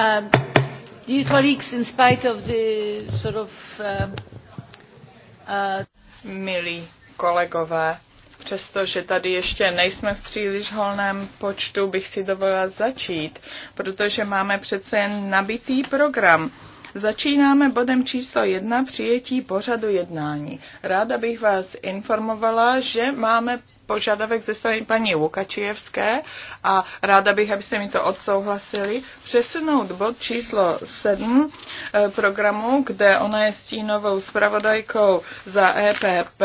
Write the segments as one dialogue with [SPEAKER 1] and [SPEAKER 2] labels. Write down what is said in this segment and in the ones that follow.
[SPEAKER 1] Um, dear
[SPEAKER 2] colleagues, in spite of the sort of, um, uh,
[SPEAKER 3] Milí kolegové, přestože tady ještě nejsme v příliš holném počtu, bych si dovolila začít, protože máme přece jen nabitý program. Začínáme bodem číslo jedna přijetí pořadu jednání. Ráda bych vás informovala, že máme požadavek ze strany paní Lukačijevské a ráda bych, abyste mi to odsouhlasili, přesunout bod číslo 7 eh, programu, kde ona je stínovou zpravodajkou za EPP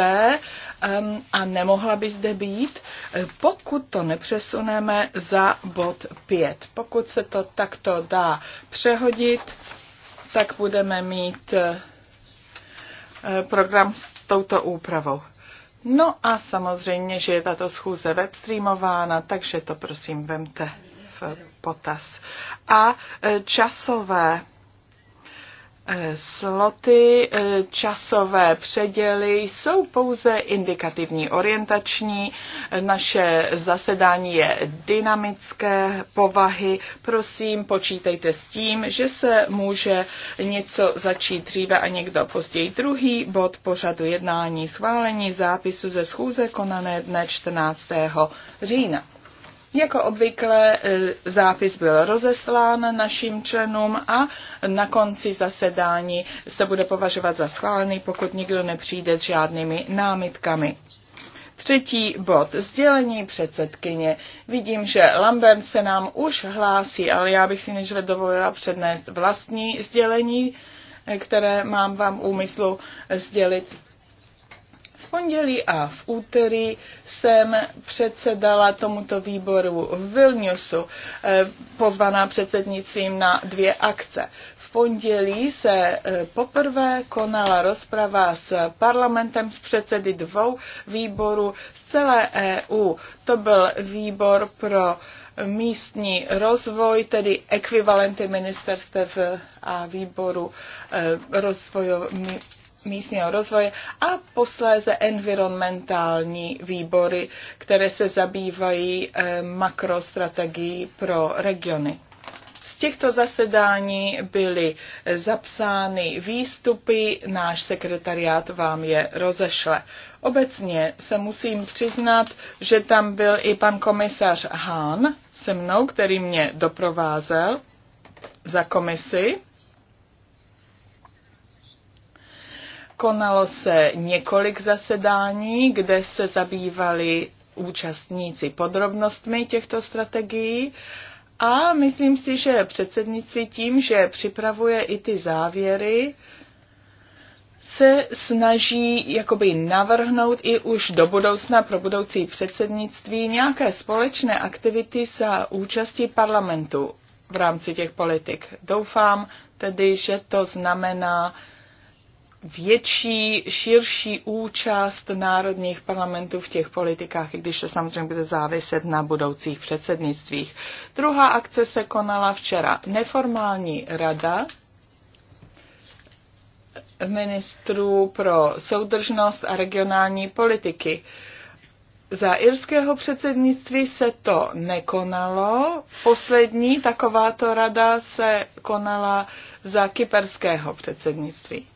[SPEAKER 3] a nemohla by zde být, eh, pokud to nepřesuneme za bod 5. Pokud se to takto dá přehodit, tak budeme mít eh, program s touto úpravou. No a samozřejmě, že je tato schůze webstreamována, takže to prosím vemte v potaz. A e, časové Eh, sloty eh, časové předěly jsou pouze indikativní, orientační. Naše zasedání je dynamické povahy. Prosím, počítejte s tím, že se může něco začít dříve a někdo později. Druhý bod pořadu jednání schválení zápisu ze schůze konané dne 14. října. Jako obvykle e, zápis byl rozeslán našim členům a na konci zasedání se bude považovat za schválený, pokud nikdo nepřijde s žádnými námitkami. Třetí bod, sdělení předsedkyně. Vidím, že Lambert se nám už hlásí, ale já bych si nežle dovolila přednést vlastní sdělení, e, které mám vám úmyslu sdělit pondělí a v úterý jsem předsedala tomuto výboru v Vilniusu, eh, pozvaná předsednictvím na dvě akce. V pondělí se eh, poprvé konala rozprava s parlamentem, s předsedy dvou výborů z celé EU. To byl výbor pro místní rozvoj, tedy ekvivalenty ministerstev a výboru eh, rozvojových místního rozvoje a posléze environmentální výbory, které se zabývají eh, makrostrategií pro regiony. Z těchto zasedání byly eh, zapsány výstupy, náš sekretariát vám je rozešle. Obecně se musím přiznat, že tam byl i pan komisař Hahn se mnou, který mě doprovázel za komisi konalo se několik zasedání, kde se zabývali účastníci podrobnostmi těchto strategií a myslím si, že předsednictví tím, že připravuje i ty závěry, se snaží jakoby navrhnout i už do budoucna pro budoucí předsednictví nějaké společné aktivity za účastí parlamentu v rámci těch politik. Doufám tedy, že to znamená větší, širší účast národních parlamentů v těch politikách, i když to samozřejmě bude záviset na budoucích předsednictvích. Druhá akce se konala včera. Neformální rada ministrů pro soudržnost a regionální politiky. Za irského předsednictví se to nekonalo. Poslední takováto rada se konala za kyperského předsednictví.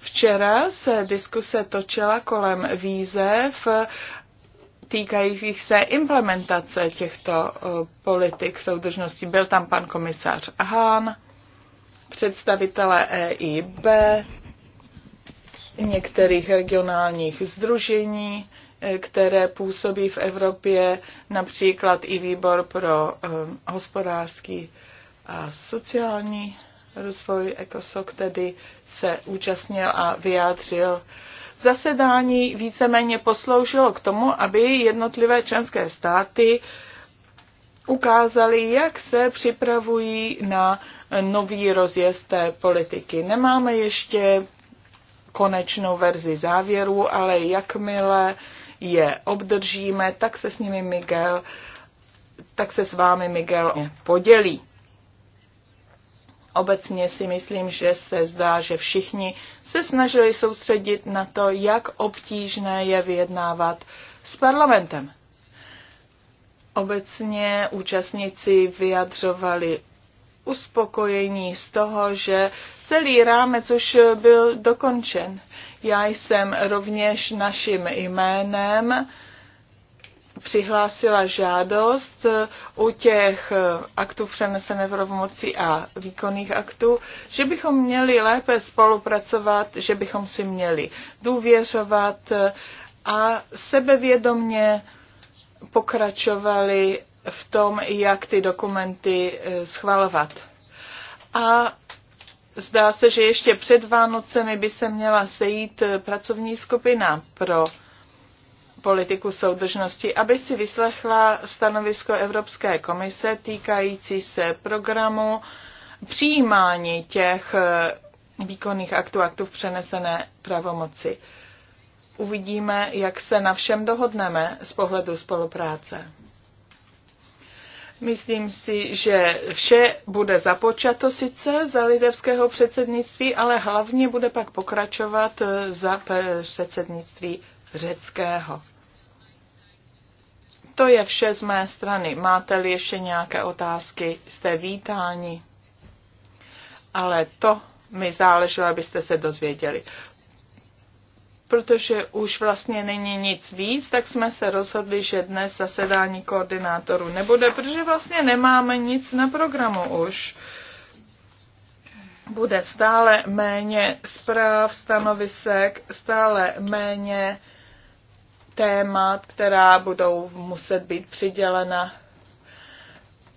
[SPEAKER 3] Včera se diskuse točila kolem výzev týkajících se implementace těchto eh, politik soudržnosti. Byl tam pan komisař Hahn, představitelé EIB, některých regionálních združení, eh, které působí v Evropě, například i výbor pro eh, hospodářský a sociální rozvoj ECOSOC tedy se účastnil a vyjádřil. Zasedání víceméně posloužilo k tomu, aby jednotlivé členské státy ukázali, jak se připravují na nový rozjezd té politiky. Nemáme ještě konečnou verzi závěru, ale jakmile je obdržíme, tak se s nimi Miguel, tak se s vámi Miguel podělí. Obecně si myslím, že se zdá, že všichni se snažili soustředit na to, jak obtížné je vyjednávat s parlamentem. Obecně účastníci vyjadřovali uspokojení z toho, že celý rámec už byl dokončen. Já jsem rovněž naším jménem přihlásila žádost eh, u těch eh, aktů přenesené pravomocí a výkonných aktů, že bychom měli lépe spolupracovat, že bychom si měli důvěřovat eh, a sebevědomně pokračovali v tom, jak ty dokumenty schvalovat. A zdá se, že ještě před Vánocemi by se měla sejít pracovní skupina pro politiku soudržnosti, aby si vyslechla stanovisko Evropské komise týkající se programu přijímání těch eh, výkonných aktů, aktů v přenesené pravomoci. Uvidíme, jak se na všem dohodneme z pohledu spolupráce. Myslím si, že vše bude započato sice za lidovského předsednictví, ale hlavně bude pak pokračovat eh, za předsednictví řeckého. To je vše z mé strany. Máte-li ještě nějaké otázky, jste vítáni. Ale to mi záleželo, abyste se dozvěděli. Protože už vlastně není nic víc, tak jsme se rozhodli, že dnes zasedání koordinátorů nebude, protože vlastně nemáme nic na programu už bude stále méně zpráv, stanovisek, stále méně témat, která budou muset být přidělena.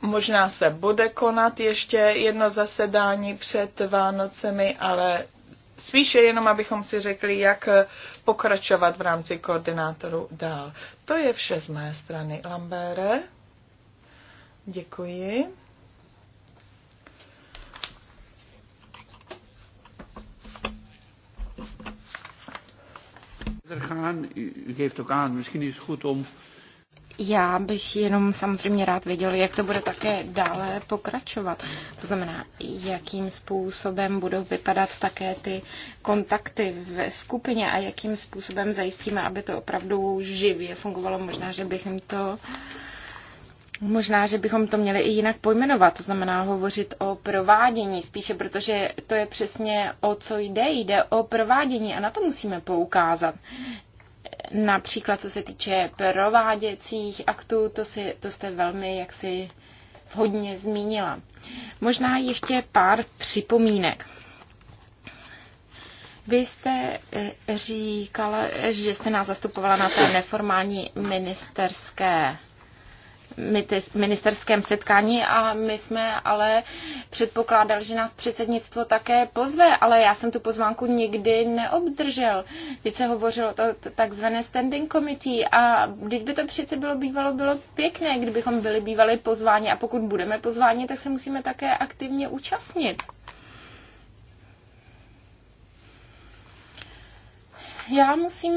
[SPEAKER 3] Možná se bude konat ještě jedno zasedání před Vánocemi, ale spíše jenom, abychom si řekli, jak pokračovat v rámci koordinátoru dál. To je vše z mé strany, Lambere. Děkuji.
[SPEAKER 2] Já bych jenom samozřejmě rád věděl, jak to bude také dále pokračovat. To znamená, jakým způsobem budou vypadat také ty kontakty ve skupině a jakým způsobem zajistíme, aby to opravdu živě fungovalo. Možná, že bych jim to uh, Možná, že bychom to měli i jinak pojmenovat, to znamená hovořit o provádění spíše, protože to je přesně o co jde. Jde o provádění a na to musíme poukázat. Například co se týče prováděcích aktů, to, si, to jste velmi jaksi hodně zmínila. Možná ještě pár připomínek. Vy jste eh, říkala, že jste nás zastupovala na té neformální ministerské ministerském setkání a my jsme ale předpokládali, že nás předsednictvo také pozve, ale já jsem tu pozvánku nikdy neobdržel. Teď se hovořilo o takzvané standing committee a když by to přece bylo bývalo, bylo pěkné, kdybychom byli bývali pozváni a pokud budeme pozváni, tak se musíme také aktivně účastnit. Já musím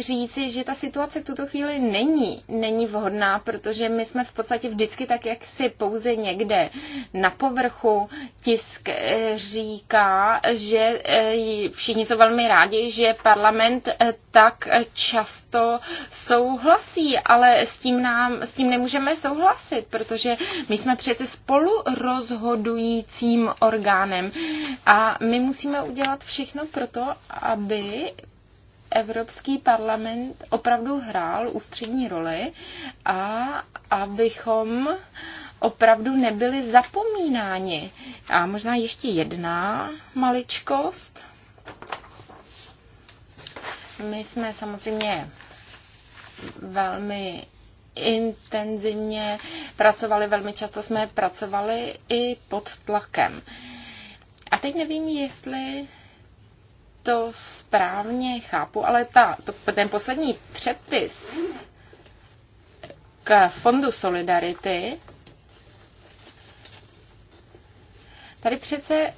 [SPEAKER 2] říci, že ta situace v tuto chvíli není, není vhodná, protože my jsme v podstatě vždycky tak, jak si pouze někde na povrchu tisk eh, říká, že eh, všichni jsou velmi rádi, že parlament eh, tak často souhlasí, ale s tím, nám, s tím nemůžeme souhlasit, protože my jsme přece spolu rozhodujícím orgánem a my musíme udělat všechno pro to, aby Evropský parlament opravdu hrál ústřední roli a abychom opravdu nebyli zapomínáni. A možná ještě jedna maličkost. My jsme samozřejmě velmi intenzivně pracovali, velmi často jsme pracovali i pod tlakem. A teď nevím, jestli to správně chápu, ale ta, to, ten poslední přepis k Fondu Solidarity, tady přece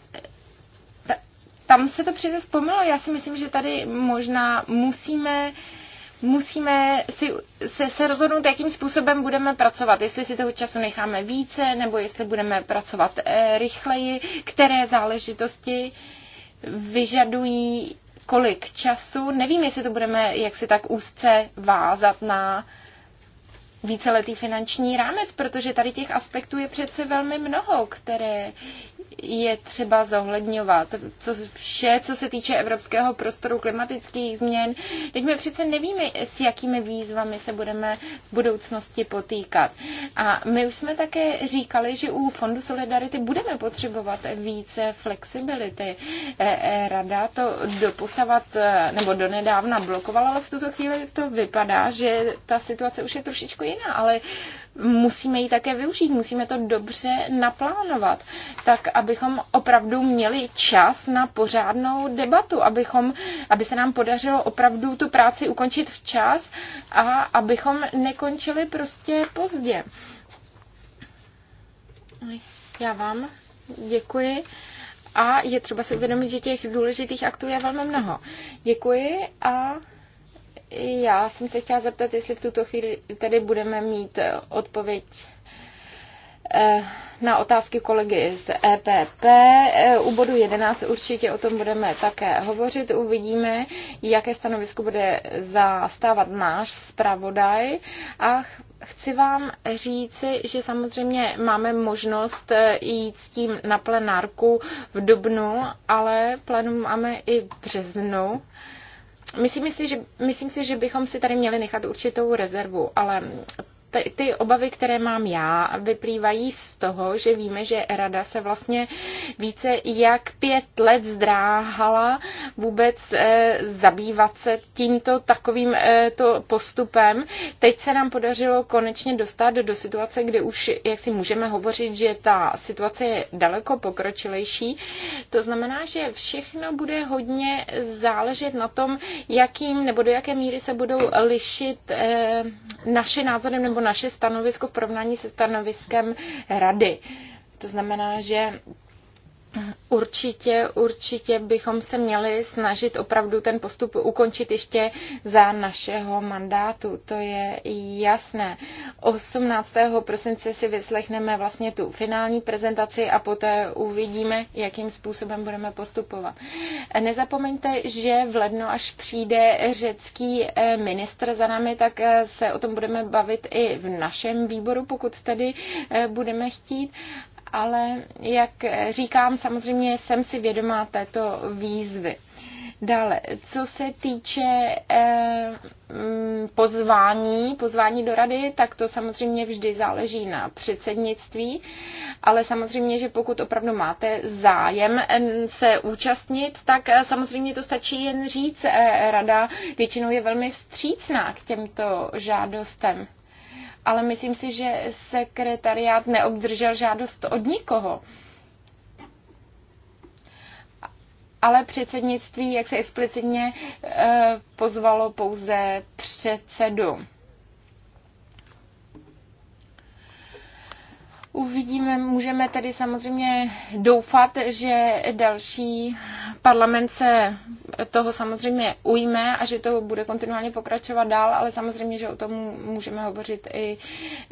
[SPEAKER 2] tam se to přece vzpomnělo. Já si myslím, že tady možná musíme musíme si, se, se rozhodnout, jakým způsobem budeme pracovat. Jestli si toho času necháme více, nebo jestli budeme pracovat e, rychleji, které záležitosti vyžadují kolik času. Nevím, jestli to budeme jaksi tak úzce vázat na víceletý finanční rámec, protože tady těch aspektů je přece velmi mnoho, které je třeba zohledňovat. Co, vše, co se týče evropského prostoru klimatických změn, teď my přece nevíme, s jakými výzvami se budeme v budoucnosti potýkat. A my už jsme také říkali, že u Fondu Solidarity budeme potřebovat více flexibility. E, e, Rada to doposavat e, nebo donedávna blokovala, ale v tuto chvíli to vypadá, že ta situace už je trošičku jiná, ale musíme ji také využít, musíme to dobře naplánovat, tak abychom opravdu měli čas na pořádnou debatu, abychom, aby se nám podařilo opravdu tu práci ukončit včas a abychom nekončili prostě pozdě. Já vám děkuji. A je třeba si uvědomit, že těch důležitých aktů je velmi mnoho. Děkuji a já jsem se chtěla zeptat, jestli v tuto chvíli tady budeme mít eh, odpověď eh, na otázky kolegy z EPP. Eh, u bodu 11 určitě o tom budeme také hovořit. Uvidíme, jaké stanovisko bude zastávat náš zpravodaj. A chci vám říci, že samozřejmě máme možnost jít s tím na plenárku v dubnu, ale plénum máme i v březnu. Myslím si, že, myslím si, že bychom si tady měli nechat určitou rezervu, ale ty, ty obavy, které mám já, vyplývají z toho, že víme, že rada se vlastně více jak pět let zdráhala vůbec e, zabývat se tímto takovým e, to postupem. Teď se nám podařilo konečně dostat do situace, kde už, jak si můžeme hovořit, že ta situace je daleko pokročilejší. To znamená, že všechno bude hodně záležet na tom, jakým nebo do jaké míry se budou lišit e, naše názory nebo nebo naše stanovisko v porovnání se stanoviskem rady. To znamená, že Určitě, určitě bychom se měli snažit opravdu ten postup ukončit ještě za našeho mandátu. To je jasné. 18. prosince si vyslechneme vlastně tu finální prezentaci a poté uvidíme, jakým způsobem budeme postupovat. Nezapomeňte, že v lednu, až přijde řecký eh, ministr za námi, tak eh, se o tom budeme bavit i v našem výboru, pokud tedy eh, budeme chtít ale jak říkám, samozřejmě jsem si vědomá této výzvy. Dále, co se týče eh, mm, pozvání, pozvání do rady, tak to samozřejmě vždy záleží na předsednictví, ale samozřejmě, že pokud opravdu máte zájem eh, se účastnit, tak eh, samozřejmě to stačí jen říct. Eh, rada většinou je velmi vstřícná k těmto žádostem ale myslím si, že sekretariát neobdržel žádost od nikoho. Ale předsednictví, jak se explicitně eh, pozvalo pouze předsedu. Uvidíme, můžeme tedy samozřejmě doufat, že další parlament se toho samozřejmě ujme a že to bude kontinuálně pokračovat dál, ale samozřejmě, že o tom můžeme hovořit i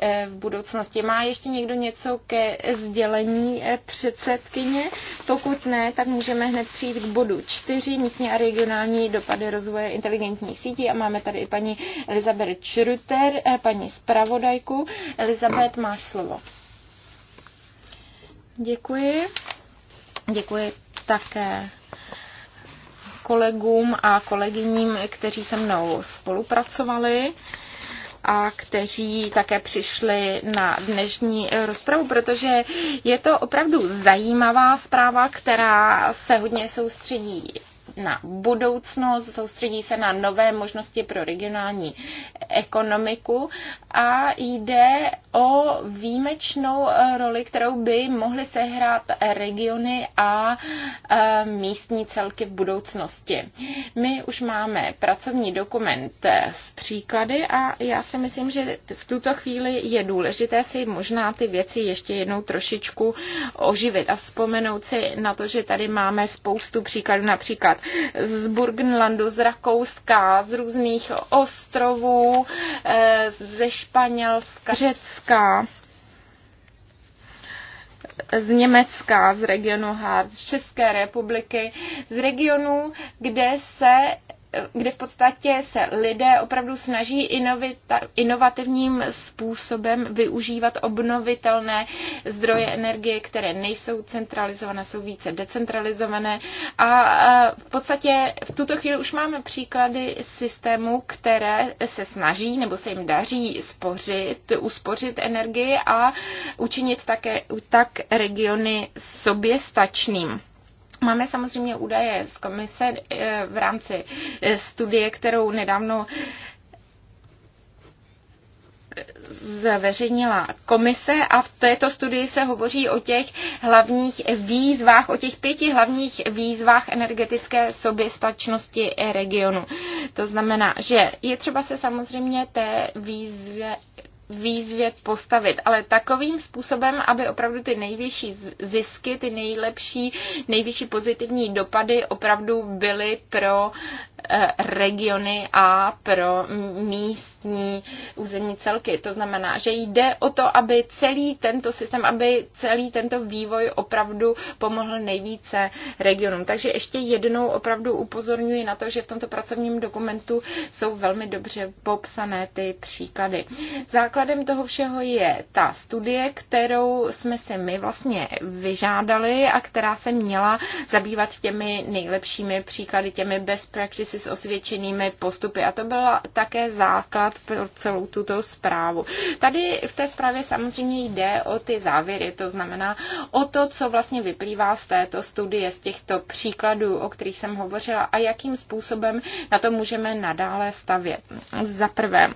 [SPEAKER 2] eh, v budoucnosti. Má ještě někdo něco ke sdělení eh, předsedkyně? Pokud ne, tak můžeme hned přijít k bodu čtyři, místní a regionální dopady rozvoje inteligentních sítí a máme tady i paní Elizabeth Schruter, eh, paní zpravodajku. Elizabeth, máš slovo. Děkuji. Děkuji také kolegům a kolegyním, kteří se mnou spolupracovali a kteří také přišli na dnešní rozpravu, protože je to opravdu zajímavá zpráva, která se hodně soustředí na budoucnost, soustředí se na nové možnosti pro regionální ekonomiku a jde o výjimečnou eh, roli, kterou by mohly sehrát regiony a eh, místní celky v budoucnosti. My už máme pracovní dokument eh, s příklady a já si myslím, že v tuto chvíli je důležité si možná ty věci ještě jednou trošičku oživit a vzpomenout si na to, že tady máme spoustu příkladů, například z Burgenlandu, z Rakouska, z různých ostrovů, eh, ze Španělska, Řecka z Německa, z regionu Harz, z České republiky, z regionů, kde se kdy v podstatě se lidé opravdu snaží inovita, inovativním způsobem využívat obnovitelné zdroje energie, které nejsou centralizované, jsou více decentralizované. A v podstatě v tuto chvíli už máme příklady systémů, které se snaží nebo se jim daří spořit, uspořit energii a učinit také tak regiony soběstačným. Máme samozřejmě údaje z komise eh, v rámci eh, studie, kterou nedávno eh, zveřejnila komise a v této studii se hovoří o těch hlavních výzvách, o těch pěti hlavních výzvách energetické soběstačnosti regionu. To znamená, že je třeba se samozřejmě té výzvy výzvě postavit, ale takovým způsobem, aby opravdu ty nejvyšší zisky, ty nejlepší, nejvyšší pozitivní dopady opravdu byly pro Eh, regiony a pro místní územní celky. To znamená, že jde o to, aby celý tento systém, aby celý tento vývoj opravdu pomohl nejvíce regionům. Takže ještě jednou opravdu upozorňuji na to, že v tomto pracovním dokumentu jsou velmi dobře popsané ty příklady. Základem toho všeho je ta studie, kterou jsme si my vlastně vyžádali a která se měla zabývat těmi nejlepšími příklady, těmi best practices práci s osvědčenými postupy. A to byl také základ pro celou tuto zprávu. Tady v té zprávě samozřejmě jde o ty závěry, to znamená o to, co vlastně vyplývá z této studie, z těchto příkladů, o kterých jsem hovořila a jakým způsobem na to můžeme nadále stavět. Za prvé,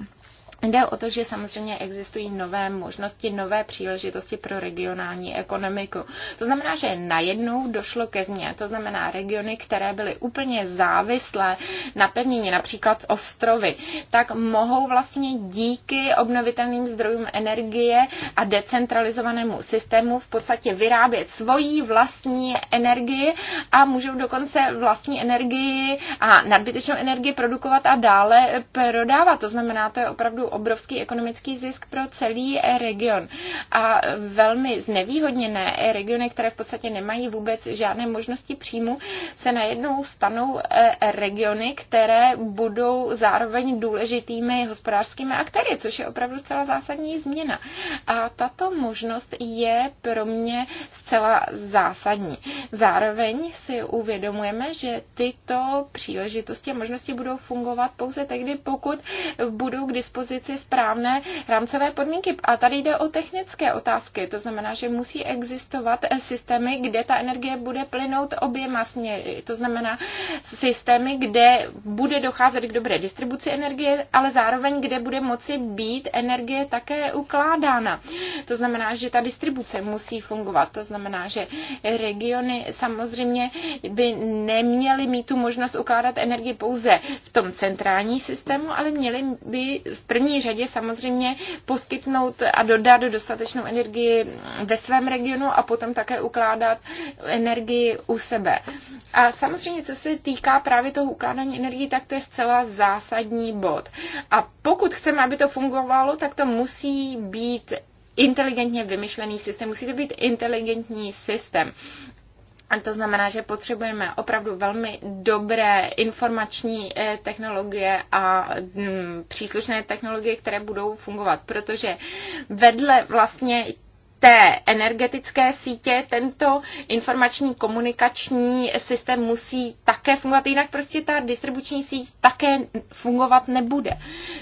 [SPEAKER 2] Jde o to, že samozřejmě existují nové možnosti, nové příležitosti pro regionální ekonomiku. To znamená, že najednou došlo ke změně. To znamená, regiony, které byly úplně závislé na pevnině, například ostrovy, tak mohou vlastně díky obnovitelným zdrojům energie a decentralizovanému systému v podstatě vyrábět svoji vlastní energii a můžou dokonce vlastní energii a nadbytečnou energii produkovat a dále prodávat. To znamená, to je opravdu obrovský ekonomický zisk pro celý region. A velmi znevýhodněné regiony, které v podstatě nemají vůbec žádné možnosti příjmu, se najednou stanou eh, regiony, které budou zároveň důležitými hospodářskými aktéry, což je opravdu celá zásadní změna. A tato možnost je pro mě zcela zásadní. Zároveň si uvědomujeme, že tyto příležitosti a možnosti budou fungovat pouze tehdy, pokud budou k dispozici dispozici správné rámcové podmínky. A tady jde o technické otázky, to znamená, že musí existovat systémy, kde ta energie bude plynout oběma směry. To znamená systémy, kde bude docházet k dobré distribuci energie, ale zároveň, kde bude moci být energie také ukládána. To znamená, že ta distribuce musí fungovat. To znamená, že regiony samozřejmě by neměly mít tu možnost ukládat energii pouze v tom centrálním systému, ale měly by v první první řadě samozřejmě poskytnout a dodat dostatečnou energii ve svém regionu a potom také ukládat energii u sebe. A samozřejmě, co se týká právě toho ukládání energii, tak to je zcela zásadní bod. A pokud chceme, aby to fungovalo, tak to musí být inteligentně vymyšlený systém, musí to být inteligentní systém. A to znamená, že potřebujeme opravdu velmi dobré informační eh, technologie a mm, příslušné technologie, které budou fungovat, protože vedle vlastně té energetické sítě tento informační komunikační systém musí také fungovat, jinak prostě ta distribuční síť také fungovat nebude.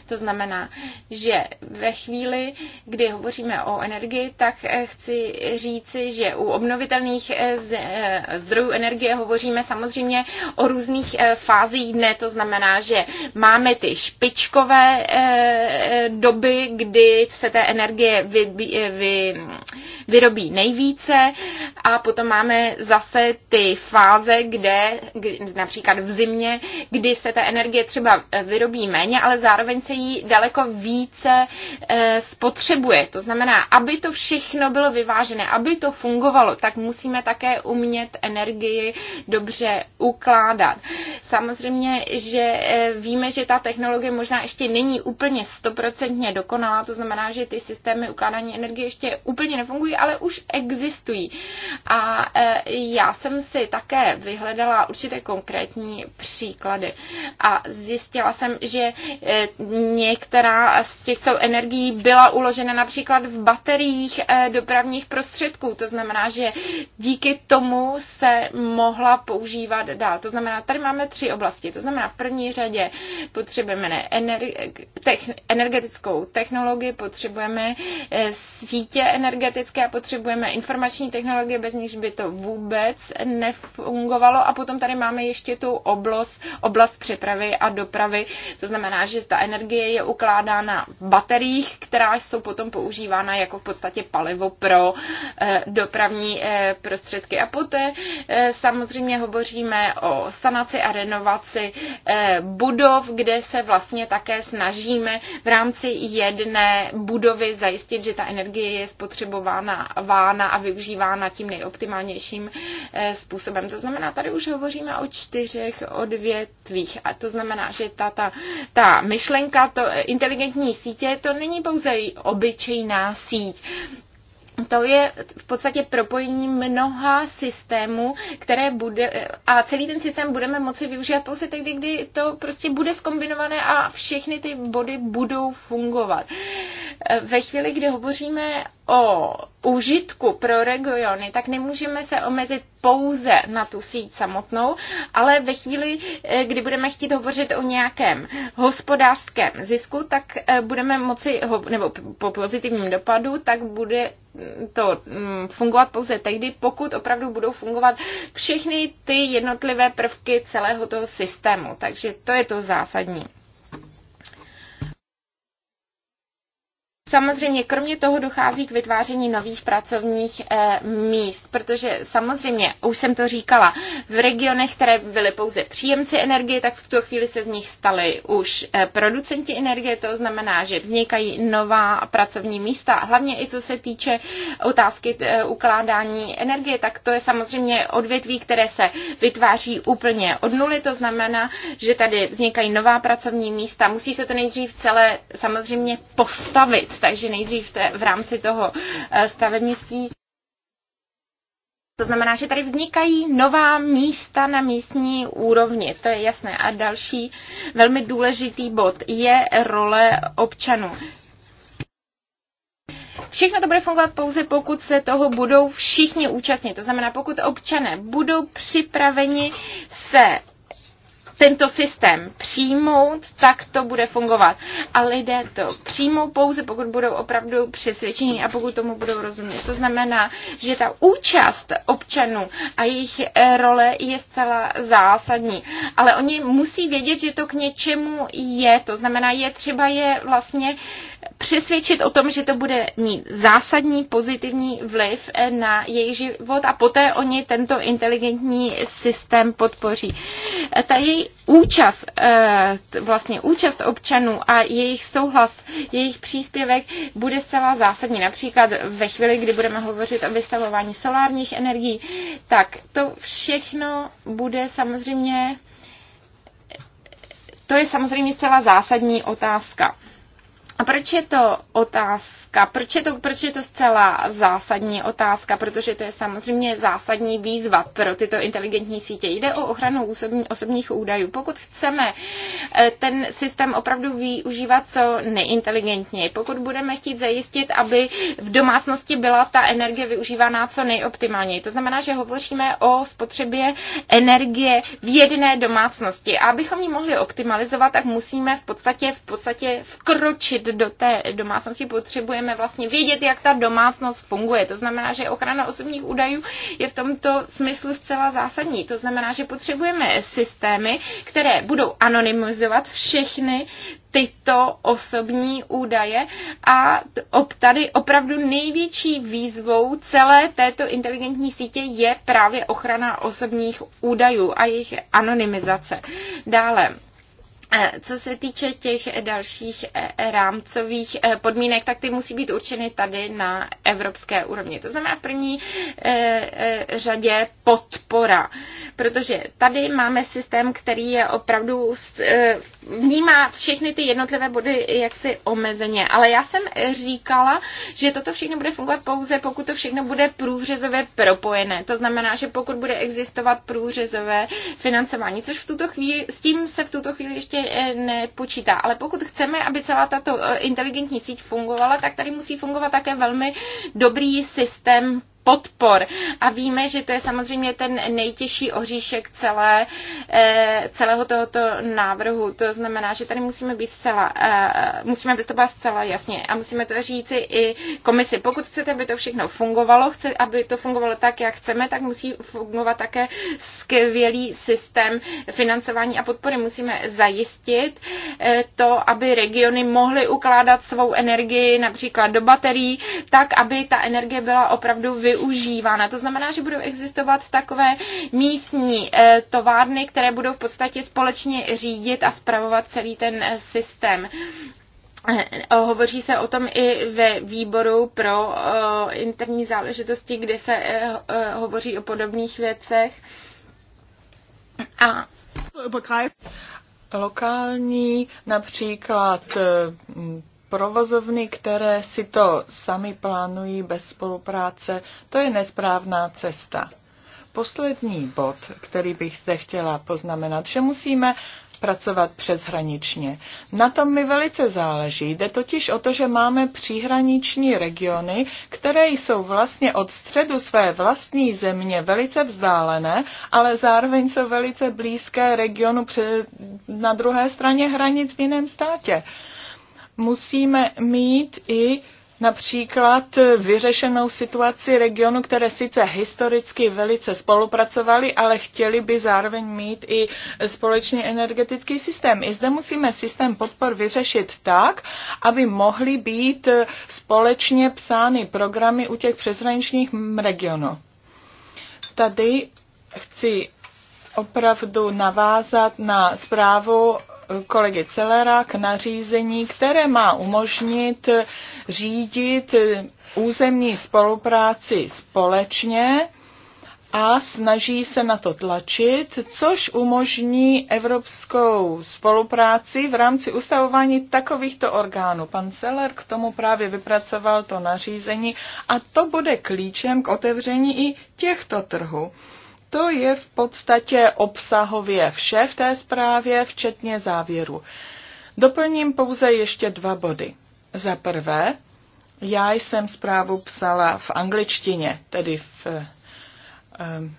[SPEAKER 2] To znamená, že ve chvíli, kdy hovoříme o energii, tak eh, chci říci, že u obnovitelných eh, eh, zdrojů energie hovoříme samozřejmě o různých fázích dne, to znamená, že máme ty špičkové doby, kdy se té energie vy, vy, vyrobí nejvíce a potom máme zase ty fáze, kde například v zimě, kdy se ta energie třeba eh, vyrobí méně, ale zároveň se jí daleko více eh, spotřebuje. To znamená, aby to všechno bylo vyvážené, aby to fungovalo, tak musíme také umět energii dobře ukládat. Samozřejmě, že eh, víme, že ta technologie možná ještě není úplně stoprocentně dokonalá, to znamená, že ty systémy ukládání energie ještě úplně nefungují, ale už existují. A e, já jsem si také vyhledala určité konkrétní příklady a zjistila jsem, že e, některá z těchto energií byla uložena například v bateriích e, dopravních prostředků. To znamená, že díky tomu se mohla používat dál. To znamená, tady máme tři oblasti. To znamená, v první řadě potřebujeme energetickou technologii, potřebujeme sítě energetické, energetické a potřebujeme informační technologie, bez níž by to vůbec nefungovalo. A potom tady máme ještě tu oblast, oblast přepravy a dopravy, to znamená, že ta energie je ukládána v bateriích, která jsou potom používána jako v podstatě palivo pro eh, dopravní eh, prostředky. A poté eh, samozřejmě hovoříme o sanaci a renovaci budov, kde se vlastně také snažíme v rámci jedné budovy zajistit, že ta energie je spotřebována spotřebována vána a využívána tím nejoptimálnějším eh, způsobem. To znamená, tady už hovoříme o čtyřech odvětvích a to znamená, že ta, ta, ta myšlenka, to eh, inteligentní sítě, to není pouze obyčejná síť. To je v podstatě propojení mnoha systémů, které bude, a celý ten systém budeme moci využívat pouze tehdy, kdy to prostě bude skombinované a všechny ty body budou fungovat. Eh, ve chvíli, kdy hovoříme o užitku pro regiony, tak nemůžeme se omezit pouze na tu síť samotnou, ale ve chvíli, eh, kdy budeme chtít hovořit o nějakém hospodářském zisku, tak eh, budeme moci, nebo po pozitivním dopadu, tak bude mm, to mm, fungovat pouze tehdy, pokud opravdu budou fungovat všechny ty jednotlivé prvky celého toho systému. Takže to je to zásadní. Samozřejmě, kromě toho dochází k vytváření nových pracovních eh, míst, protože samozřejmě, už jsem to říkala, v regionech, které byly pouze příjemci energie, tak v tuto chvíli se z nich staly už eh, producenti energie, to znamená, že vznikají nová pracovní místa, hlavně i co se týče otázky eh, ukládání energie, tak to je samozřejmě odvětví, které se vytváří úplně od nuly, to znamená, že tady vznikají nová pracovní místa, musí se to nejdřív celé samozřejmě postavit takže nejdřív v rámci toho eh, stavebnictví. To znamená, že tady vznikají nová místa na místní úrovni, to je jasné. A další velmi důležitý bod je role občanů. Všechno to bude fungovat pouze, pokud se toho budou všichni účastnit. To znamená, pokud občané budou připraveni se tento systém přijmout, tak to bude fungovat. A lidé to přijmou pouze, pokud budou opravdu přesvědčení a pokud tomu budou rozumět. To znamená, že ta účast občanů a jejich eh, role je zcela zásadní. Ale oni musí vědět, že to k něčemu je. To znamená, je třeba je vlastně přesvědčit o tom, že to bude mít zásadní pozitivní vliv na jejich život a poté oni tento inteligentní systém podpoří. Ta její účast, eh, vlastně účast občanů a jejich souhlas, jejich příspěvek bude zcela zásadní. Například ve chvíli, kdy budeme hovořit o vystavování solárních energií, tak to všechno bude samozřejmě to je samozřejmě celá zásadní otázka. A proč je to otázka? Proč je to, proč je to zcela zásadní otázka? Protože to je samozřejmě zásadní výzva pro tyto inteligentní sítě. Jde o ochranu osobní, osobních údajů. Pokud chceme eh, ten systém opravdu využívat co neinteligentněji, pokud budeme chtít zajistit, aby v domácnosti byla ta energie využívaná co nejoptimálněji, to znamená, že hovoříme o spotřebě energie v jedné domácnosti. A abychom ji mohli optimalizovat, tak musíme v podstatě, v podstatě vkročit do té domácnosti, potřebujeme vlastně vědět, jak ta domácnost funguje. To znamená, že ochrana osobních údajů je v tomto smyslu zcela zásadní. To znamená, že potřebujeme systémy, které budou anonymizovat všechny tyto osobní údaje a tady opravdu největší výzvou celé této inteligentní sítě je právě ochrana osobních údajů a jejich anonymizace. Dále, Eh, co se týče těch eh, dalších eh, rámcových podmínek, tak ty musí být určeny tady na evropské úrovni. To znamená v první řadě podpora, protože tady máme systém, který je opravdu vnímá všechny ty jednotlivé body jaksi omezeně. Ale já jsem říkala, že toto všechno bude fungovat pouze, pokud to všechno bude průřezově propojené. To znamená, že pokud bude existovat průřezové financování, což v tuto chvíli, s tím se v tuto chvíli ještě ještě eh, nepočítá. Ale pokud chceme, aby celá tato eh, inteligentní síť fungovala, tak tady musí fungovat také velmi dobrý systém podpor. A víme, že to je samozřejmě ten nejtěžší oříšek celé, eh, celého tohoto návrhu. To znamená, že tady musíme být zcela, eh, musíme vystupovat zcela jasně a musíme to říci i komisi. Pokud chcete, aby to všechno fungovalo, chce, aby to fungovalo tak, jak chceme, tak musí fungovat také skvělý systém financování a podpory. Musíme zajistit eh, to, aby regiony mohly ukládat svou energii například do baterií, tak, aby ta energie byla opravdu využívána využívána. To znamená, že budou existovat takové místní eh, továrny, které budou v podstatě společně řídit a spravovat celý ten eh, systém. Eh, hovoří se o tom i ve výboru pro interní záležitosti, kde se hovoří o podobných věcech. A
[SPEAKER 3] lokální například provozovny, které si to sami plánují bez spolupráce, to je nesprávná cesta. Poslední bod, který bych zde chtěla poznamenat, že musíme pracovat přeshraničně. Na tom mi velice záleží. Jde totiž o to, že máme příhraniční regiony, které jsou vlastně od středu své vlastní země velice vzdálené, ale zároveň jsou velice blízké regionu na druhé straně hranic v jiném státě musíme mít i například vyřešenou situaci regionu, které sice historicky velice spolupracovali, ale chtěli by zároveň mít i společný energetický systém. I zde musíme systém podpor vyřešit tak, aby mohly být společně psány programy u těch přeshraničních regionů. Tady chci opravdu navázat na zprávu kolegy Celera k nařízení, které má umožnit řídit územní spolupráci společně a snaží se na to tlačit, což umožní evropskou spolupráci v rámci ustavování takovýchto orgánů. Pan Celer k tomu právě vypracoval to nařízení a to bude klíčem k otevření i těchto trhů. To je v podstatě obsahově vše v té zprávě, včetně závěru. Doplním pouze ještě dva body. Za prvé, já jsem zprávu psala v angličtině, tedy v um,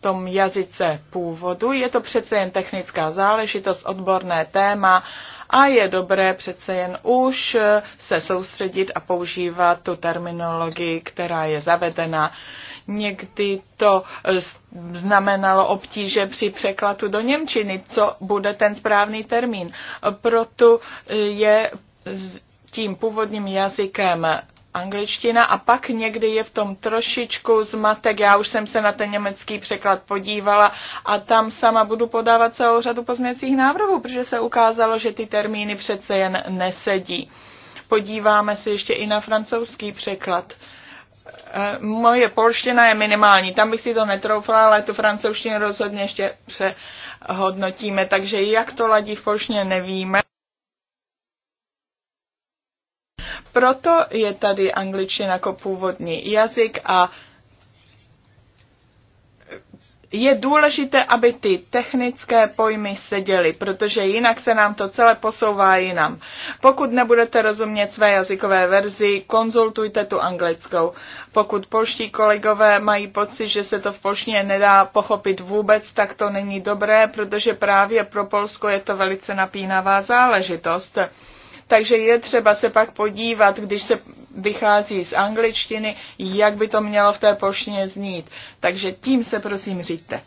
[SPEAKER 3] tom jazyce původu. Je to přece jen technická záležitost, odborné téma a je dobré přece jen už eh, se soustředit a používat tu terminologii, která je zavedena Někdy to eh, znamenalo obtíže při překladu do Němčiny, co bude ten správný termín. Proto eh, je tím původním jazykem angličtina a pak někdy je v tom trošičku zmatek. Já už jsem se na ten německý překlad podívala a tam sama budu podávat celou řadu pozměcích návrhů, protože se ukázalo, že ty termíny přece jen nesedí. Podíváme se ještě i na francouzský překlad. Eh, moje polština je minimální, tam bych si to netroufla, ale tu francouzštinu rozhodně ještě se hodnotíme, takže jak to ladí v polštině nevíme. Proto je tady angličtina jako původní jazyk a je důležité, aby ty technické pojmy seděly, protože jinak se nám to celé posouvá jinam. Pokud nebudete rozumět své jazykové verzi, konzultujte tu anglickou. Pokud polští kolegové mají pocit, že se to v polštině nedá pochopit vůbec, tak to není dobré, protože právě pro Polsko je to velice napínavá záležitost. Takže je třeba se pak podívat, když se vychází z angličtiny, jak by to mělo v té poštině znít. Takže tím se prosím říďte.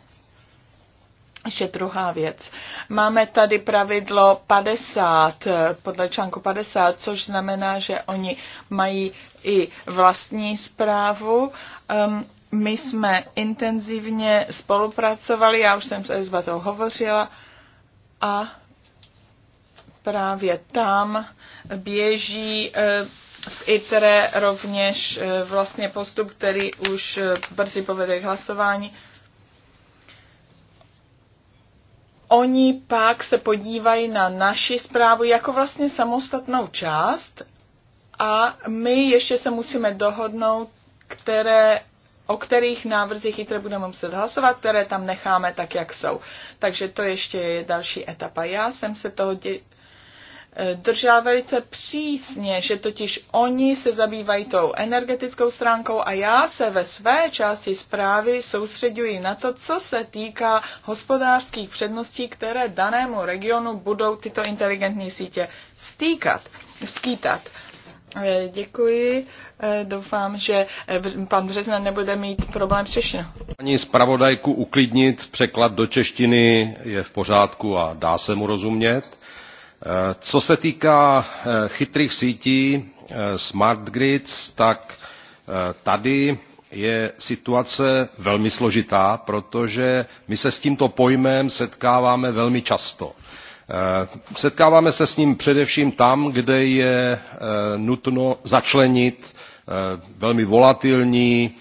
[SPEAKER 3] Ještě druhá věc. Máme tady pravidlo 50, podle článku 50, což znamená, že oni mají i vlastní zprávu. Um, my jsme intenzivně spolupracovali, já už jsem s Batou hovořila a právě tam běží eh, v ITRE rovněž eh, vlastně postup, který už eh, brzy povede k hlasování. Oni pak se podívají na naši zprávu jako vlastně samostatnou část a my ještě se musíme dohodnout, které, o kterých návrzích ITRE budeme muset hlasovat, které tam necháme tak, jak jsou. Takže to ještě je další etapa. Já jsem se toho držela velice přísně, že totiž oni se zabývají tou energetickou stránkou a já se ve své části zprávy soustředuji na to, co se týká hospodářských předností, které danému regionu budou tyto inteligentní sítě stýkat, skýtat. Eh, děkuji. Eh, doufám, že eh, pan Března nebude mít problém s češtinou.
[SPEAKER 4] Ani zpravodajku uklidnit, překlad do češtiny je v pořádku a dá se mu rozumět. Co se týká eh, chytrých sítí, eh, smart grids, tak eh, tady je situace velmi složitá, protože my se s tímto pojmem setkáváme velmi často. Setkáváme se s ním především tam, kde je nutno začlenit velmi volatilní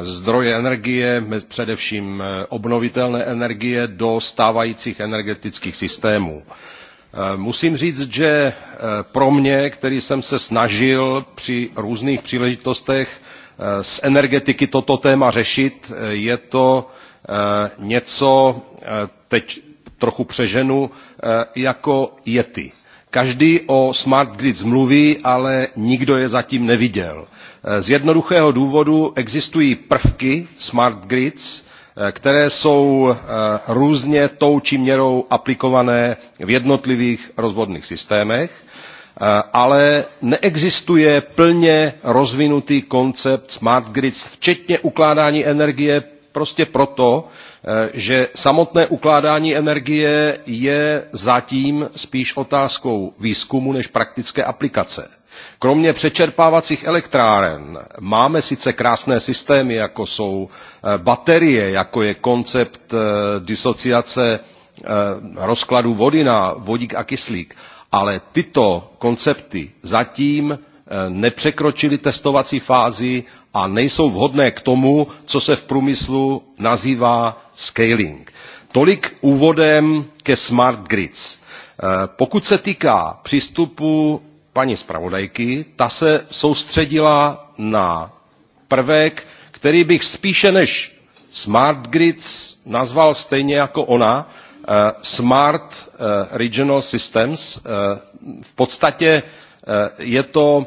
[SPEAKER 4] zdroje energie, především obnovitelné energie, do stávajících energetických systémů. Eh, musím říct, že eh, pro mě, který jsem se snažil při různých příležitostech eh, z energetiky toto téma řešit, je to něco, teď trochu přeženu, jako jety. Každý o smart grids mluví, ale nikdo je zatím neviděl. Z jednoduchého důvodu existují prvky smart grids, Eh, které jsou eh, různě tou či měrou aplikované v jednotlivých rozvodných systémech, eh, ale neexistuje plně rozvinutý koncept smart grids, včetně ukládání energie, prostě proto, že samotné ukládání energie je zatím spíš otázkou výzkumu než praktické aplikace Kromě přečerpávacích elektráren máme sice krásné systémy, jako jsou eh, baterie, jako je koncept eh, disociace eh, rozkladu vody na vodík a kyslík, ale tyto koncepty zatím nepřekročily testovací fázi a nejsou vhodné k tomu, co se v průmyslu nazývá scaling. Tolik úvodem ke smart grids. Pokud se týká přístupu paní zpravodajky. Ta se soustředila na prvek, který bych spíše než smart grids nazval stejně jako ona eh, smart eh, regional systems. Eh, v podstatě je to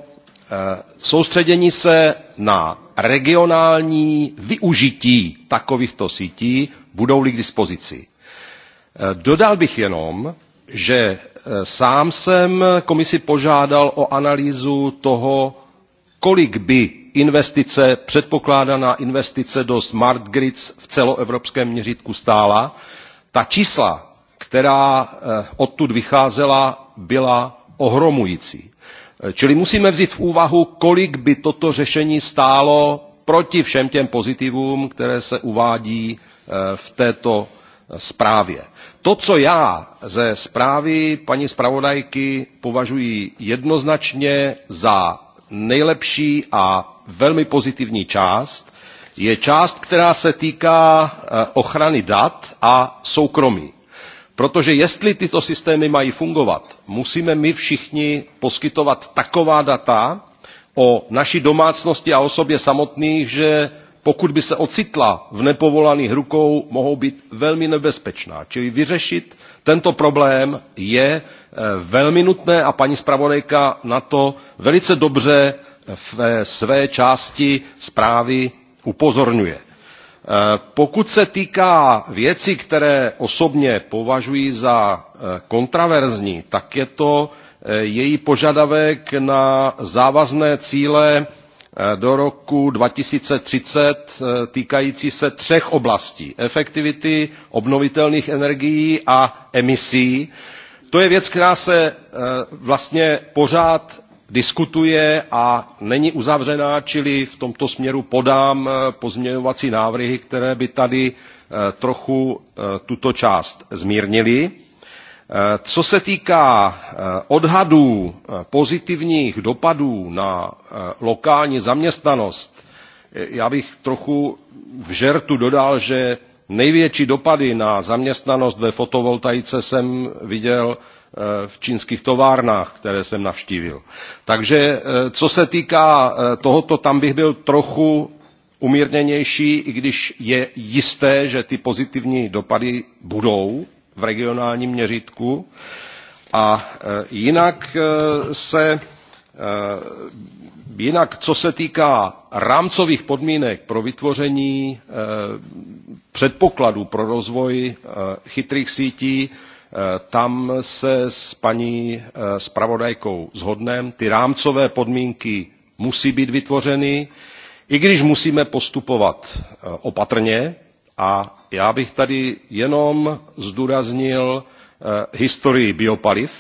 [SPEAKER 4] soustředění se na regionální využití takovýchto sítí, budou-li k dispozici. Dodal bych jenom, že Sám jsem komisi požádal o analýzu toho, kolik by investice, předpokládaná investice do smart grids v celoevropském měřítku stála. Ta čísla, která eh, odtud vycházela, byla ohromující. Eh, čili musíme vzít v úvahu, kolik by toto řešení stálo proti všem těm pozitivům, které se uvádí eh, v této zprávě. To, co já ze zprávy paní zpravodajky považuji jednoznačně za nejlepší a velmi pozitivní část, je část, která se týká eh, ochrany dat a soukromí. Protože jestli tyto systémy mají fungovat, musíme my všichni poskytovat taková data o naší domácnosti a osobě samotných, že pokud by se ocitla v nepovolaných rukou, mohou být velmi nebezpečná. Čili vyřešit tento problém je eh, velmi nutné a paní zpravodajka na to velice dobře ve své části zprávy upozorňuje. Eh, pokud se týká věcí, které osobně považuji za eh, kontraverzní, tak je to její požadavek na závazné cíle Eh, do roku 2030 eh, týkající se třech oblastí. Efektivity, obnovitelných energií a emisí. To je věc, která se eh, vlastně pořád diskutuje a není uzavřená, čili v tomto směru podám pozměňovací návrhy, které by tady trochu tuto část zmírnily. Eh, co se týká eh, odhadů eh, pozitivních dopadů na lokální zaměstnanost, já bych trochu v žertu dodal, že největší dopady na zaměstnanost ve fotovoltaice jsem viděl v čínských továrnách, které jsem navštívil. Takže co se týká tohoto, tam bych byl trochu umírněnější, i když je jisté, že ty pozitivní dopady budou, v regionálním měřítku. A e, jinak e, se e, Jinak, co se týká rámcových podmínek pro vytvoření předpokladů pro rozvoj chytrých sítí, tam se s paní zpravodajkou zhodnem. Ty rámcové podmínky musí být vytvořeny, i když musíme postupovat opatrně, a já bych tady jenom zdůraznil eh, historii biopaliv,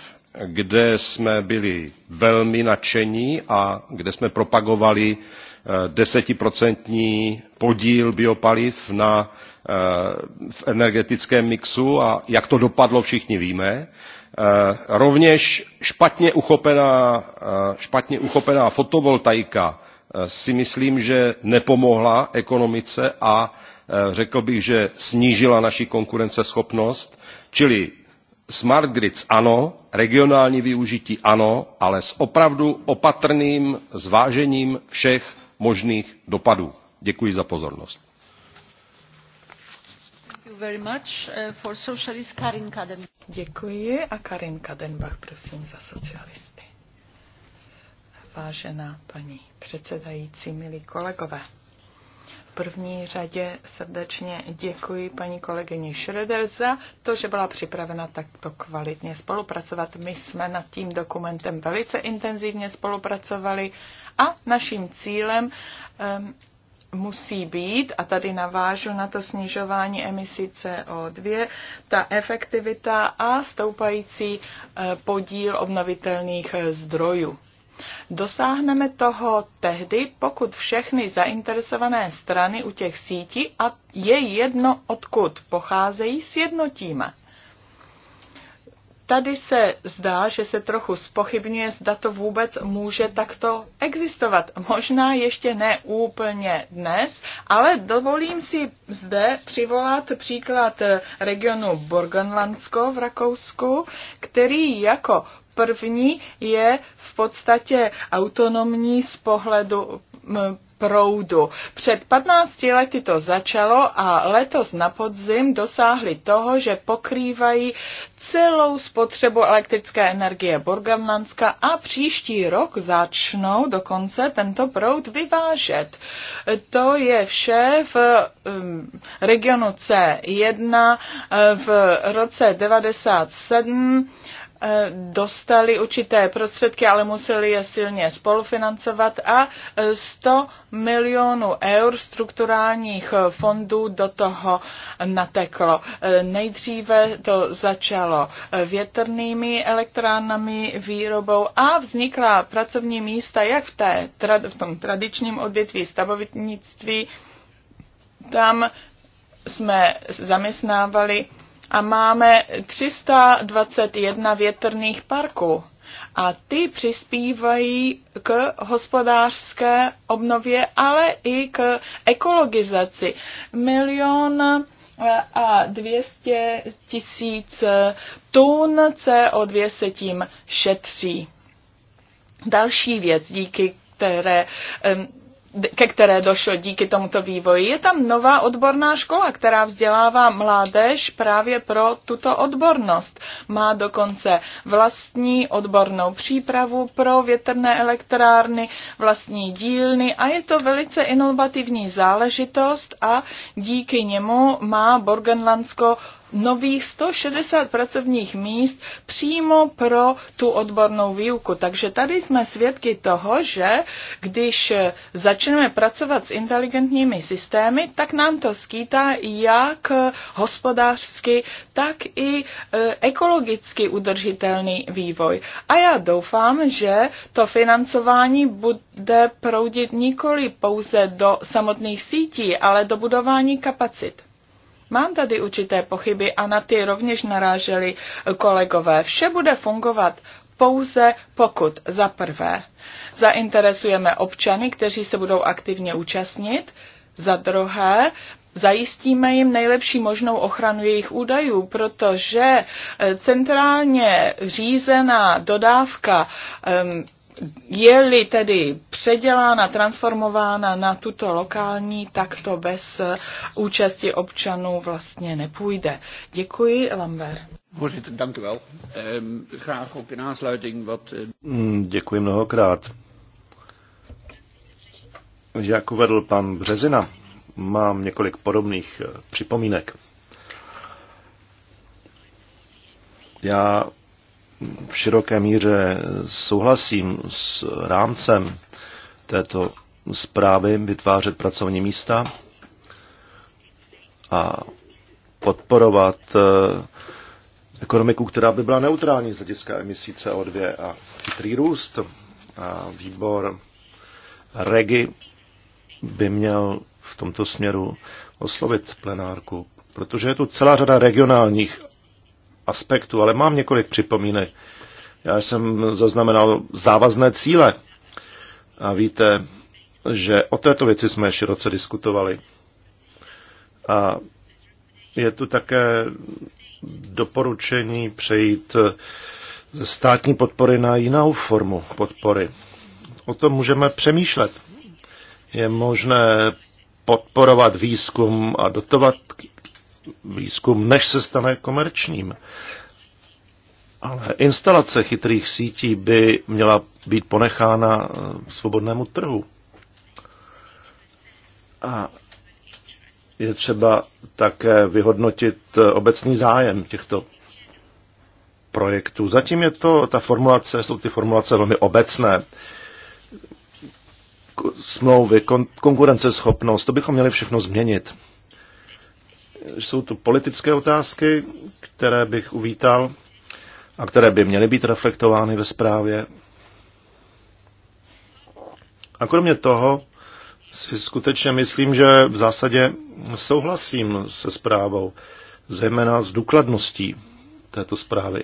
[SPEAKER 4] kde jsme byli velmi nadšení a kde jsme propagovali eh, desetiprocentní podíl biopaliv na, eh, v energetickém mixu a jak to dopadlo, všichni víme. Rovněž špatně uchopená, špatně uchopená fotovoltaika si myslím, že nepomohla ekonomice a Eh, řekl bych že snížila naši konkurenceschopnost čili smart grids ano regionální využití ano ale s opravdu opatrným zvážením všech možných dopadů. děkuji za pozornost.
[SPEAKER 2] Eh, děkuji
[SPEAKER 3] a Karin Kadenbach, prosím, za socialisty. Vážená paní předsedající, milí kolegové, první řadě srdečně děkuji paní kolegyni Schröder za to, že byla připravena takto kvalitně spolupracovat. My jsme nad tím dokumentem velice intenzivně spolupracovali a naším cílem um, musí být, a tady navážu na to snižování emisí CO2, ta efektivita a stoupající eh, podíl obnovitelných eh, zdrojů. Dosáhneme toho tehdy, pokud všechny zainteresované strany u těch sítí a je jedno, odkud pocházejí, sjednotíme. Tady se zdá, že se trochu spochybňuje, zda to vůbec může takto existovat. Možná ještě ne úplně dnes, ale dovolím si zde přivolat příklad regionu Borgonlandsko v Rakousku, který jako První je v podstatě autonomní z pohledu proudu. Před 15 lety to začalo a letos na podzim dosáhli toho, že pokrývají celou spotřebu elektrické energie Burgamlandska a příští rok začnou dokonce tento proud vyvážet. To je vše v regionu C1 v roce 97 Eh, dostali určité prostředky, ale museli je silně spolufinancovat a 100 eh, milionů eur strukturálních eh, fondů do toho nateklo. Nejdříve to začalo větrnými elektrárnami, výrobou a vznikla pracovní místa jak v, té, v tom tradičním odvětví stavovnictví, tam jsme zaměstnávali a máme 321 větrných parků a ty přispívají k hospodářské obnově, ale i k ekologizaci. Milion eh, a 200 tisíc tun CO2 se tím šetří. Další věc, díky které ke které došlo díky tomuto vývoji. Je tam nová odborná škola, která vzdělává mládež právě pro tuto odbornost. Má dokonce vlastní odbornou přípravu pro větrné elektrárny, vlastní dílny a je to velice inovativní záležitost a díky němu má Borgenlandsko nových 160 pracovních míst přímo pro tu odbornou výuku. Takže tady jsme svědky toho, že když začneme pracovat s inteligentními systémy, tak nám to skýtá jak hospodářsky, tak i e, ekologicky udržitelný vývoj. A já doufám, že to financování bude proudit nikoli pouze do samotných sítí, ale do budování kapacit. Mám tady určité pochyby a na ty rovněž naráželi kolegové. Vše bude fungovat pouze pokud za prvé zainteresujeme občany, kteří se budou aktivně účastnit, za druhé zajistíme jim nejlepší možnou ochranu jejich údajů, protože centrálně řízená dodávka um, je-li tedy předělána, transformována na tuto lokální, tak to bez účasti občanů vlastně nepůjde. Děkuji, Lambert.
[SPEAKER 1] Ehm, eh, mm, děkuji mnohokrát. Jak uvedl pan Březina, mám několik podobných eh, připomínek. Já v široké míře souhlasím s rámcem této zprávy vytvářet pracovní místa a podporovat eh, ekonomiku, která by byla neutrální z hlediska emisí CO2 a chytrý růst. A výbor REGI by měl v tomto směru oslovit plenárku, protože je tu celá řada regionálních aspektů, ale mám několik připomínek. Já jsem zaznamenal závazné cíle a víte, že o této věci jsme široce diskutovali. A je tu také doporučení přejít ze státní podpory na jinou formu podpory. O tom můžeme přemýšlet. Je možné podporovat výzkum a dotovat výzkum, než se stane komerčním. Ale instalace chytrých sítí by měla být ponechána eh, svobodnému trhu. A je třeba také vyhodnotit eh, obecný zájem těchto projektů. Zatím je to, ta formulace, jsou ty formulace velmi obecné. Smlouvy, kon, konkurenceschopnost, to bychom měli všechno změnit jsou tu politické otázky, které bych uvítal a které by měly být reflektovány ve zprávě. A kromě toho si skutečně myslím, že v zásadě souhlasím se zprávou, zejména s důkladností této zprávy.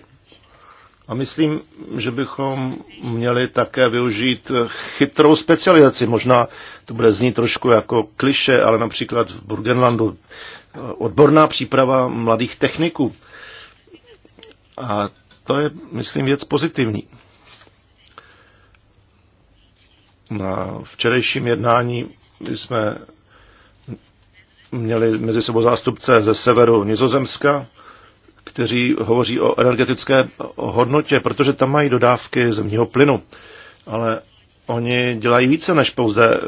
[SPEAKER 1] A myslím, že bychom měli také využít chytrou specializaci. Možná to bude znít trošku jako kliše, ale například v Burgenlandu odborná příprava mladých techniků. A to je, myslím, věc pozitivní. Na včerejším jednání jsme měli mezi sebou zástupce ze severu Nizozemska, kteří hovoří o energetické hodnotě, protože tam mají dodávky zemního plynu. Ale oni dělají více než pouze eh,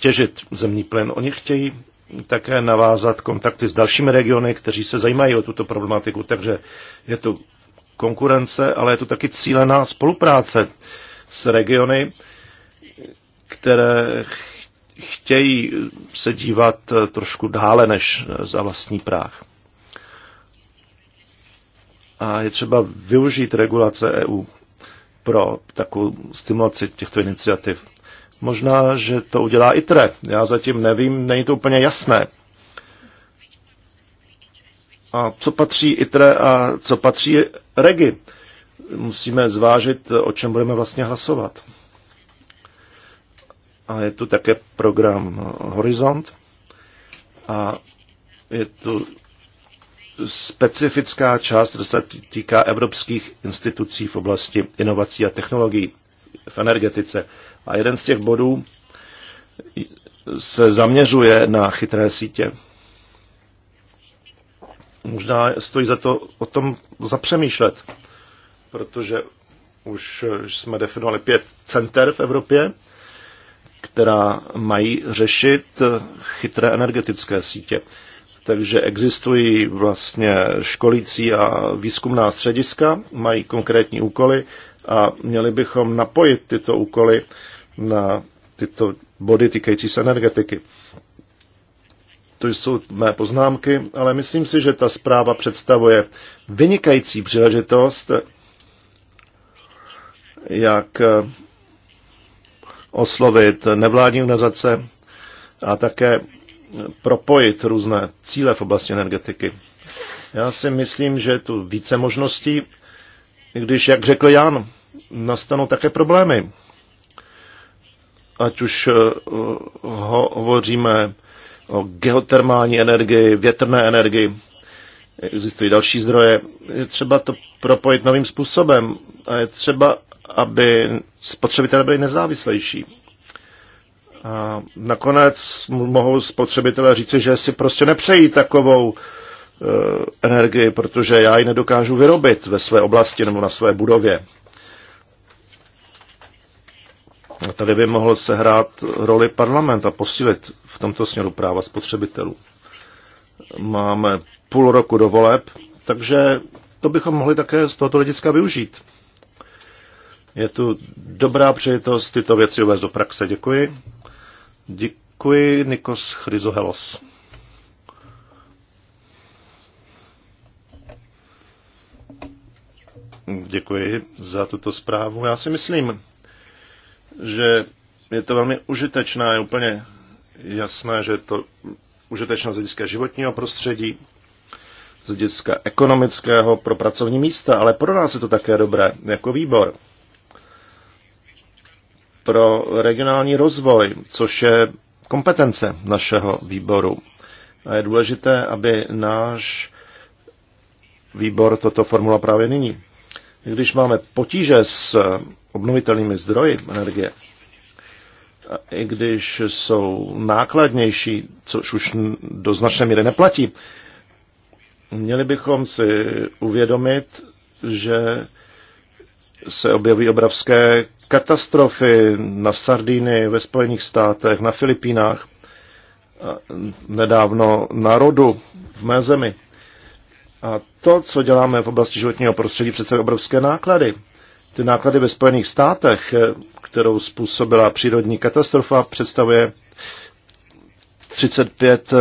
[SPEAKER 1] těžit zemní plyn. Oni chtějí také navázat kontakty s dalšími regiony, kteří se zajímají o tuto problematiku. Takže je tu konkurence, ale je tu taky cílená spolupráce s regiony, které chtějí se dívat trošku dále než za vlastní práh. A je třeba využít regulace EU pro takovou stimulaci těchto iniciativ. Možná, že to udělá ITRE. Já zatím nevím, není to úplně jasné. A co patří ITRE a co patří REGI? Musíme zvážit, o čem budeme vlastně hlasovat. A je tu také program Horizont a je tu specifická část, která se týká evropských institucí v oblasti inovací a technologií v energetice. A jeden z těch bodů se zaměřuje na chytré sítě. Možná stojí za to o tom zapřemýšlet, protože už jsme definovali pět center v Evropě, která mají řešit chytré energetické sítě. Takže existují vlastně školící a výzkumná střediska, mají konkrétní úkoly a měli bychom napojit tyto úkoly na tyto body týkající se energetiky. To jsou mé poznámky, ale myslím si, že ta zpráva představuje vynikající příležitost, jak eh, oslovit nevládní organizace a také propojit různé cíle v oblasti energetiky. Já si myslím, že je tu více možností, když, jak řekl Jan, nastanou také problémy ať už eh, ho, hovoříme o geotermální energii, větrné energii, existují další zdroje, je třeba to propojit novým způsobem a je třeba, aby spotřebitelé byli nezávislejší. A nakonec mohou spotřebitelé říci, že si prostě nepřejí takovou eh, energii, protože já ji nedokážu vyrobit ve své oblasti nebo na své budově. A tady by mohl sehrát roli parlament a posílit v tomto směru práva spotřebitelů. Máme půl roku do voleb, takže to bychom mohli také z tohoto hlediska využít. Je tu dobrá přejitost tyto věci uvést do praxe. Děkuji. Děkuji, Nikos Chryzohelos. Děkuji za tuto zprávu. Já si myslím, že je to velmi užitečné, je úplně jasné, že je to užitečné z hlediska životního prostředí, z hlediska ekonomického pro pracovní místa, ale pro nás je to také dobré jako výbor. Pro regionální rozvoj, což je kompetence našeho výboru. A je důležité, aby náš výbor toto formula právě nyní. Když máme potíže s obnovitelnými zdroji energie, i když jsou nákladnější, což už do značné míry neplatí, měli bychom si uvědomit, že se objeví obravské katastrofy na Sardíny, ve Spojených státech, na Filipínách, nedávno na rodu v mé zemi. A to, co děláme v oblasti životního prostředí, přece obrovské náklady ty náklady ve Spojených státech, eh, kterou způsobila přírodní katastrofa, představuje 35 eh,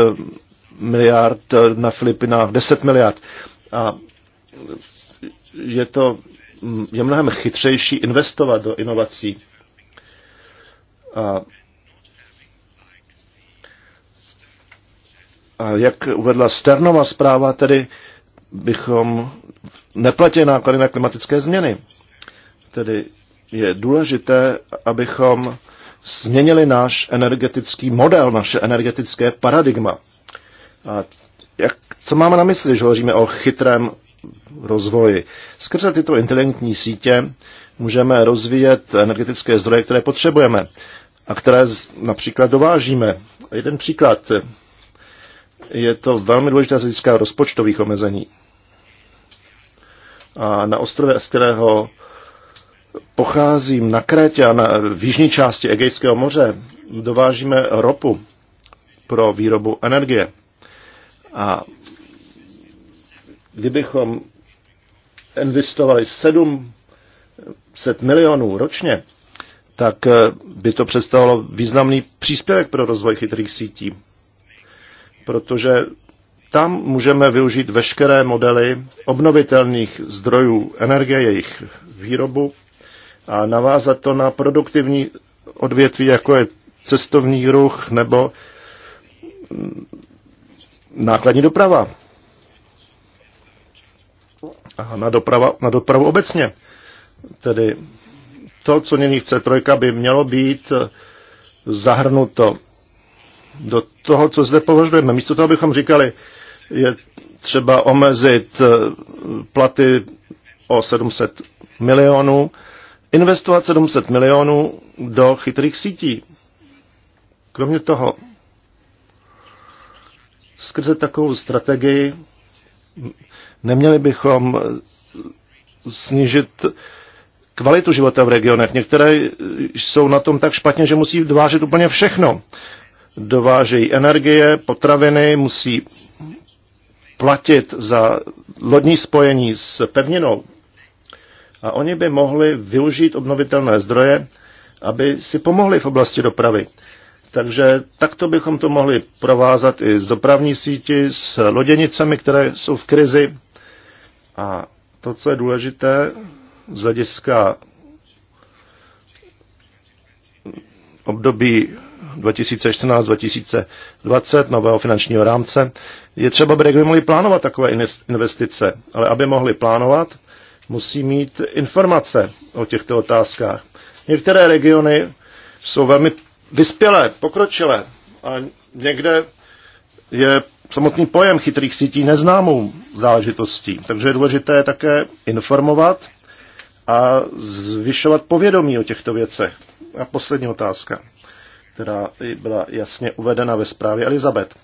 [SPEAKER 1] miliard, eh, na Filipinách 10 miliard. A je to mm, je mnohem chytřejší investovat do inovací. A, a jak uvedla Sternova zpráva, tedy bychom neplatili náklady na klimatické změny. Tedy je důležité, abychom změnili náš energetický model, naše energetické paradigma. A jak, co máme na mysli, že hovoříme o chytrém rozvoji? Skrze tyto inteligentní sítě můžeme rozvíjet energetické zdroje, které potřebujeme a které například dovážíme. Jeden příklad. Je to velmi důležité z hlediska rozpočtových omezení. A na ostrově, z kterého pocházím na Krétě a na, v jižní části Egejského moře dovážíme ropu pro výrobu energie. A kdybychom investovali 700 milionů ročně, tak eh, by to představovalo významný příspěvek pro rozvoj chytrých sítí. Protože tam můžeme využít veškeré modely obnovitelných zdrojů energie, jejich výrobu a navázat to na produktivní odvětví, jako je cestovní ruch nebo nákladní doprava. A na, doprava, na dopravu obecně. Tedy to, co nyní chce trojka, by mělo být zahrnuto do toho, co zde považujeme. Místo toho, abychom říkali, je třeba omezit platy o 700 milionů, investovat 700 milionů do chytrých sítí. Kromě toho, skrze takovou strategii neměli bychom snížit kvalitu života v regionech. Některé jsou na tom tak špatně, že musí dovážet úplně všechno. Dovážejí energie, potraviny, musí platit za lodní spojení s pevninou a oni by mohli využít obnovitelné zdroje, aby si pomohli v oblasti dopravy. Takže takto bychom to mohli provázat i s dopravní síti, s loděnicemi, které jsou v krizi. A to, co je důležité z hlediska období 2014-2020 nového finančního rámce, je třeba, aby regiony mohly plánovat takové investice, ale aby mohli plánovat, musí mít informace o těchto otázkách. Některé regiony jsou velmi vyspělé, pokročilé a někde je samotný pojem chytrých sítí neznámou záležitostí. Takže je důležité také informovat a zvyšovat povědomí o těchto věcech. A poslední otázka, která byla jasně uvedena ve zprávě Elizabeth.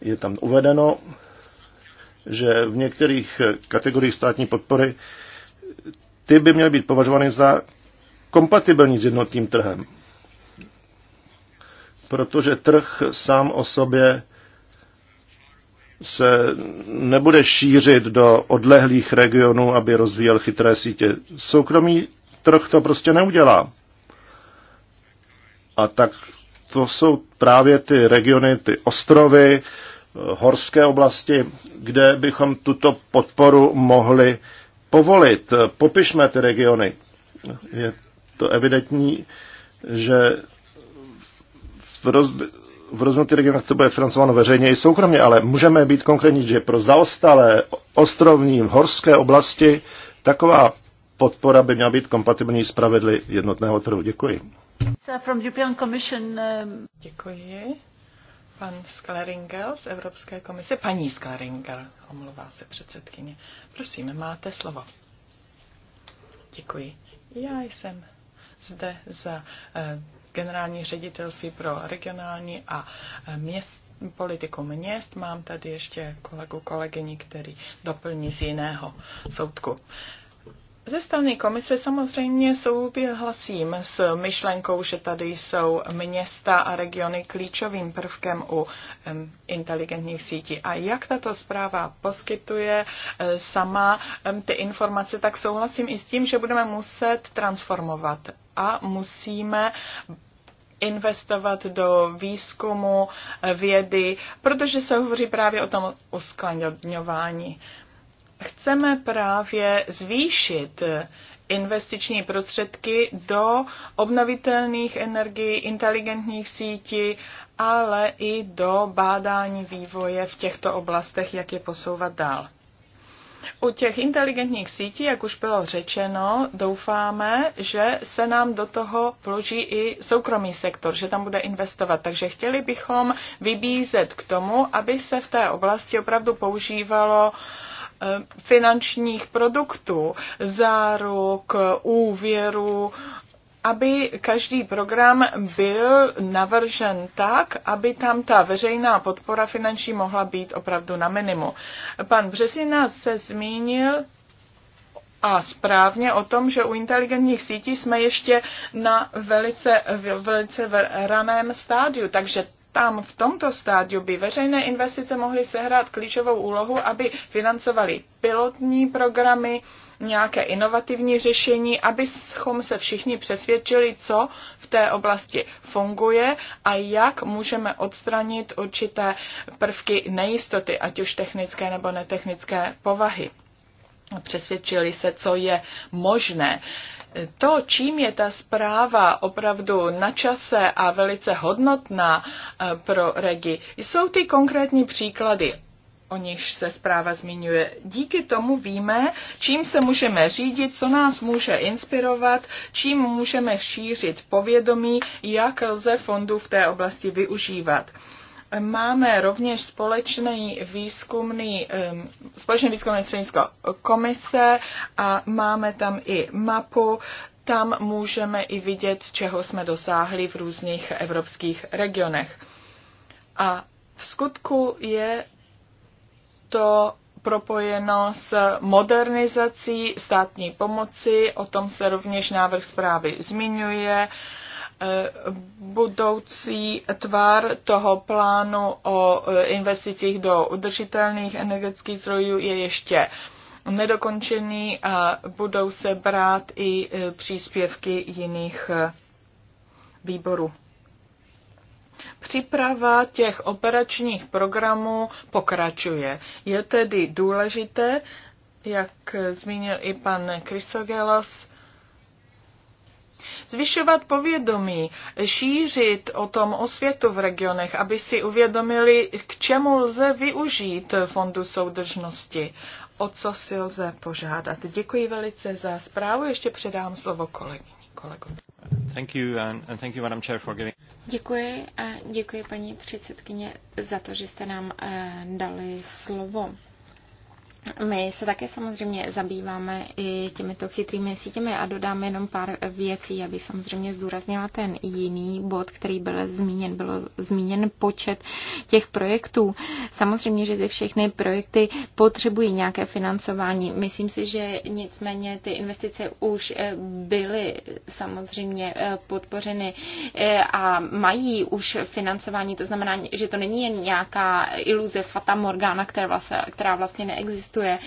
[SPEAKER 1] Je tam uvedeno, že v některých kategoriích státní podpory ty by měly být považovány za kompatibilní s jednotným trhem. Protože trh sám o sobě se nebude šířit do odlehlých regionů, aby rozvíjel chytré sítě. Soukromý trh to prostě neudělá. A tak to jsou právě ty regiony, ty ostrovy, eh, horské oblasti, kde bychom tuto podporu mohli povolit. Eh, popišme ty regiony. Je to evidentní, že v, rozbi- v rozvinutých regionech to bude financováno veřejně i soukromně, ale můžeme být konkrétní, že pro zaostalé ostrovní horské oblasti taková podpora by měla být kompatibilní s pravidly jednotného trhu. Děkuji.
[SPEAKER 3] Um, Děkuji. Pan Sklaringel z Evropské komise, paní Sklaringel, omlouvá se předsedkyně. Prosím, máte slovo. Děkuji. Já jsem zde za eh, generální ředitelství pro regionální a eh, měst, politiku měst. Mám tady ještě kolegu, kolegyni, který doplní z jiného soudku. Ze strany komise samozřejmě souhlasím s myšlenkou, že tady jsou města a regiony klíčovým prvkem u inteligentních sítí. A jak tato zpráva poskytuje e, sama ty informace, tak souhlasím i s tím, že budeme muset transformovat a musíme investovat do výzkumu, e, vědy, protože se hovoří právě o tom uskladňování chceme právě zvýšit investiční prostředky do obnovitelných energií, inteligentních sítí, ale i do bádání vývoje v těchto oblastech, jak je posouvat dál. U těch inteligentních sítí, jak už bylo řečeno, doufáme, že se nám do toho vloží i soukromý sektor, že tam bude investovat. Takže chtěli bychom vybízet k tomu, aby se v té oblasti opravdu používalo uh, Eh, finančních produktů, záruk, úvěru, aby každý program byl navržen tak, aby tam ta veřejná podpora finanční mohla být opravdu na minimu. Pan Březina se zmínil a správně o tom, že u inteligentních sítí jsme ještě na velice, velice raném stádiu, takže tam v tomto stádiu by veřejné investice mohly sehrát klíčovou úlohu, aby financovali pilotní programy, nějaké inovativní řešení, abychom se všichni přesvědčili, co v té oblasti funguje a jak můžeme odstranit určité prvky nejistoty, ať už technické nebo netechnické povahy. Přesvědčili se, co je možné. To, čím je ta zpráva opravdu na čase a velice hodnotná eh, pro regi, jsou ty konkrétní příklady o nichž se zpráva zmiňuje. Díky tomu víme, čím se můžeme řídit, co nás může inspirovat, čím můžeme šířit povědomí, jak lze fondů v té oblasti využívat. Máme rovněž společný výzkumný, společné výzkumné středisko komise a máme tam i mapu. Tam můžeme i vidět, čeho jsme dosáhli v různých evropských regionech. A v skutku je to propojeno s modernizací státní pomoci, o tom se rovněž návrh zprávy zmiňuje. Eh, budoucí tvar toho plánu o eh, investicích do udržitelných energetických zdrojů je ještě nedokončený a budou se brát i eh, příspěvky jiných výborů. Příprava těch operačních programů pokračuje. Je tedy důležité, jak zmínil i pan Krysogelos, Zvyšovat povědomí, šířit o tom osvětu v regionech, aby si uvědomili, k čemu lze využít fondu soudržnosti, o co si lze požádat. Děkuji velice za zprávu, ještě předám slovo kolegyni.
[SPEAKER 5] Kolegu. Thank you and thank you, Madam Chair, for giving...
[SPEAKER 2] Děkuji a děkuji paní předsedkyně za to, že jste nám eh, dali slovo. My se také samozřejmě zabýváme i těmito chytrými sítěmi a dodám jenom pár věcí, aby samozřejmě zdůraznila ten jiný bod, který byl zmíněn. Bylo zmíněn počet těch projektů. Samozřejmě, že ty všechny projekty potřebují nějaké financování. Myslím si, že nicméně ty investice už eh, byly samozřejmě eh, podpořeny eh, a mají už financování. To znamená, že to není jen nějaká iluze Fata Morgana, která vlastně, která vlastně neexistuje existuje.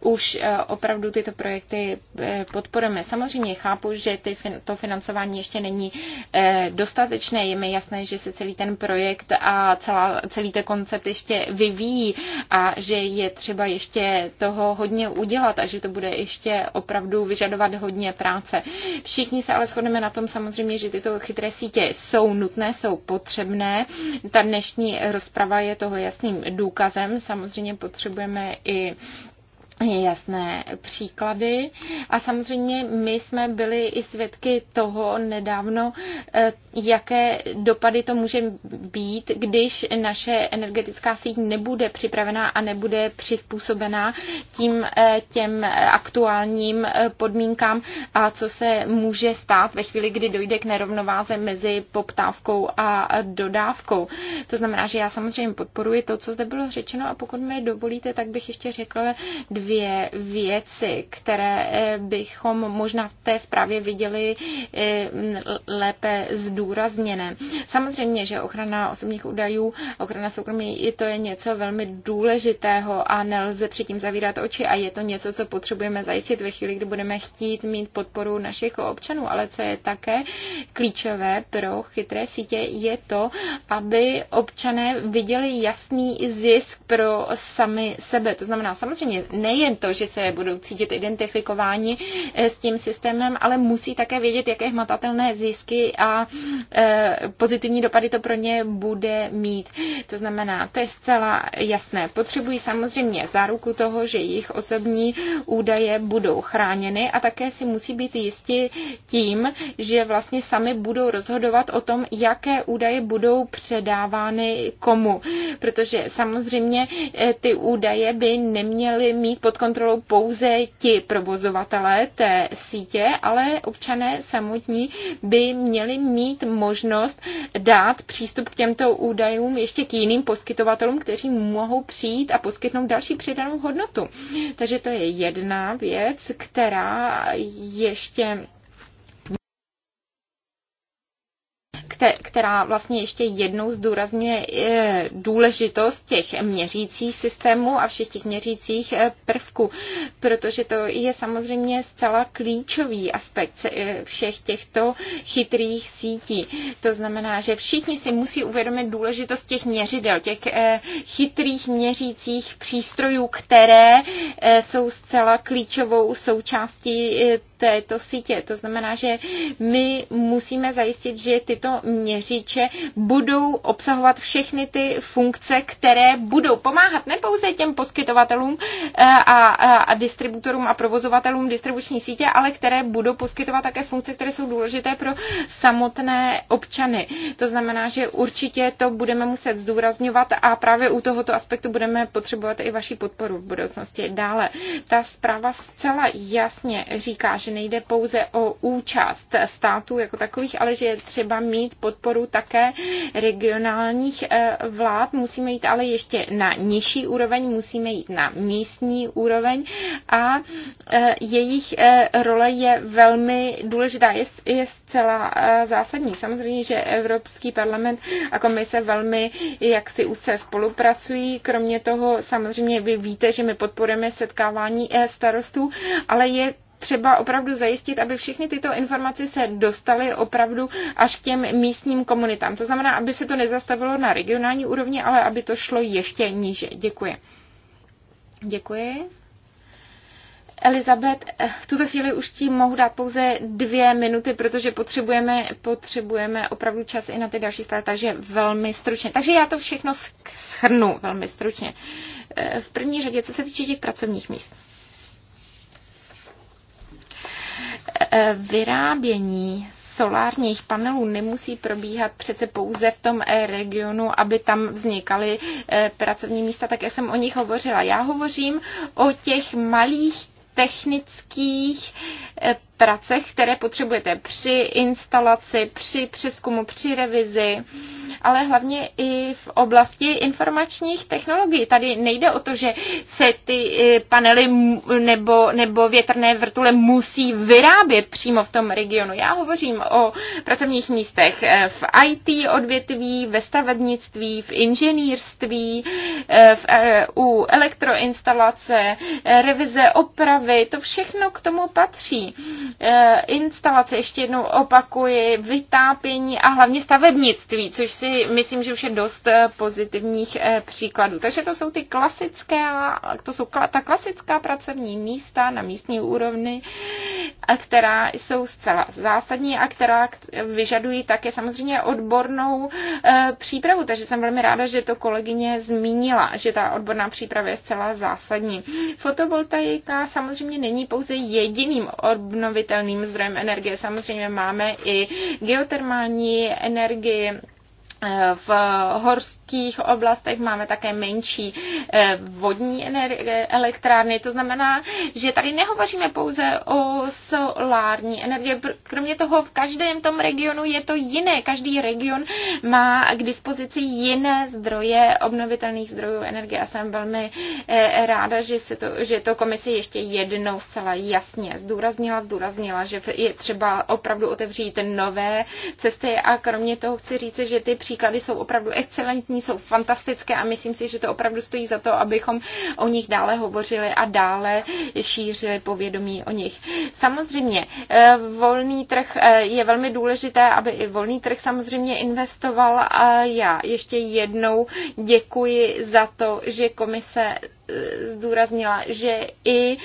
[SPEAKER 2] Už eh, opravdu tyto projekty eh, podporujeme. Samozřejmě chápu, že ty, to financování ještě není eh, dostatečné. Je mi jasné, že se celý ten projekt a celá, celý ten koncept ještě vyvíjí a že je třeba ještě toho hodně udělat a že to bude ještě opravdu vyžadovat hodně práce. Všichni se ale shodneme na tom samozřejmě, že tyto chytré sítě jsou nutné, jsou potřebné. Ta dnešní rozprava je toho jasným důkazem. Samozřejmě potřebujeme i jasné příklady. A samozřejmě my jsme byli i svědky toho nedávno, eh, jaké dopady to může být, když naše energetická síť nebude připravená a nebude přizpůsobená tím eh, těm aktuálním eh, podmínkám a co se může stát ve chvíli, kdy dojde k nerovnováze mezi poptávkou a dodávkou. To znamená, že já samozřejmě podporuji to, co zde bylo řečeno a pokud mi dovolíte, tak bych ještě řekla dvě dvě věci, které eh, bychom možná v té zprávě viděli eh, lépe zdůrazněné. Samozřejmě, že ochrana osobních údajů, ochrana soukromí, i to je něco velmi důležitého a nelze předtím zavírat oči a je to něco, co potřebujeme zajistit ve chvíli, kdy budeme chtít mít podporu našich občanů, ale co je také klíčové pro chytré sítě, je to, aby občané viděli jasný zisk pro sami sebe. To znamená samozřejmě ne nejen to, že se budou cítit identifikováni eh, s tím systémem, ale musí také vědět, jaké hmatatelné zisky a eh, pozitivní dopady to pro ně bude mít. To znamená, to je zcela jasné. Potřebují samozřejmě záruku toho, že jejich osobní údaje budou chráněny a také si musí být jisti tím, že vlastně sami budou rozhodovat o tom, jaké údaje budou předávány komu. Protože samozřejmě eh, ty údaje by neměly mít pod kontrolou pouze ti provozovatelé té sítě, ale občané samotní by měli mít možnost dát přístup k těmto údajům ještě k jiným poskytovatelům, kteří mohou přijít a poskytnout další přidanou hodnotu. Takže to je jedna věc, která ještě která vlastně ještě jednou zdůrazňuje eh, důležitost těch měřících systémů a všech těch měřících eh, prvků, protože to je samozřejmě zcela klíčový aspekt eh, všech těchto chytrých sítí. To znamená, že všichni si musí uvědomit důležitost těch měřidel, těch chytrých měřících přístrojů, které jsou zcela klíčovou součástí této sítě. To znamená, že my musíme zajistit, že tyto měříče budou obsahovat všechny ty funkce, které budou pomáhat ne pouze těm poskytovatelům eh, a, a, a distributorům a provozovatelům distribuční sítě, ale které budou poskytovat také funkce, které jsou důležité pro samotné občany. To znamená, že určitě to budeme muset zdůrazňovat a právě u tohoto aspektu budeme potřebovat i vaši podporu v budoucnosti. Dále, ta zpráva zcela jasně říká, že nejde pouze o účast států jako takových, ale že je třeba mít podporu také regionálních eh, vlád. Musíme jít ale ještě na nižší úroveň, musíme jít na místní úroveň a eh, jejich eh, role je velmi důležitá, je, je zcela zásadní. Samozřejmě, že Evropský parlament a komise velmi jak si úzce spolupracují. Kromě toho samozřejmě vy víte, že my podporujeme setkávání starostů, ale je třeba opravdu zajistit, aby všechny tyto informace se dostaly opravdu až k těm místním komunitám. To znamená, aby se to nezastavilo na regionální úrovni, ale aby to šlo ještě níže. Děkuji. Děkuji. Elizabet, eh, v tuto chvíli už ti mohu dát pouze dvě minuty, protože potřebujeme, potřebujeme opravdu čas i na ty další zprávy, takže velmi stručně. Takže já to všechno schrnu velmi stručně. Eh, v první řadě, co se týče těch pracovních míst. E, vyrábění solárních panelů nemusí probíhat přece pouze v tom e, regionu, aby tam vznikaly e, pracovní místa, tak já jsem o nich hovořila. Já hovořím o těch malých technických pracech, které potřebujete při instalaci, při přeskumu, při revizi, ale hlavně i v oblasti informačních technologií. Tady nejde o to, že se ty eh, panely nebo, nebo větrné vrtule musí vyrábět přímo v tom regionu. Já hovořím o pracovních místech eh, v IT odvětví, ve stavebnictví, v inženýrství, eh, v, u elektroinstalace, revize, opravy, to všechno k tomu patří. Eh, instalace, ještě jednou opakuji, vytápění a hlavně stavebnictví, což si myslím, že už je dost eh, pozitivních eh, příkladů. Takže to jsou ty klasické, to jsou ta klasická pracovní místa na místní úrovni, která jsou zcela zásadní a která vyžadují také samozřejmě odbornou přípravu. Takže jsem velmi ráda, že to kolegyně zmínila, že ta odborná příprava je zcela zásadní. Fotovoltaika samozřejmě není pouze jediným obnovitelným obnovitelným zdrojem energie. Samozřejmě máme i geotermální energii, v horských oblastech máme také menší eh, vodní elektrárny. To znamená, že tady nehovoříme pouze o solární energie. Kromě toho v každém tom regionu je to jiné. Každý region má k dispozici jiné zdroje obnovitelných zdrojů energie a jsem velmi eh, ráda, že, se to, že to komise ještě jednou zcela jasně zdůraznila, zdůraznila, že je třeba opravdu otevřít nové cesty a kromě toho chci říct, že ty příklady příklady jsou opravdu excelentní, jsou fantastické a myslím si, že to opravdu stojí za to, abychom o nich dále hovořili a dále šířili povědomí o nich. Samozřejmě, eh, volný trh eh, je velmi důležité, aby i volný trh samozřejmě investoval a já ještě jednou děkuji za to, že komise zdůraznila, že i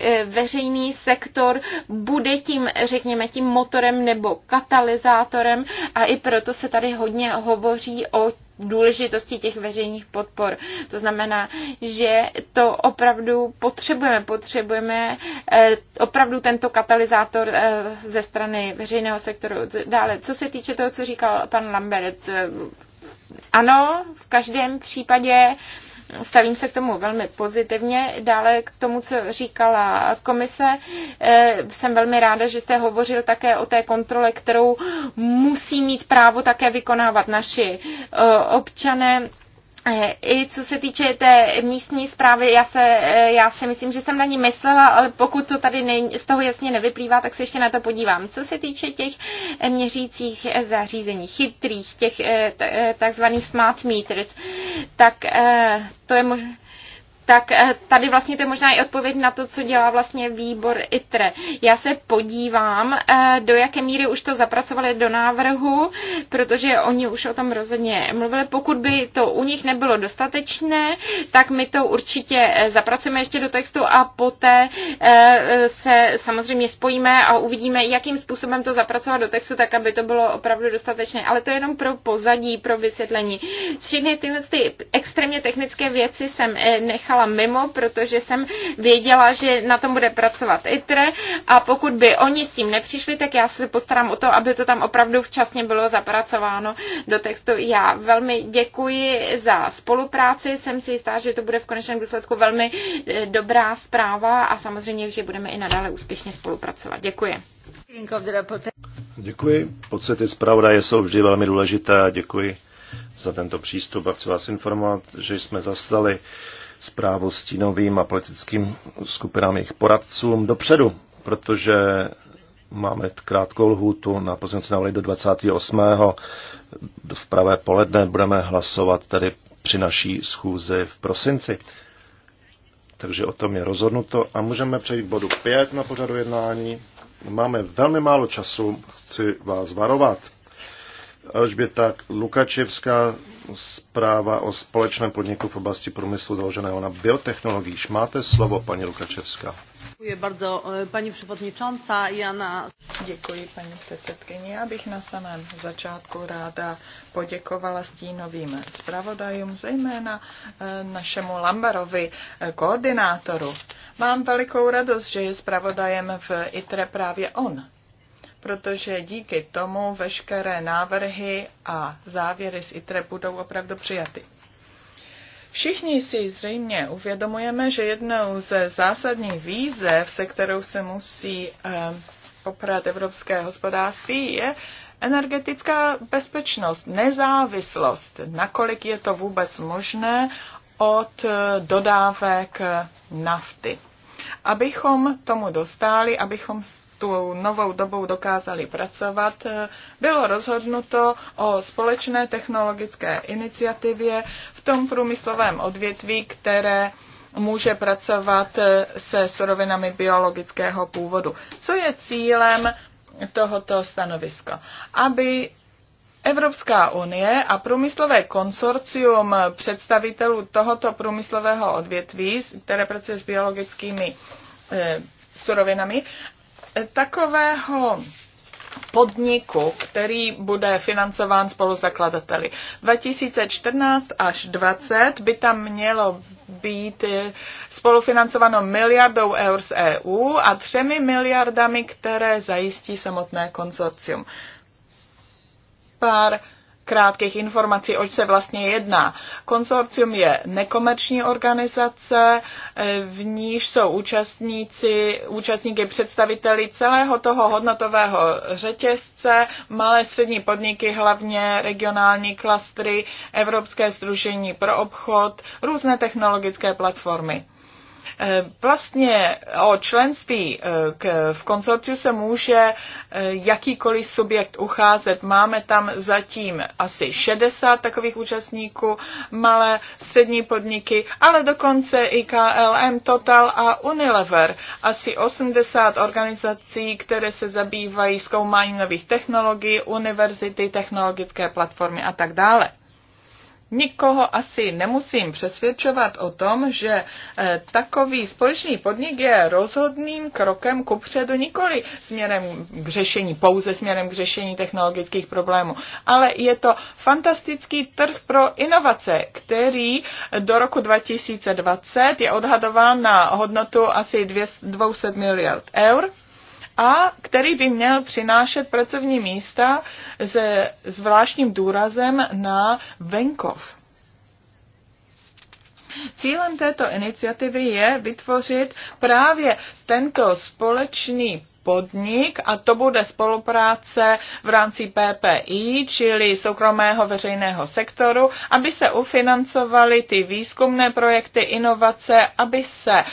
[SPEAKER 2] e, veřejný sektor bude tím, řekněme, tím motorem nebo katalyzátorem a i proto se tady hodně hovoří o důležitosti těch veřejných podpor. To znamená, že to opravdu potřebujeme, potřebujeme e, opravdu tento katalyzátor e, ze strany veřejného sektoru. Dále, co se týče toho, co říkal pan Lambert, ano, v každém případě stavím se k tomu velmi pozitivně. Dále k tomu, co říkala komise, eh, jsem velmi ráda, že jste hovořil také o té kontrole, kterou musí mít právo také vykonávat naši eh, občané Eh, i co se týče té místní zprávy, já, se, eh, já si myslím, že jsem na ní myslela, ale pokud to tady ne, z toho jasně nevyplývá, tak se ještě na to podívám. Co se týče těch eh, měřících zařízení, chytrých, těch takzvaných smart meters, tak to je možné tak eh, tady vlastně to je možná i odpověď na to, co dělá vlastně výbor ITRE. Já se podívám, eh, do jaké míry už to zapracovali do návrhu, protože oni už o tom rozhodně mluvili. Pokud by to u nich nebylo dostatečné, tak my to určitě eh, zapracujeme ještě do textu a poté se samozřejmě spojíme a uvidíme, jakým způsobem to zapracovat do textu, tak aby to bylo opravdu dostatečné. Ale to je jenom pro pozadí, pro vysvětlení. Všechny tyhle ty extrémně technické věci jsem nechala zůstala mimo, protože jsem věděla, že na tom bude pracovat ITRE a pokud by oni s tím nepřišli, tak já se postarám o to, aby to tam opravdu včasně bylo zapracováno do textu. Já velmi děkuji za spolupráci, jsem si jistá, že to bude v konečném důsledku velmi eh, dobrá zpráva a samozřejmě, že budeme i nadále úspěšně spolupracovat. Děkuji.
[SPEAKER 1] Děkuji. Pocity zpravodaje jsou vždy velmi důležité a děkuji za tento přístup a chci vás informovat, že jsme zastali zprávu stínovým a politickým skupinám jejich poradcům dopředu, protože máme krátkou lhůtu na pozici návrhy do 28. v pravé poledne budeme hlasovat tedy při naší schůzi v prosinci. Takže o tom je rozhodnuto a můžeme přejít k bodu 5 na pořadu jednání. Máme velmi málo času, chci vás varovat. Alžběta Lukačevská zpráva o společném podniku v oblasti průmyslu založeného na biotechnologiích. Máte slovo, paní Lukačevská.
[SPEAKER 5] Děkuji bardzo, eh, paní předsedkyně.
[SPEAKER 3] Jana. na... Děkuji, paní předsedkyně. Já bych na samém začátku ráda poděkovala stínovým zpravodajům, zejména eh, našemu Lambarovi, eh, koordinátoru. Mám velikou radost, že je zpravodajem v ITRE právě on protože díky tomu veškeré návrhy a závěry z ITRE budou opravdu přijaty. Všichni si zřejmě uvědomujeme, že jednou ze zásadních výzev, se kterou se musí eh, poprat evropské hospodářství, je energetická bezpečnost, nezávislost, nakolik je to vůbec možné od eh, dodávek nafty. Abychom tomu dostali, abychom tou novou dobou dokázali pracovat, bylo rozhodnuto o společné technologické iniciativě v tom průmyslovém odvětví, které může pracovat se surovinami biologického původu. Co je cílem tohoto stanoviska? Aby Evropská unie a průmyslové konsorcium představitelů tohoto průmyslového odvětví, které pracuje s biologickými e, surovinami, takového podniku, který bude financován spoluzakladateli. 2014 až 20 by tam mělo být eh, spolufinancováno miliardou eur z EU a třemi miliardami, které zajistí samotné konzorcium. Pár krátkých informací, oč se vlastně jedná. Konsorcium je nekomerční organizace, e, v níž jsou účastníci, účastníky představiteli celého toho hodnotového řetězce, malé střední podniky, hlavně regionální klastry, Evropské združení pro obchod, různé technologické platformy. Eh, vlastně o členství eh, v konsorciu se může eh, jakýkoliv subjekt ucházet. Máme tam zatím asi 60 takových účastníků, malé, střední podniky, ale dokonce i KLM, Total a Unilever. Asi 80 organizací, které se zabývají zkoumáním nových technologií, univerzity, technologické platformy a tak dále. Nikoho asi nemusím přesvědčovat o tom, že eh, takový společný podnik je rozhodným krokem kupředu nikoli směrem k řešení, pouze směrem k řešení technologických problémů, ale je to fantastický trh pro inovace, který do roku 2020 je odhadován na hodnotu asi 200 miliard eur a který by měl přinášet pracovní místa se zvláštním důrazem na venkov. Cílem této iniciativy je vytvořit právě tento společný podnik a to bude spolupráce v rámci PPI, čili soukromého veřejného sektoru, aby se ufinancovaly ty výzkumné projekty, inovace, aby se eh,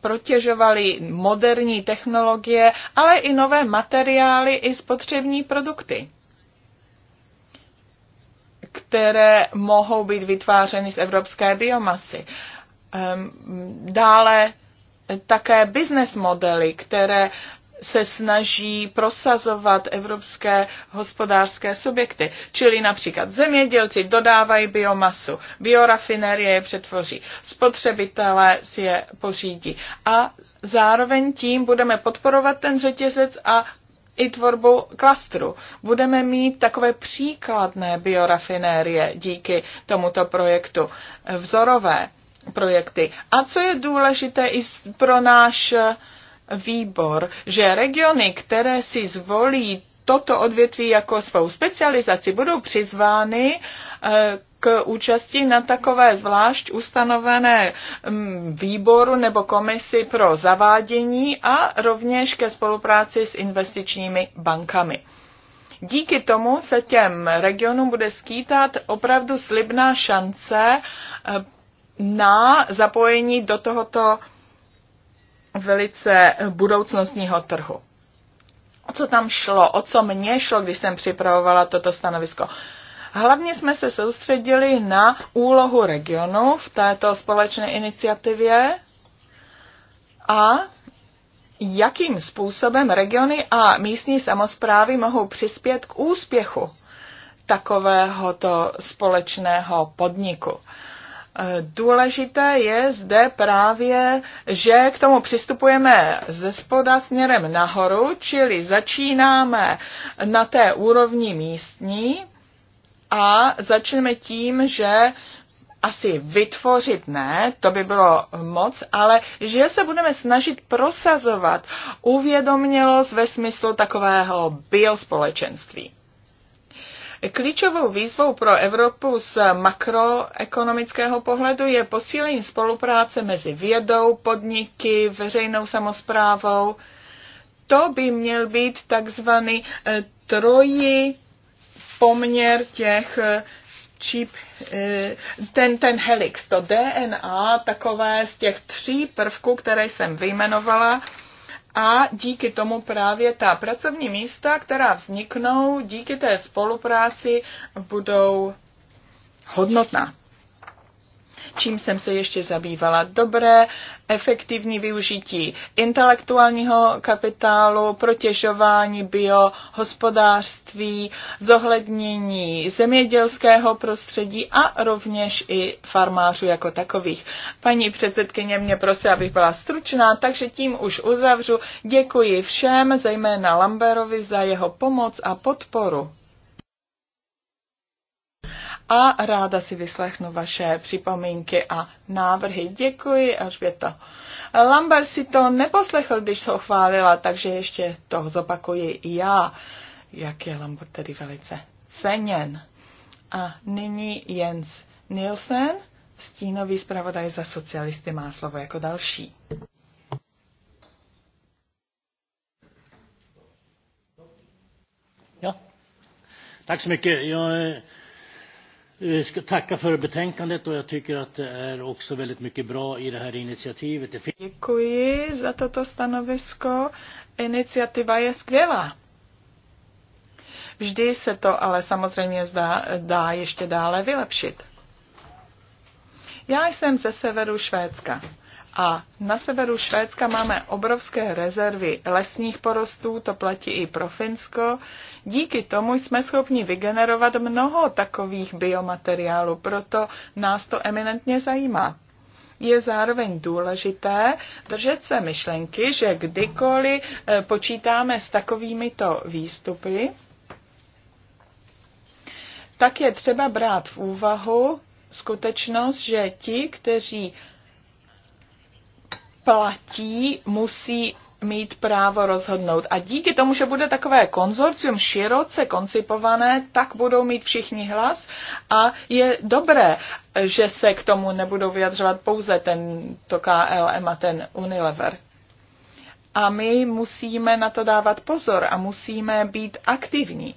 [SPEAKER 3] protěžovaly moderní technologie, ale i nové materiály i spotřební produkty které mohou být vytvářeny z evropské biomasy. Ehm, dále také business modely, které se snaží prosazovat evropské hospodářské subjekty. Čili například zemědělci dodávají biomasu, biorafinerie je přetvoří, spotřebitelé si je pořídí. A zároveň tím budeme podporovat ten řetězec a i tvorbu klastru. Budeme mít takové příkladné biorafinérie díky tomuto projektu. Vzorové projekty. A co je důležité i pro náš výbor, že regiony, které si zvolí toto odvětví jako svou specializaci, budou přizvány eh, k účasti na takové zvlášť ustanovené mm, výboru nebo komisi pro zavádění a rovněž ke spolupráci s investičními bankami. Díky tomu se těm regionům bude skýtat opravdu slibná šance eh, na zapojení do tohoto velice budoucnostního trhu. O co tam šlo, o co mě šlo, když jsem připravovala toto stanovisko? Hlavně jsme se soustředili na úlohu regionu v této společné iniciativě a jakým způsobem regiony a místní samozprávy mohou přispět k úspěchu takovéhoto společného podniku. Důležité je zde právě, že k tomu přistupujeme ze spoda směrem nahoru, čili začínáme na té úrovni místní a začneme tím, že asi vytvořit ne, to by bylo moc, ale že se budeme snažit prosazovat uvědomělost ve smyslu takového biospolečenství. Klíčovou výzvou pro Evropu z makroekonomického pohledu je posílení spolupráce mezi vědou, podniky, veřejnou samozprávou. To by měl být takzvaný eh, trojí poměr těch eh, čip, eh, ten, ten helix, to DNA takové z těch tří prvků, které jsem vyjmenovala, a díky tomu právě ta pracovní místa, která vzniknou díky té spolupráci, budou hodnotná čím jsem se ještě zabývala. Dobré, efektivní využití intelektuálního kapitálu, protěžování biohospodářství, zohlednění zemědělského prostředí a rovněž i farmářů jako takových. Paní předsedkyně mě prosí, abych byla stručná, takže tím už uzavřu. Děkuji všem, zejména Lamberovi, za jeho pomoc a podporu a ráda si vyslechnu vaše připomínky a návrhy. Děkuji, Alžběto. Lambert si to neposlechl, když se chválila, takže ještě to zopakuji i já, jak je Lambert tedy velice ceněn. A nyní Jens Nielsen, stínový zpravodaj za socialisty, má slovo jako další.
[SPEAKER 1] Ja. Tak Jag ska tacka för betänkandet och jag tycker att det är också väldigt mycket bra i det här initiativet.
[SPEAKER 3] Děkuji za toto stanovisko. Iniciativa je skvělá. Vždy se to ale samozřejmě zdá, dá ještě dále vylepšit. Já jsem ze severu Švédska a na severu Švédska máme obrovské rezervy lesních porostů, to platí i pro Finsko. Díky tomu jsme schopni vygenerovat mnoho takových biomateriálů, proto nás to eminentně zajímá. Je zároveň důležité držet se myšlenky, že kdykoliv e, počítáme s takovýmito výstupy, tak je třeba brát v úvahu skutečnost, že ti, kteří platí, musí mít právo rozhodnout. A díky tomu, že bude takové konzorcium široce koncipované, tak budou mít všichni hlas a je dobré, že se k tomu nebudou vyjadřovat pouze ten to KLM a ten Unilever. A my musíme na to dávat pozor a musíme být aktivní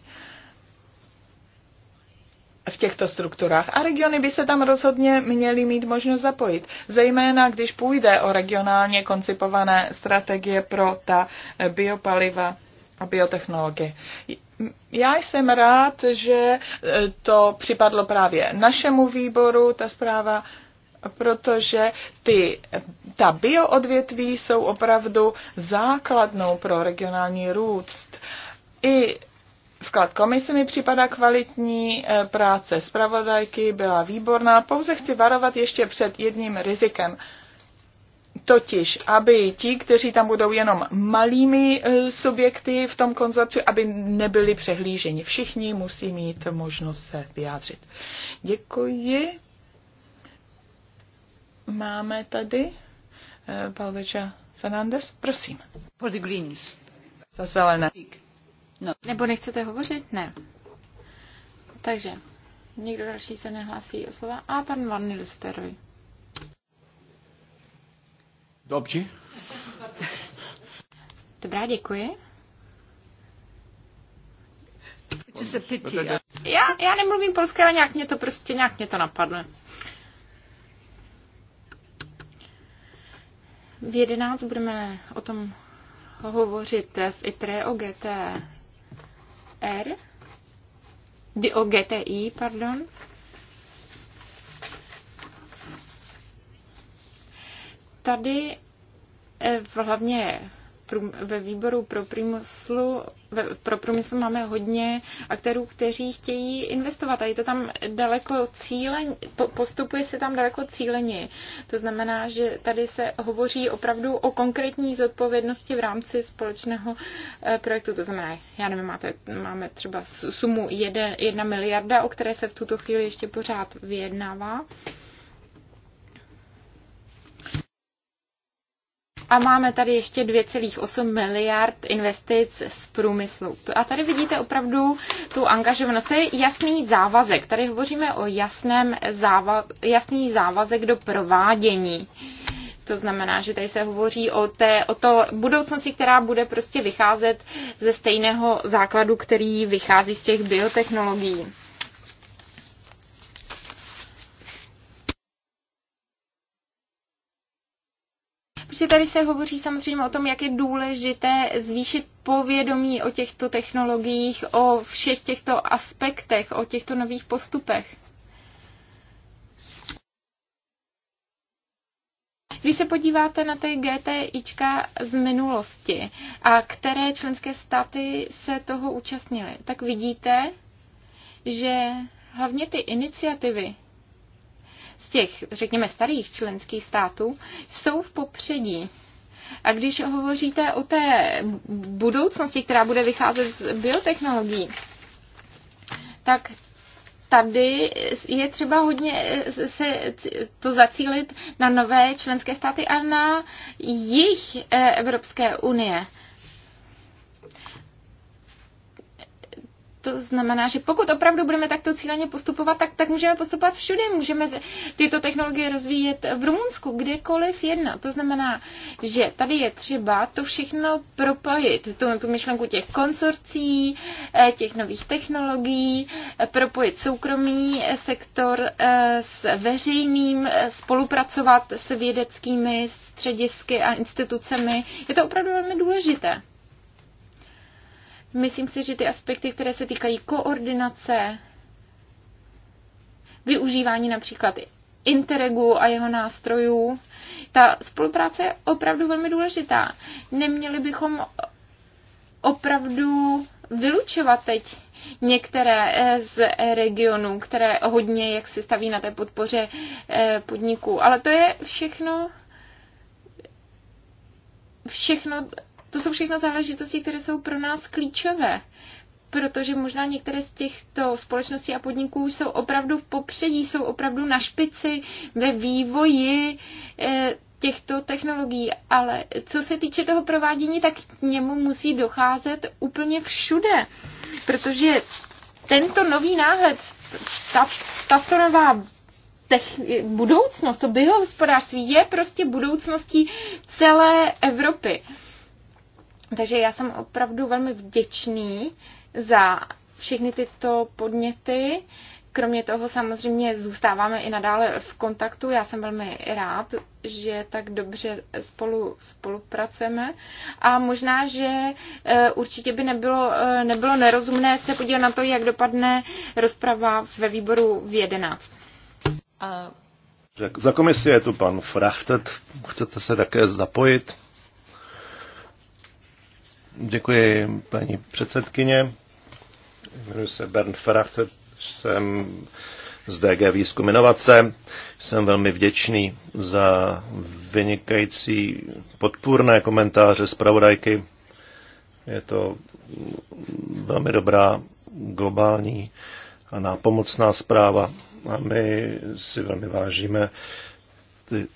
[SPEAKER 3] v těchto strukturách a regiony by se tam rozhodně měly mít možnost zapojit. Zejména, když půjde o regionálně koncipované strategie pro ta biopaliva a biotechnologie. Já jsem rád, že e, to připadlo právě našemu výboru, ta zpráva, protože ty, ta bioodvětví jsou opravdu základnou pro regionální růst. I vklad komise mi připadá kvalitní, eh, práce zpravodajky byla výborná, pouze chci varovat ještě před jedním rizikem. Totiž, aby ti, kteří tam budou jenom malými eh, subjekty v tom konzorci, aby nebyli přehlíženi. Všichni musí mít možnost se vyjádřit. Děkuji. Máme tady
[SPEAKER 2] eh, Palveča Fernandez, prosím. For the Greens. Za zelené. Speak. No. Nebo nechcete hovořit? Ne. Takže, někdo další se nehlásí o slova? A pan Van Nilsteroj. Dobře. Dobrá, děkuji. Já, já nemluvím polské, ale nějak mě to prostě, nějak mě to napadlo. V 11 budeme o tom hovořit v ITRE o GT R, o GTI, pardon. Tady eh, hlavně ve výboru pro, průmyslu, pro průmysl máme hodně aktérů, kteří chtějí investovat a je to tam daleko cíleně, postupuje se tam daleko cíleně. To znamená, že tady se hovoří opravdu o konkrétní zodpovědnosti v rámci společného eh, projektu. To znamená, já nevím, máte, máme třeba sumu 1 miliarda, o které se v tuto chvíli ještě pořád vyjednává. a máme tady ještě 2,8 miliard investic z průmyslu. A tady vidíte opravdu tu angažovanost. To je jasný závazek. Tady hovoříme o jasném záva- jasný závazek do provádění. To znamená, že tady se hovoří o té o to budoucnosti, která bude prostě vycházet ze stejného základu, který vychází z těch biotechnologií. Protože tady se hovoří samozřejmě o tom, jak je důležité zvýšit povědomí o těchto technologiích, o všech těchto aspektech, o těchto nových postupech. Když se podíváte na ty GTIčka z minulosti a které členské státy se toho účastnily, tak vidíte, že hlavně ty iniciativy, těch, řekněme, starých členských států jsou v popředí. A když hovoříte o té budoucnosti, která bude vycházet z biotechnologií, tak tady je třeba hodně se to zacílit na nové členské státy a na jich eh, Evropské unie. To znamená, že pokud opravdu budeme takto cíleně postupovat, tak, tak můžeme postupovat všude. Můžeme tyto technologie rozvíjet v Rumunsku, kdekoliv jedna. To znamená, že tady je třeba to všechno propojit. Tu, tu myšlenku těch konsorcí, eh, těch nových technologií, eh, propojit soukromý eh, sektor s veřejným, spolupracovat s vědeckými středisky a institucemi. Je to opravdu velmi důležité. Myslím si, že ty aspekty, které se týkají koordinace, využívání například Interregu a jeho nástrojů, ta spolupráce je opravdu velmi důležitá. Neměli bychom opravdu vylučovat teď některé eh, z regionů, které hodně jak se staví na té podpoře eh, podniků. Ale to je všechno všechno to jsou všechno záležitosti, které jsou pro nás klíčové, protože možná některé z těchto společností a podniků jsou opravdu v popředí, jsou opravdu na špici ve vývoji eh, těchto technologií, ale co se týče toho provádění, tak k němu musí docházet úplně všude, protože tento nový náhled, ta, tato nová tech, budoucnost, to biohospodářství je prostě budoucností celé Evropy. Takže já jsem opravdu velmi vděčný za všechny tyto podněty. Kromě toho samozřejmě zůstáváme i nadále v kontaktu. Já jsem velmi rád, že tak dobře spolu spolupracujeme. A možná, že eh, určitě by nebylo, eh, nebylo nerozumné se podívat na to, jak dopadne rozprava ve výboru v 11. A...
[SPEAKER 1] Za komisi je tu pan Frachtet. Chcete se také zapojit? Děkuji, paní předsedkyně. Jmenuji se Bernd Feracht, jsem z DG Výzkum inovace. Jsem velmi vděčný za vynikající podpůrné komentáře pravodajky. Je to velmi dobrá globální a nápomocná zpráva a my si velmi vážíme ty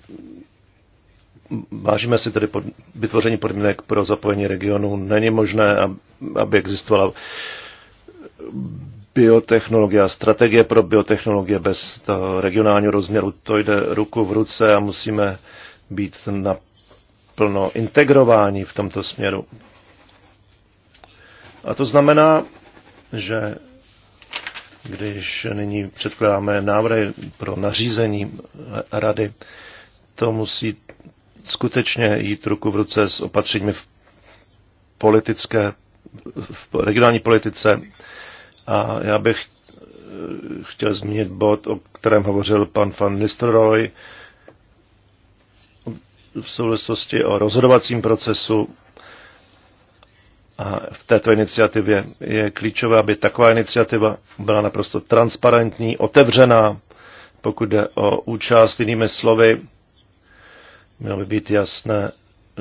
[SPEAKER 1] Vážíme si tedy pod, vytvoření podmínek pro zapojení regionu. Není možné, aby existovala biotechnologie a strategie pro biotechnologie bez regionálního rozměru. To jde ruku v ruce a musíme být na plno integrování v tomto směru. A to znamená, že když nyní předkládáme návrhy pro nařízení rady, to musí skutečně jít ruku v ruce s opatřeními v politické, v regionální politice. A já bych eh, chtěl zmínit bod, o kterém hovořil pan van Nistelrooy v souvislosti o rozhodovacím procesu. A v této iniciativě je klíčové, aby taková iniciativa byla naprosto transparentní, otevřená, pokud jde o účast, jinými slovy, Mělo by být jasné,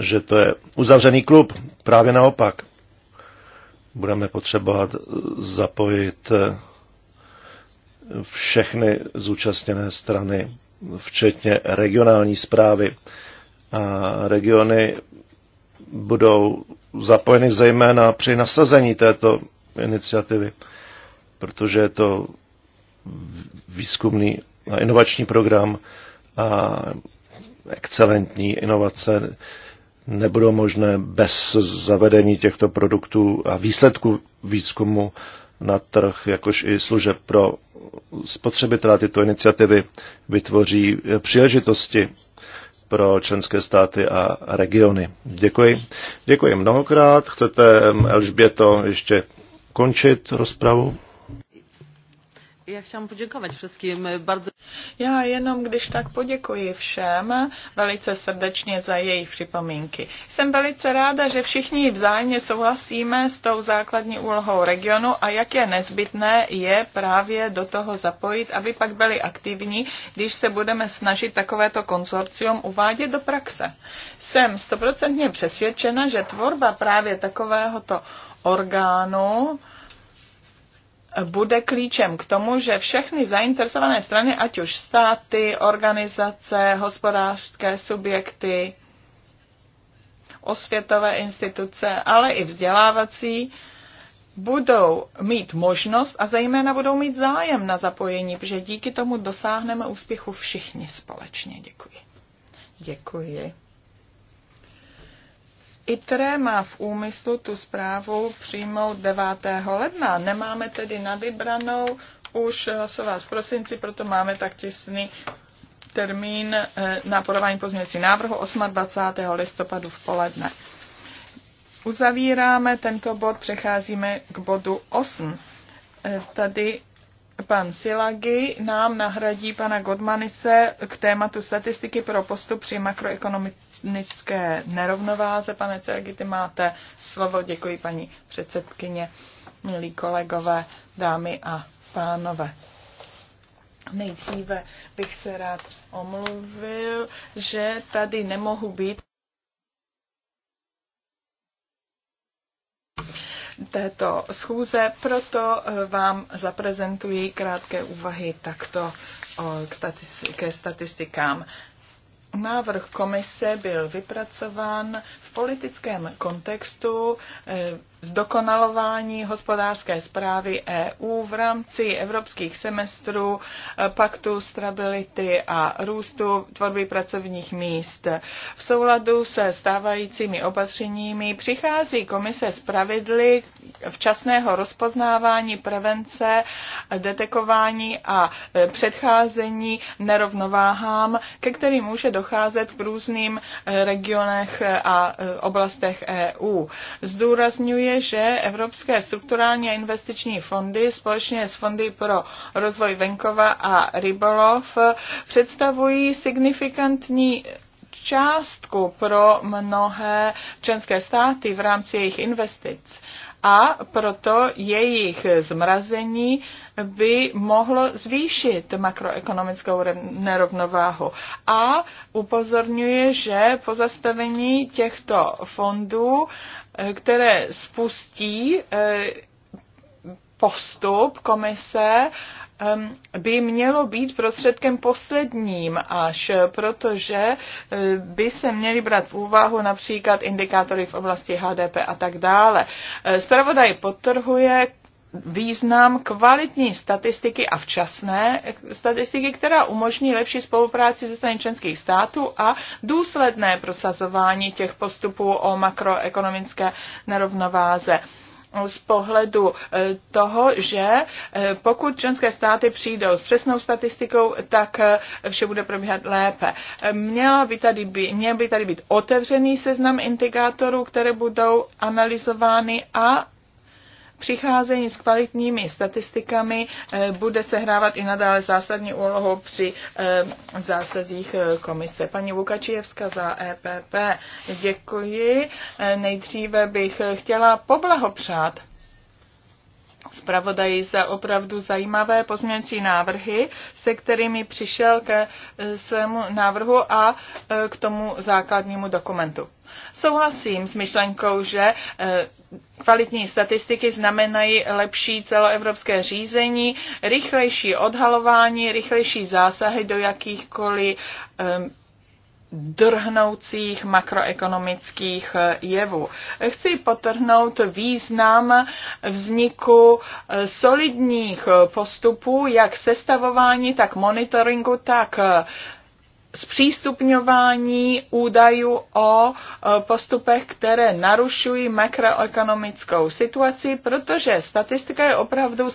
[SPEAKER 1] že to je uzavřený klub. Právě naopak. Budeme potřebovat zapojit eh, všechny zúčastněné strany, včetně regionální zprávy. A regiony budou zapojeny zejména při nasazení této iniciativy, protože je to výzkumný a inovační program a excelentní inovace nebudou možné bez zavedení těchto produktů a výsledků výzkumu na trh, jakož i služeb pro spotřebitela. Tyto iniciativy vytvoří příležitosti pro členské státy a regiony. Děkuji. Děkuji mnohokrát. Chcete, Elžběto, ještě končit rozpravu?
[SPEAKER 3] Já chciałam poděkovat všem. Eh, bardzo... Já jenom když tak poděkuji všem velice srdečně za jejich připomínky. Jsem velice ráda, že všichni vzájemně souhlasíme s tou základní úlohou regionu a jak je nezbytné je právě do toho zapojit, aby pak byli aktivní, když se budeme snažit takovéto konzorcium uvádět do praxe. Jsem stoprocentně přesvědčena, že tvorba právě takovéhoto orgánu, bude klíčem k tomu, že všechny zainteresované strany, ať už státy, organizace, hospodářské subjekty, osvětové instituce, ale i vzdělávací, budou mít možnost a zejména budou mít zájem na zapojení, protože díky tomu dosáhneme úspěchu všichni společně. Děkuji. Děkuji. ITRE má v úmyslu tu zprávu přijmout 9. ledna. Nemáme tedy na vybranou už hlasovat v prosinci, proto máme tak těsný termín eh, na podávání pozměnící návrhu 28. listopadu v poledne. Uzavíráme tento bod, přecházíme k bodu 8. Eh, tady pan Silagi nám nahradí pana Godmanise k tématu statistiky pro postup při makroekonomické etnické nerovnováze. Pane Cergity, ty máte slovo. Děkuji paní předsedkyně, milí kolegové, dámy a pánové. Nejdříve bych se rád omluvil, že tady nemohu být. této schůze, proto eh, vám zaprezentuji krátké úvahy takto ke statistikám. Návrh komise byl vypracován v politickém kontextu eh, zdokonalování hospodářské zprávy EU v rámci evropských semestrů, eh, paktu stability a růstu tvorby pracovních míst. V souladu se stávajícími opatřeními přichází komise z pravidly včasného rozpoznávání prevence, detekování a eh, předcházení nerovnováhám, ke kterým může docházet v různých regionech a oblastech EU. Zdůrazňuje, že Evropské strukturální a investiční fondy společně s Fondy pro rozvoj venkova a rybolov představují signifikantní částku pro mnohé členské státy v rámci jejich investic a proto jejich zmrazení by mohlo zvýšit makroekonomickou nerovnováhu. A upozorňuje, že pozastavení těchto fondů, eh, které spustí eh, postup komise Ehm, by mělo být prostředkem posledním až, protože eh, by se měly brát v úvahu například indikátory v oblasti HDP a tak dále. Spravodaj eh, potrhuje význam kvalitní statistiky a včasné eh, statistiky, která umožní lepší spolupráci ze strany členských států a důsledné prosazování těch postupů o makroekonomické nerovnováze z pohledu e, toho, že e, pokud členské státy přijdou s přesnou statistikou, tak e, vše bude probíhat lépe. Měla by tady být, měl by tady být otevřený seznam indikátorů, které budou analyzovány a přicházení s kvalitními statistikami eh, bude sehrávat i nadále zásadní úlohu při eh, zásazích eh, komise. Paní Vukačijevská za EPP, děkuji. Nejdříve bych chtěla poblahopřát zpravodají za opravdu zajímavé pozměňující návrhy, se kterými přišel ke svému návrhu a k tomu základnímu dokumentu. Souhlasím s myšlenkou, že eh, kvalitní statistiky znamenají lepší celoevropské řízení, rychlejší odhalování, rychlejší zásahy do jakýchkoliv eh, drhnoucích makroekonomických eh, jevů. Chci potrhnout význam vzniku solidních postupů, jak sestavování, tak monitoringu, tak zpřístupňování údajů o e, postupech, které narušují makroekonomickou situaci, protože statistika je opravdu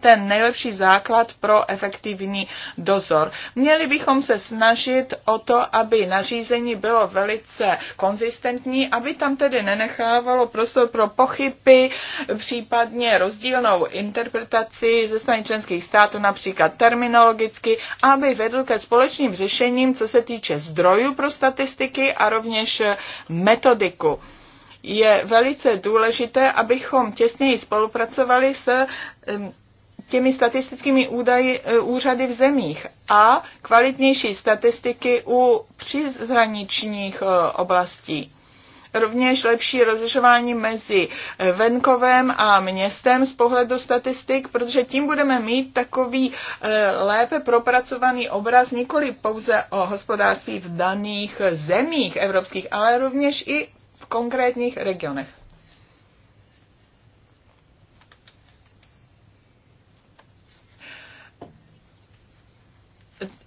[SPEAKER 3] ten nejlepší základ pro efektivní dozor. Měli bychom se snažit o to, aby nařízení bylo velice konzistentní, aby tam tedy nenechávalo prostor pro pochyby, případně rozdílnou interpretaci ze strany členských států, například terminologicky, aby vedl ke společným řešením, co se týče zdrojů pro statistiky a rovněž metodiku je velice důležité, abychom těsněji spolupracovali se těmi statistickými údaji, e, úřady v zemích a kvalitnější statistiky u přizraničních e, oblastí. Rovněž lepší rozlišování mezi e, venkovem a městem z pohledu statistik, protože tím budeme mít takový lépe propracovaný obraz nikoli pouze o hospodářství v daných zemích evropských, ale rovněž i v konkrétních regionech.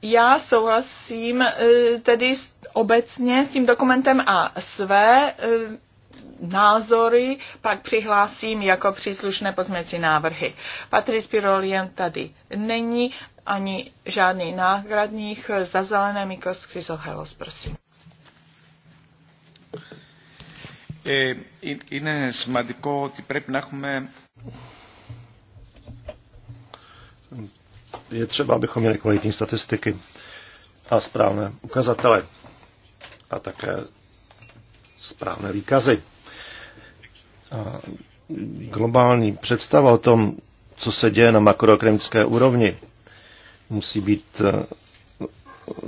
[SPEAKER 3] já souhlasím e, tedy obecně s tím dokumentem a své e, názory pak přihlásím jako příslušné pozměnící návrhy. Patrice Pirolien tady není, ani žádný náhradních. E, za zelené Mikos Chrysohelos, prosím.
[SPEAKER 4] Je σημαντικό ότι πρέπει να
[SPEAKER 1] je třeba, abychom měli kvalitní statistiky a správné ukazatele a také správné výkazy. A globální představa o tom, co se děje na makroekonomické úrovni, musí být eh,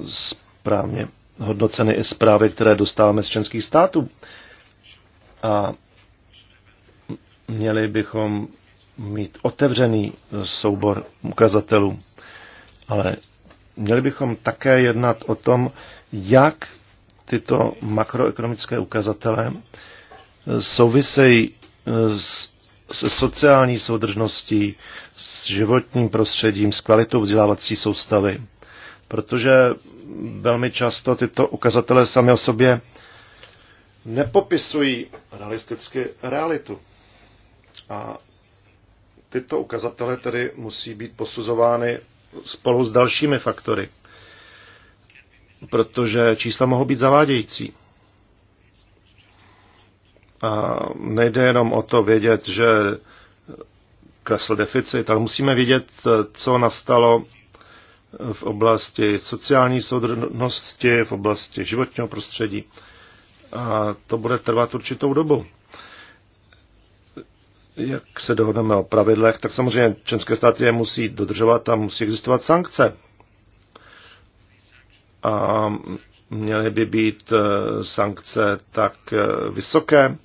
[SPEAKER 1] správně hodnoceny i zprávy, které dostáváme z členských států. A měli bychom mít otevřený eh, soubor ukazatelů, ale měli bychom také jednat o tom, jak tyto makroekonomické ukazatele eh, souvisejí eh, se sociální soudržností, s životním prostředím, s kvalitou vzdělávací soustavy. Protože velmi často tyto ukazatele sami o sobě nepopisují realisticky realitu. A Tyto ukazatele tedy musí být posuzovány spolu s dalšími faktory, protože čísla mohou být zavádějící. A nejde jenom o to vědět, že klesl deficit, ale musíme vědět, co nastalo v oblasti sociální soudrnosti, v oblasti životního prostředí. A to bude trvat určitou dobu jak se dohodneme o pravidlech, tak samozřejmě členské státy je musí dodržovat a musí existovat sankce. A měly by být eh, sankce tak eh, vysoké.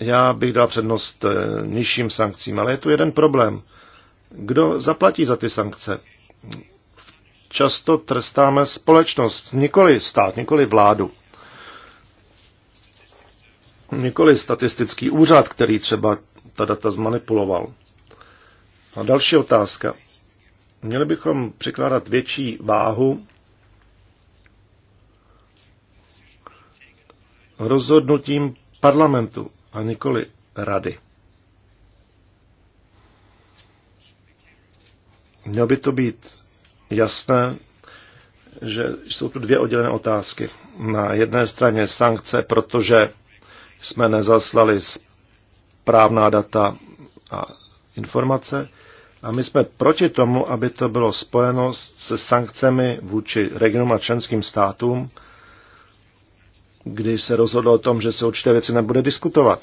[SPEAKER 1] Já bych dal přednost eh, nižším sankcím, ale je tu jeden problém. Kdo zaplatí za ty sankce? Často trestáme společnost, nikoli stát, nikoli vládu nikoli statistický úřad, který třeba ta data zmanipuloval. A další otázka. Měli bychom přikládat větší váhu rozhodnutím parlamentu a nikoli rady. Mělo by to být jasné, že jsou tu dvě oddělené otázky. Na jedné straně sankce, protože jsme nezaslali správná data a informace. A my jsme proti tomu, aby to bylo spojeno se sankcemi vůči regionům a členským státům, kdy se rozhodlo o tom, že se určité věci nebude diskutovat.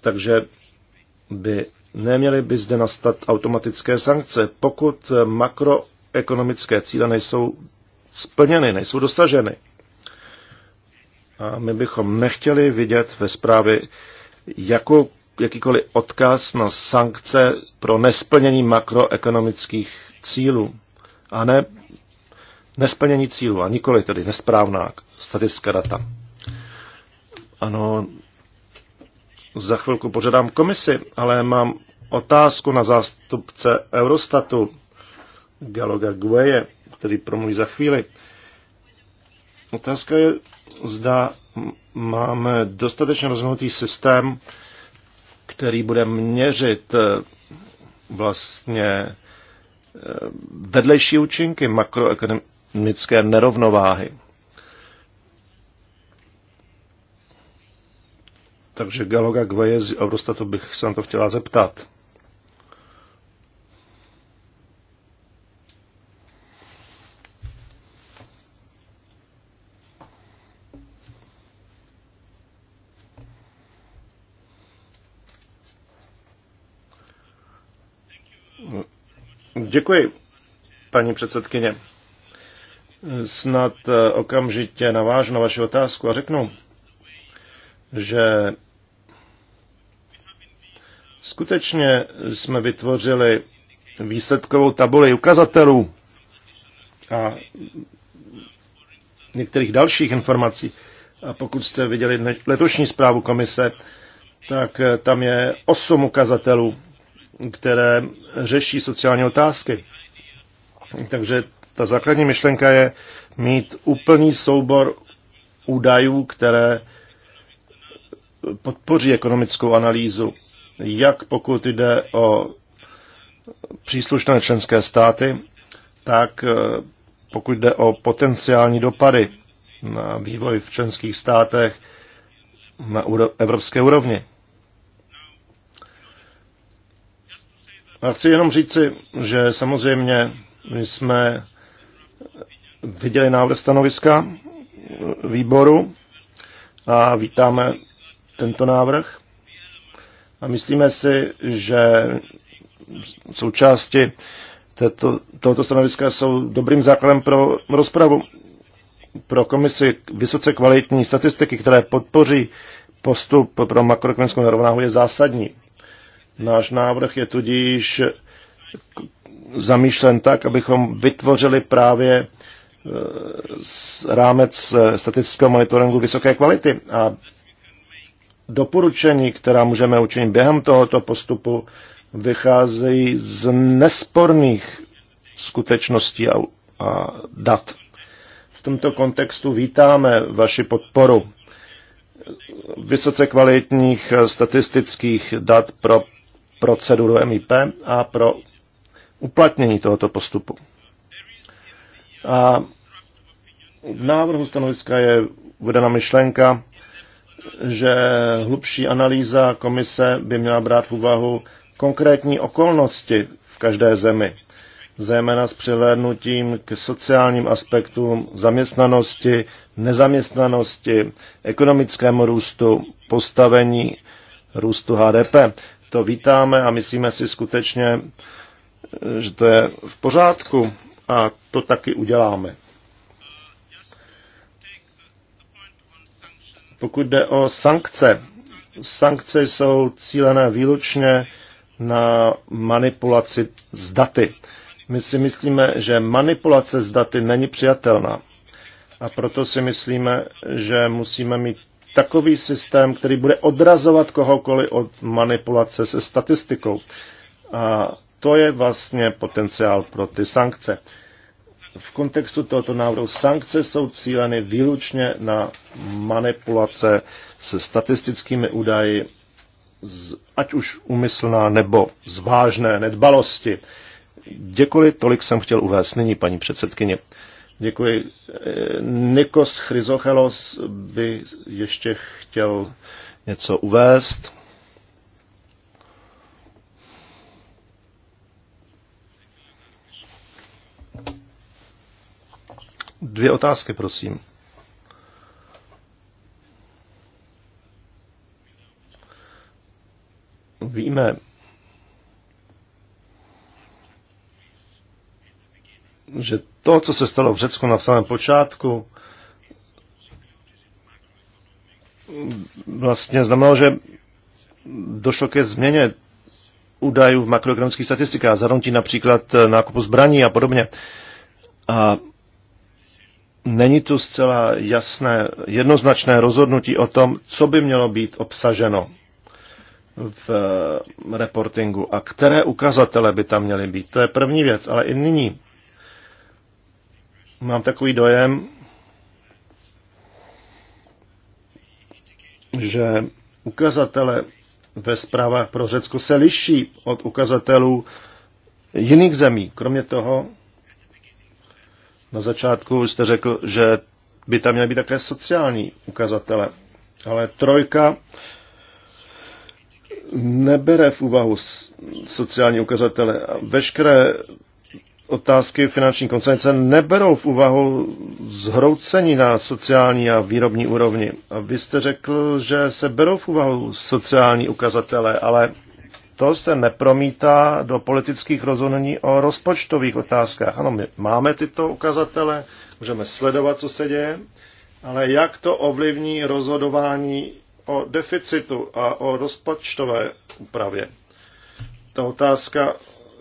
[SPEAKER 1] Takže by neměly by zde nastat automatické sankce, pokud makroekonomické cíle nejsou splněny, nejsou dosaženy. A my bychom nechtěli vidět ve zprávě jako, jakýkoliv odkaz na sankce pro nesplnění makroekonomických cílů. A ne nesplnění cílů, a nikoli tedy nesprávná statistická data. Ano, za chvilku požádám komisi, ale mám otázku na zástupce Eurostatu Galoga Gueje, který promluví za chvíli. Otázka je, zda máme dostatečně rozvinutý systém, který bude měřit eh, vlastně eh, vedlejší účinky makroekonomické nerovnováhy. Takže Galoga Gveje z Eurostatu bych se na to chtěla zeptat. Děkuji, paní předsedkyně. Snad eh, okamžitě navážu na vaši otázku a řeknu, že skutečně jsme vytvořili výsledkovou tabuli ukazatelů a některých dalších informací. A pokud jste viděli letošní zprávu komise, tak eh, tam je osm ukazatelů které řeší sociální otázky. Takže ta základní myšlenka je mít úplný soubor údajů, které podpoří ekonomickou analýzu, jak pokud jde o příslušné členské státy, tak eh, pokud jde o potenciální dopady na vývoj v členských státech na evropské úrovni. A chci jenom říci, že samozřejmě my jsme viděli návrh stanoviska výboru a vítáme tento návrh. A myslíme si, že součásti této, tohoto stanoviska jsou dobrým základem pro rozpravu pro komisi vysoce kvalitní statistiky, které podpoří postup pro makroekonomickou nerovnáhu, je zásadní. Náš návrh je tudíž zamýšlen tak, abychom vytvořili právě e, rámec e, statistického monitoringu vysoké kvality a doporučení, která můžeme učinit během tohoto postupu, vycházejí z nesporných skutečností a, a dat. V tomto kontextu vítáme vaši podporu vysoce kvalitních e, statistických dat pro proceduru MIP a pro uplatnění tohoto postupu. A v návrhu stanoviska je uvedena myšlenka, že hlubší analýza komise by měla brát v úvahu konkrétní okolnosti v každé zemi, zejména s přihlédnutím k sociálním aspektům zaměstnanosti, nezaměstnanosti, ekonomickému růstu, postavení růstu HDP to vítáme a myslíme si skutečně, že to je v pořádku a to taky uděláme. Pokud jde o sankce, sankce jsou cílené výlučně na manipulaci s daty. My si myslíme, že manipulace s daty není přijatelná. A proto si myslíme, že musíme mít takový systém, který bude odrazovat kohokoliv od manipulace se statistikou. A to je vlastně potenciál pro ty sankce. V kontextu tohoto návrhu sankce jsou cíleny výlučně na manipulace se statistickými údaji, ať už umyslná nebo z vážné nedbalosti. Děkuji, tolik jsem chtěl uvést nyní, paní předsedkyně. Děkuji. Nikos Chryzochelos by ještě chtěl něco uvést. Dvě otázky, prosím. Víme, že to, co se stalo v Řecku na samém počátku, vlastně znamenalo, že došlo ke změně údajů v makroekonomických statistikách, zahrnutí například nákupu zbraní a podobně. A není tu zcela jasné, jednoznačné rozhodnutí o tom, co by mělo být obsaženo v eh, reportingu a které ukazatele by tam měly být. To je první věc, ale i nyní Mám takový dojem, že ukazatele ve zprávách pro Řecko se liší od ukazatelů jiných zemí. Kromě toho, na začátku jste řekl, že by tam měly být také sociální ukazatele, ale trojka nebere v úvahu sociální ukazatele. Veškeré otázky finanční konsolidace neberou v úvahu zhroucení na sociální a výrobní úrovni. A vy jste řekl, že se berou v úvahu sociální ukazatele, ale to se nepromítá do politických rozhodnutí o rozpočtových otázkách. Ano, my máme tyto ukazatele, můžeme sledovat, co se děje, ale jak to ovlivní rozhodování o deficitu a o rozpočtové úpravě? Ta otázka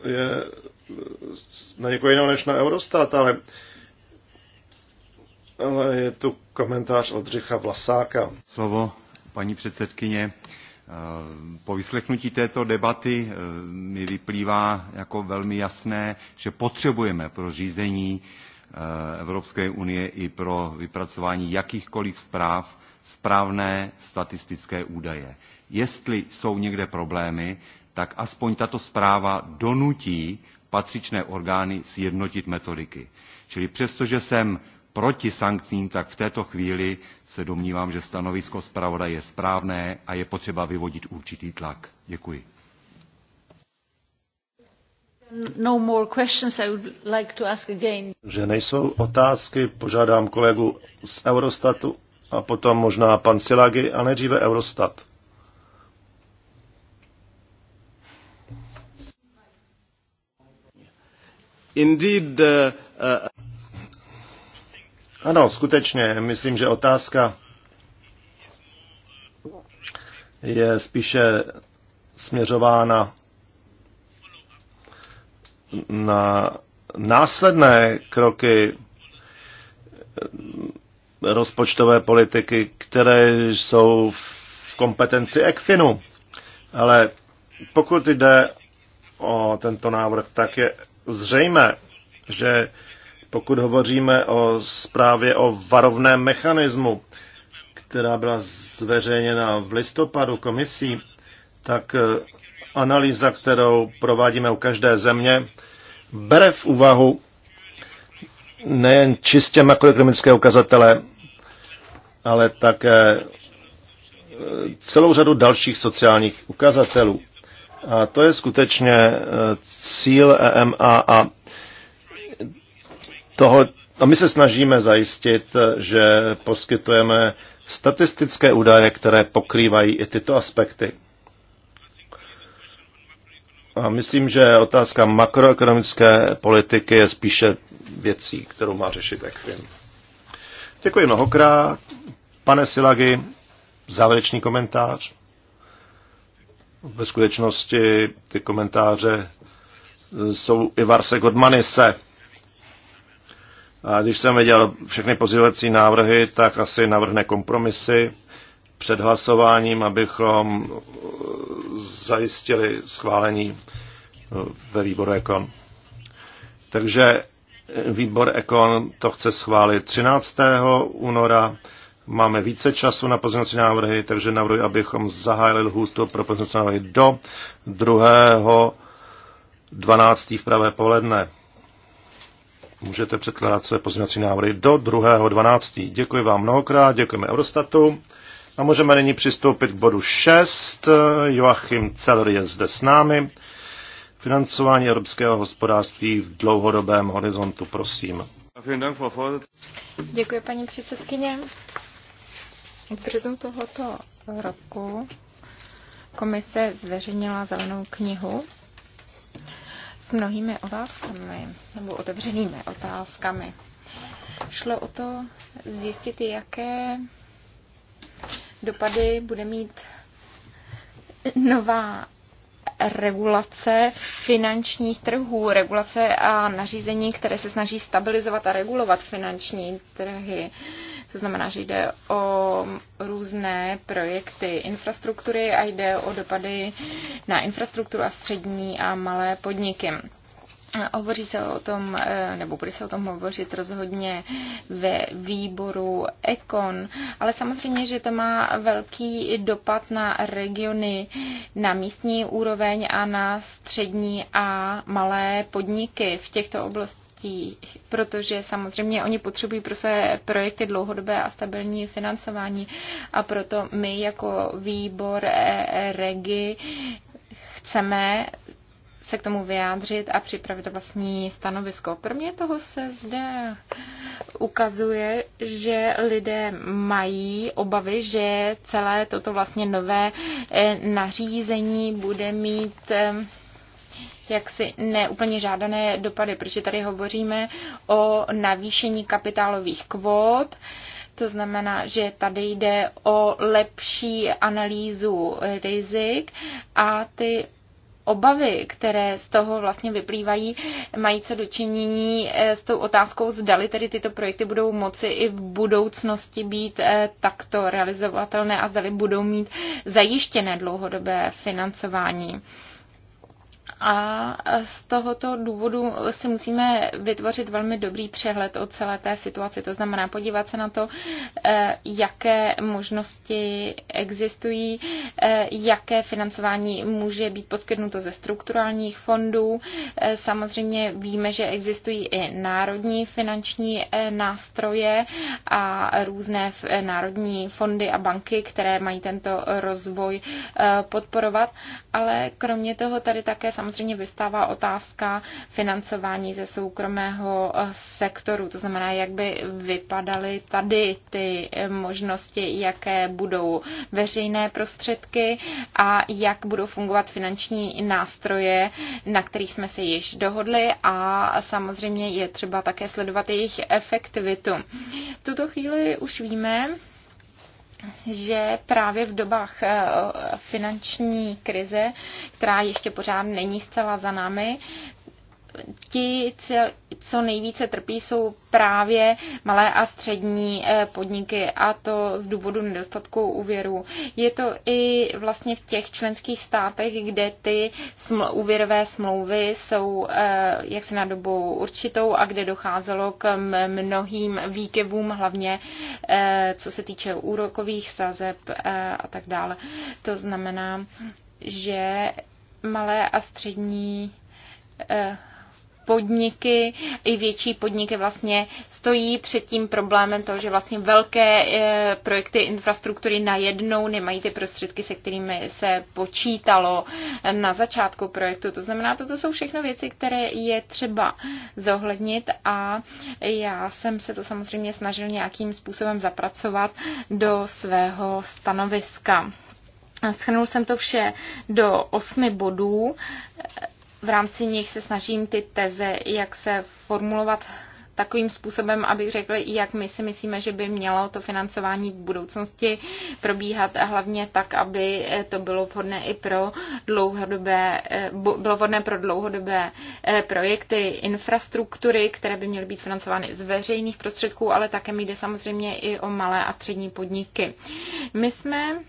[SPEAKER 1] je na někoho jiného než na Eurostat, ale, ale je tu komentář od Řicha Vlasáka.
[SPEAKER 5] Slovo paní předsedkyně. Eh, po vyslechnutí této debaty eh, mi vyplývá jako velmi jasné, že potřebujeme pro řízení eh, Evropské unie i pro vypracování jakýchkoliv zpráv správné statistické údaje. Jestli jsou někde problémy, tak aspoň tato zpráva donutí patřičné orgány sjednotit metodiky. Čili přestože jsem proti sankcím, tak v této chvíli se domnívám, že stanovisko zpravodaje je správné a je potřeba vyvodit
[SPEAKER 1] určitý tlak. Děkuji.
[SPEAKER 2] No more questions, I would like to ask again.
[SPEAKER 1] Že nejsou otázky, požádám kolegu z Eurostatu a potom možná pan Silagi a nejdříve Eurostat. Uh, ano, skutečně, myslím, že otázka je spíše směřována na následné kroky rozpočtové politiky, které jsou v kompetenci ECFINu. Ale pokud jde o tento návrh, tak je zřejmé, že pokud hovoříme o zprávě o varovném mechanismu, která byla zveřejněna v listopadu komisí, tak eh, analýza, kterou provádíme u každé země, bere v úvahu nejen čistě makroekonomické ukazatele, ale také eh, celou řadu dalších sociálních ukazatelů. A to je skutečně eh, cíl EMA a toho, a my se snažíme zajistit, eh, že poskytujeme statistické údaje, které pokrývají i tyto aspekty. A myslím, že otázka makroekonomické politiky je spíše věcí, kterou má řešit ECFIN. Děkuji mnohokrát. Pane Silagi, závěrečný komentář ve skutečnosti ty komentáře e, jsou Ivarse Godmanise. A když jsem viděl všechny pozivací návrhy, tak asi navrhne kompromisy před hlasováním, abychom e, zajistili schválení e, ve výboru Ekon. Takže výbor Ekon to chce schválit 13. února máme více času na pozměňovací návrhy, takže navrhuji, abychom zahájili lhůtu pro pozměňovací návrhy do 2.12. 12. v pravé poledne. Můžete předkládat své pozměňovací návrhy do 2.12. 12. Děkuji vám mnohokrát, děkujeme Eurostatu. A můžeme nyní přistoupit k bodu 6. Joachim Celer je zde s námi. Financování evropského hospodářství v dlouhodobém horizontu, prosím.
[SPEAKER 2] Děkuji, paní předsedkyně. V březnu tohoto roku komise zveřejnila zelenou knihu s mnohými otázkami, nebo otevřenými otázkami. Šlo o to zjistit, jaké dopady bude mít nová regulace finančních trhů, regulace a nařízení, které se snaží stabilizovat a regulovat finanční trhy. To znamená, že jde o různé projekty infrastruktury a jde o dopady na infrastrukturu a střední a malé podniky. Hovoří se o tom, eh, nebo bude se o tom hovořit rozhodně ve výboru Ekon, ale samozřejmě, že to má velký dopad na regiony, na místní úroveň a na střední a malé podniky v těchto oblastech oblastí, protože samozřejmě oni potřebují pro své projekty dlouhodobé a stabilní financování a proto my jako výbor e e REGI chceme se k tomu vyjádřit a připravit vlastní stanovisko. Kromě toho se zde ukazuje, že lidé mají obavy, že celé toto vlastně nové eh, nařízení bude mít eh, jaksi neúplně žádané dopady, protože tady hovoříme o navýšení kapitálových kvót, to znamená, že tady jde o lepší analýzu rizik a ty obavy, které z toho vlastně vyplývají, mají co dočinění eh, s tou otázkou, zdali tedy tyto projekty budou moci i v budoucnosti být eh, takto realizovatelné a zdali budou mít zajištěné dlouhodobé financování a z tohoto důvodu si musíme vytvořit velmi dobrý přehled o celé té situaci. To znamená podívat se na to, eh, jaké možnosti existují, eh, jaké financování může být poskytnuto ze strukturálních fondů. Eh, samozřejmě víme, že existují i národní finanční nástroje a různé národní fondy a banky, které mají tento rozvoj podporovat, ale kromě toho tady také samozřejmě samozřejmě vystává otázka financování ze soukromého eh, sektoru. To znamená, jak by vypadaly tady ty eh, možnosti, jaké budou veřejné prostředky a jak budou fungovat finanční nástroje, na kterých jsme se již dohodli a samozřejmě je třeba také sledovat jejich efektivitu. V tuto chvíli už víme, že právě v dobách eh, finanční krize, která ještě pořád není zcela za námi, ti, co nejvíce trpí, jsou právě malé a střední eh, podniky a to z důvodu nedostatku úvěru. Je to i vlastně v těch členských státech, kde ty sml- úvěrové smlouvy jsou eh, jaksi na dobu určitou a kde docházelo k mnohým výkevům, hlavně eh, co se týče úrokových sazeb a tak dále. To znamená, že malé a střední podniky, i větší podniky vlastně stojí před tím problémem toho, že vlastně velké eh, projekty infrastruktury najednou nemají ty prostředky, se kterými se počítalo eh, na začátku projektu. To znamená, toto jsou všechno věci, které je třeba zohlednit a já jsem se to samozřejmě snažil nějakým způsobem zapracovat do svého stanoviska. Schrnul jsem to vše do osmi bodů v rámci nich se snažím ty teze, jak se formulovat takovým způsobem, abych řekl, jak my si myslíme, že by mělo to financování v budoucnosti probíhat a hlavně tak, aby to bylo vhodné i pro dlouhodobé, eh, bylo vhodné pro dlouhodobé eh, projekty infrastruktury, které by měly být financovány z veřejných prostředků, ale také mi jde samozřejmě i o malé a střední podniky. My jsme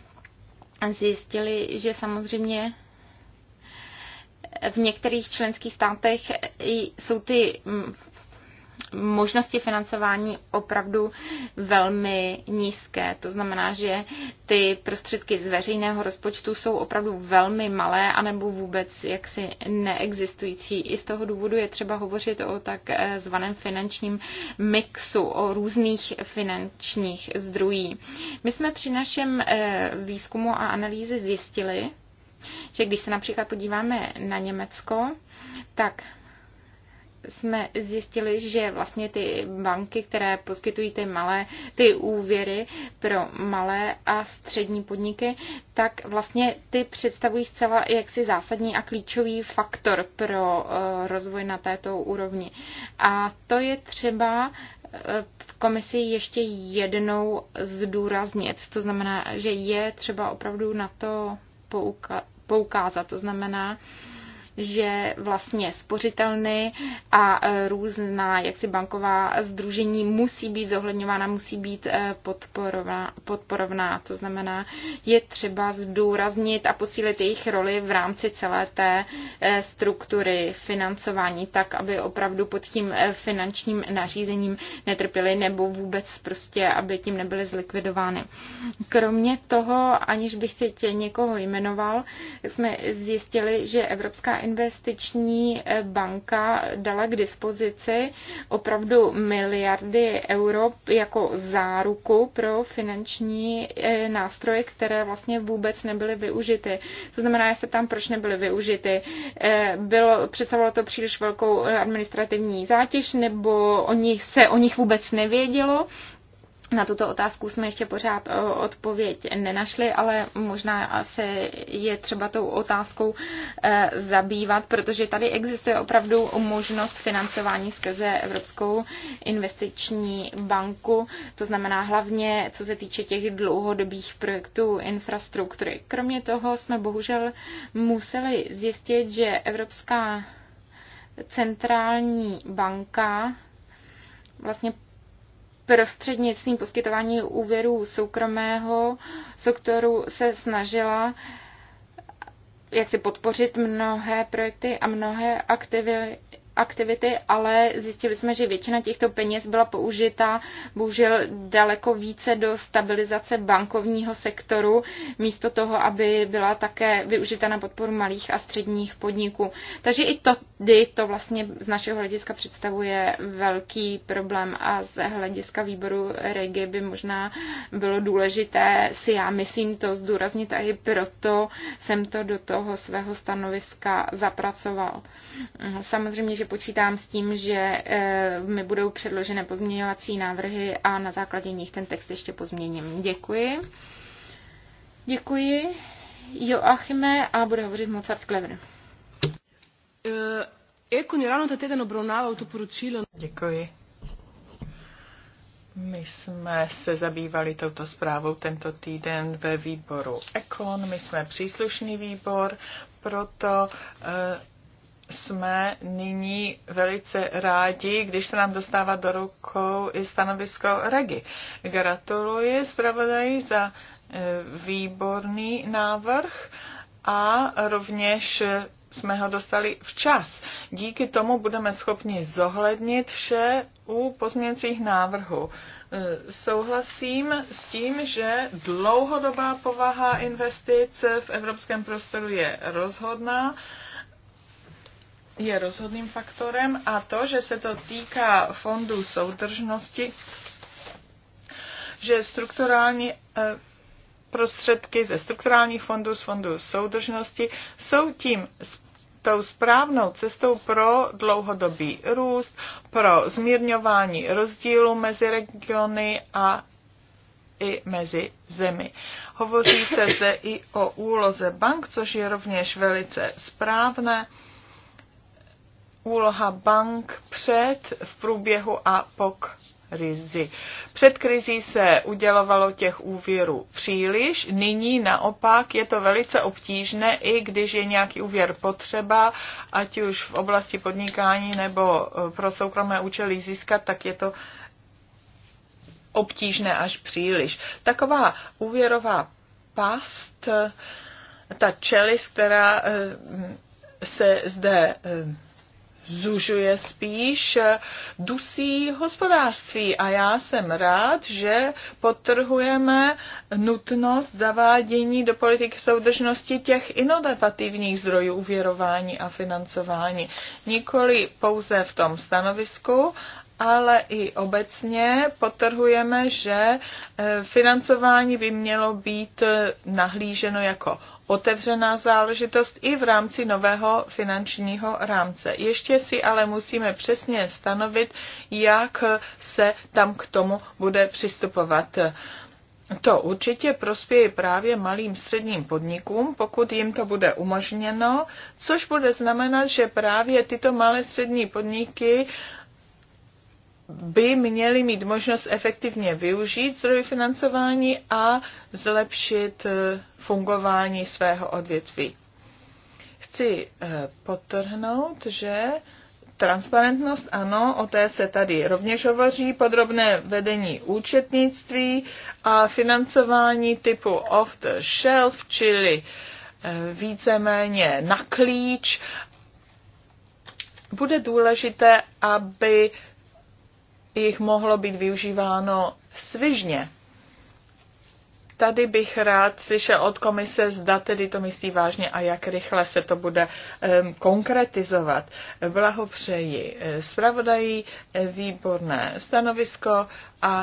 [SPEAKER 2] zjistili, že samozřejmě v některých členských státech jsou ty možnosti financování opravdu velmi nízké. To znamená, že ty prostředky z veřejného rozpočtu jsou opravdu velmi malé anebo vůbec jaksi neexistující. I z toho důvodu je třeba hovořit o tak eh, zvaném finančním mixu, o různých finančních zdrojích. My jsme při našem eh, výzkumu a analýze zjistili, že když se například podíváme na Německo, tak jsme zjistili, že vlastně ty banky, které poskytují ty malé, ty úvěry pro malé a střední podniky, tak vlastně ty představují zcela jaksi zásadní a klíčový faktor pro eh, rozvoj na této úrovni. A to je třeba eh, v komisi ještě jednou zdůraznit. To znamená, že je třeba opravdu na to pouka- poukázat. To znamená, že vlastně spořitelny a e, různá jaksi banková združení musí být zohledňována, musí být e, podporovná, podporovná. To znamená, je třeba zdůraznit a posílit jejich roli v rámci celé té e, struktury financování, tak, aby opravdu pod tím finančním nařízením netrpěly nebo vůbec prostě, aby tím nebyly zlikvidovány. Kromě toho, aniž bych tě někoho jmenoval, jsme zjistili, že Evropská investiční eh, banka dala k dispozici opravdu miliardy euro jako záruku pro finanční eh, nástroje, které vlastně vůbec nebyly využity. To znamená, já se tam, proč nebyly využity. Eh, bylo, představovalo to příliš velkou administrativní zátěž, nebo o nich se o nich vůbec nevědělo, na tuto otázku jsme ještě pořád eh, odpověď nenašli, ale možná se je třeba tou otázkou eh, zabývat, protože tady existuje opravdu možnost financování skrze Evropskou investiční banku, to znamená hlavně co se týče těch dlouhodobých projektů infrastruktury. Kromě toho jsme bohužel museli zjistit, že Evropská centrální banka vlastně prostřednictvím poskytování úvěrů soukromého sektoru se snažila jak si podpořit mnohé projekty a mnohé aktivity, aktivity, ale zjistili jsme, že většina těchto peněz byla použita bohužel daleko více do stabilizace bankovního sektoru, místo toho, aby byla také využita na podporu malých a středních podniků. Takže i to, to vlastně z našeho hlediska představuje velký problém a z hlediska výboru Regi by možná bylo důležité si já myslím to zdůraznit a i proto jsem to do toho svého stanoviska zapracoval. Samozřejmě, že počítám s tím, že eh, mi budou předložené pozměňovací návrhy a na základě nich ten text ještě pozměním. Děkuji. Děkuji Joachime a bude hovořit Mozart Klever. Ekon eh, ráno ta týden obrovnával
[SPEAKER 3] to poručilo. Děkuji. My jsme se zabývali touto zprávou tento týden ve výboru Ekon. My jsme příslušný výbor, proto eh, jsme nyní velice rádi, když se nám dostává do rukou i stanovisko Regi. Gratuluji zpravodaji za e, výborný návrh a rovněž jsme ho dostali včas. Díky tomu budeme schopni zohlednit vše u pozměňujících návrhů. E, souhlasím s tím, že dlouhodobá povaha investic v evropském prostoru je rozhodná je rozhodným faktorem a to, že se to týká fondů soudržnosti, že strukturální eh, prostředky ze strukturálních fondů, z fondů soudržnosti jsou tím tou správnou cestou pro dlouhodobý růst, pro zmírňování rozdílu mezi regiony a i mezi zemi. Hovoří se zde i o úloze bank, což je rovněž velice správné úloha bank před, v průběhu a po krizi. Před krizí se udělovalo těch úvěrů příliš, nyní naopak je to velice obtížné, i když je nějaký úvěr potřeba, ať už v oblasti podnikání nebo e, pro soukromé účely získat, tak je to obtížné až příliš. Taková úvěrová past, ta čelist, která e, se zde e, zužuje spíš eh, dusí hospodářství a já jsem rád, že potrhujeme nutnost zavádění do politiky soudržnosti těch inovativních zdrojů uvěrování a financování. Nikoli pouze v tom stanovisku, ale i obecně potrhujeme, že eh, financování by mělo být eh, nahlíženo jako otevřená záležitost i v rámci nového finančního rámce. Ještě si ale musíme přesně stanovit, jak se tam k tomu bude přistupovat. To určitě prospěje právě malým středním podnikům, pokud jim to bude umožněno, což bude znamenat, že právě tyto malé střední podniky by měli mít možnost efektivně využít zdroje financování a zlepšit eh, fungování svého odvětví. Chci eh, potrhnout, že transparentnost, ano, o té se tady rovněž hovoří, podrobné vedení účetnictví a financování typu off the shelf, čili eh, víceméně na klíč, bude důležité, aby jich mohlo být využíváno svižně. Tady bych rád slyšel od komise, zda tedy to myslí vážně a jak rychle se to bude um, konkretizovat. Blahopřeji eh, zpravodají, eh, výborné stanovisko a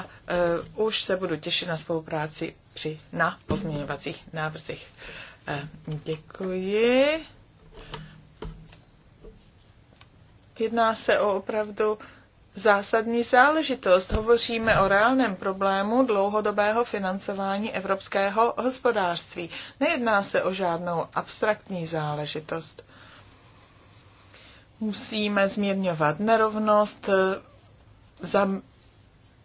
[SPEAKER 3] uh, už se budu těšit na spolupráci při, na pozměňovacích návrzích. Uh, děkuji. Jedná se o opravdu zásadní záležitost. Hovoříme o reálném problému dlouhodobého financování evropského hospodářství. Nejedná se o žádnou abstraktní záležitost. Musíme zmírňovat nerovnost,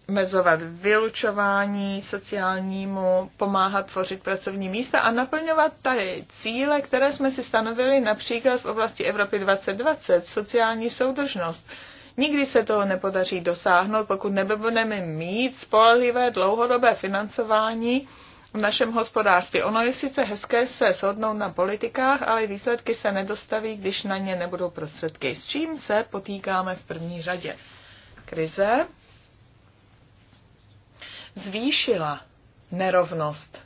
[SPEAKER 3] zamezovat vylučování sociálnímu, pomáhat tvořit pracovní místa a naplňovat ty cíle, které jsme si stanovili například v oblasti Evropy 2020, sociální soudržnost Nikdy se toho nepodaří dosáhnout, pokud nebudeme mít spolehlivé dlouhodobé financování v našem hospodářství. Ono je sice hezké se shodnout na politikách, ale výsledky se nedostaví, když na ně nebudou prostředky. S čím se potýkáme v první řadě? Krize zvýšila nerovnost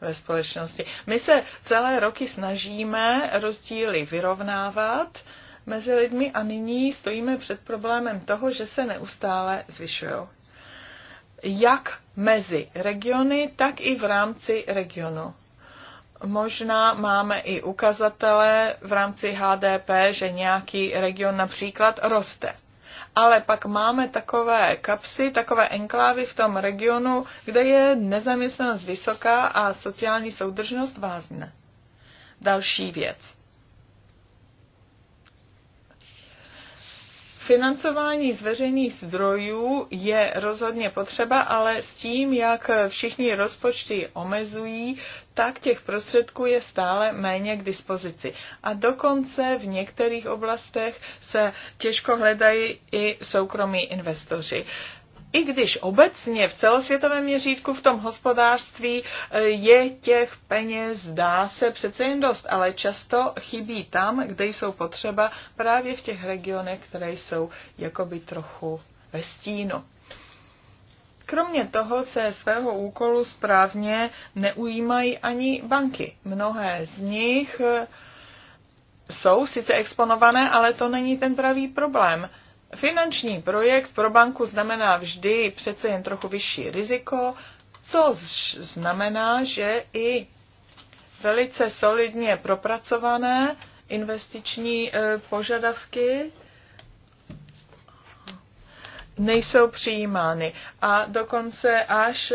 [SPEAKER 3] ve společnosti. My se celé roky snažíme rozdíly vyrovnávat, mezi lidmi a nyní stojíme před problémem toho, že se neustále zvyšují. Jak mezi regiony, tak i v rámci regionu. Možná máme i ukazatele v rámci HDP, že nějaký region například roste. Ale pak máme takové kapsy, takové enklávy v tom regionu, kde je nezaměstnanost vysoká a sociální soudržnost vázne. Další věc Financování z veřejných zdrojů je rozhodně potřeba, ale s tím, jak všichni rozpočty omezují, tak těch prostředků je stále méně k dispozici. A dokonce v některých oblastech se těžko hledají i soukromí investoři i když obecně v celosvětovém měřítku v tom hospodářství e, je těch peněz, dá se přece jen dost, ale často chybí tam, kde jsou potřeba, právě v těch regionech, které jsou jakoby trochu ve stínu. Kromě toho se svého úkolu správně neujímají ani banky. Mnohé z nich e, jsou sice exponované, ale to není ten pravý problém Finanční projekt pro banku znamená vždy přece jen trochu vyšší riziko, co znamená, že i velice solidně propracované investiční e, požadavky nejsou přijímány. A dokonce až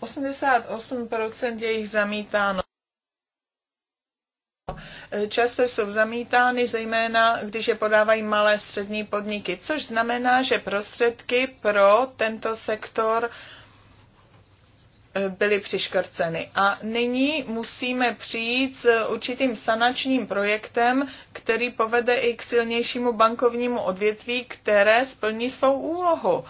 [SPEAKER 3] 88% e, je jich zamítáno často jsou zamítány, zejména když je podávají malé střední podniky, což znamená, že prostředky pro tento sektor eh, byly přiškrceny. A nyní musíme přijít s určitým sanačním projektem, který povede i k silnějšímu bankovnímu odvětví, které splní svou úlohu.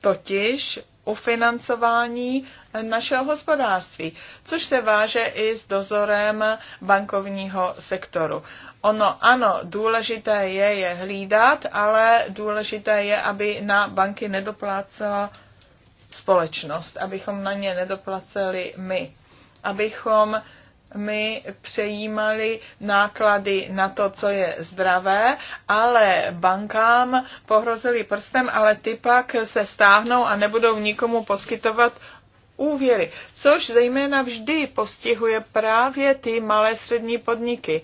[SPEAKER 3] Totiž ufinancování našeho hospodářství, což se váže i s dozorem bankovního sektoru. Ono ano, důležité je je hlídat, ale důležité je, aby na banky nedoplácela společnost, abychom na ně nedoplaceli my, abychom my přejímali náklady na to, co je zdravé, ale bankám pohrozili prstem, ale ty pak se stáhnou a nebudou nikomu poskytovat úvěry, což zejména vždy postihuje právě ty malé střední podniky.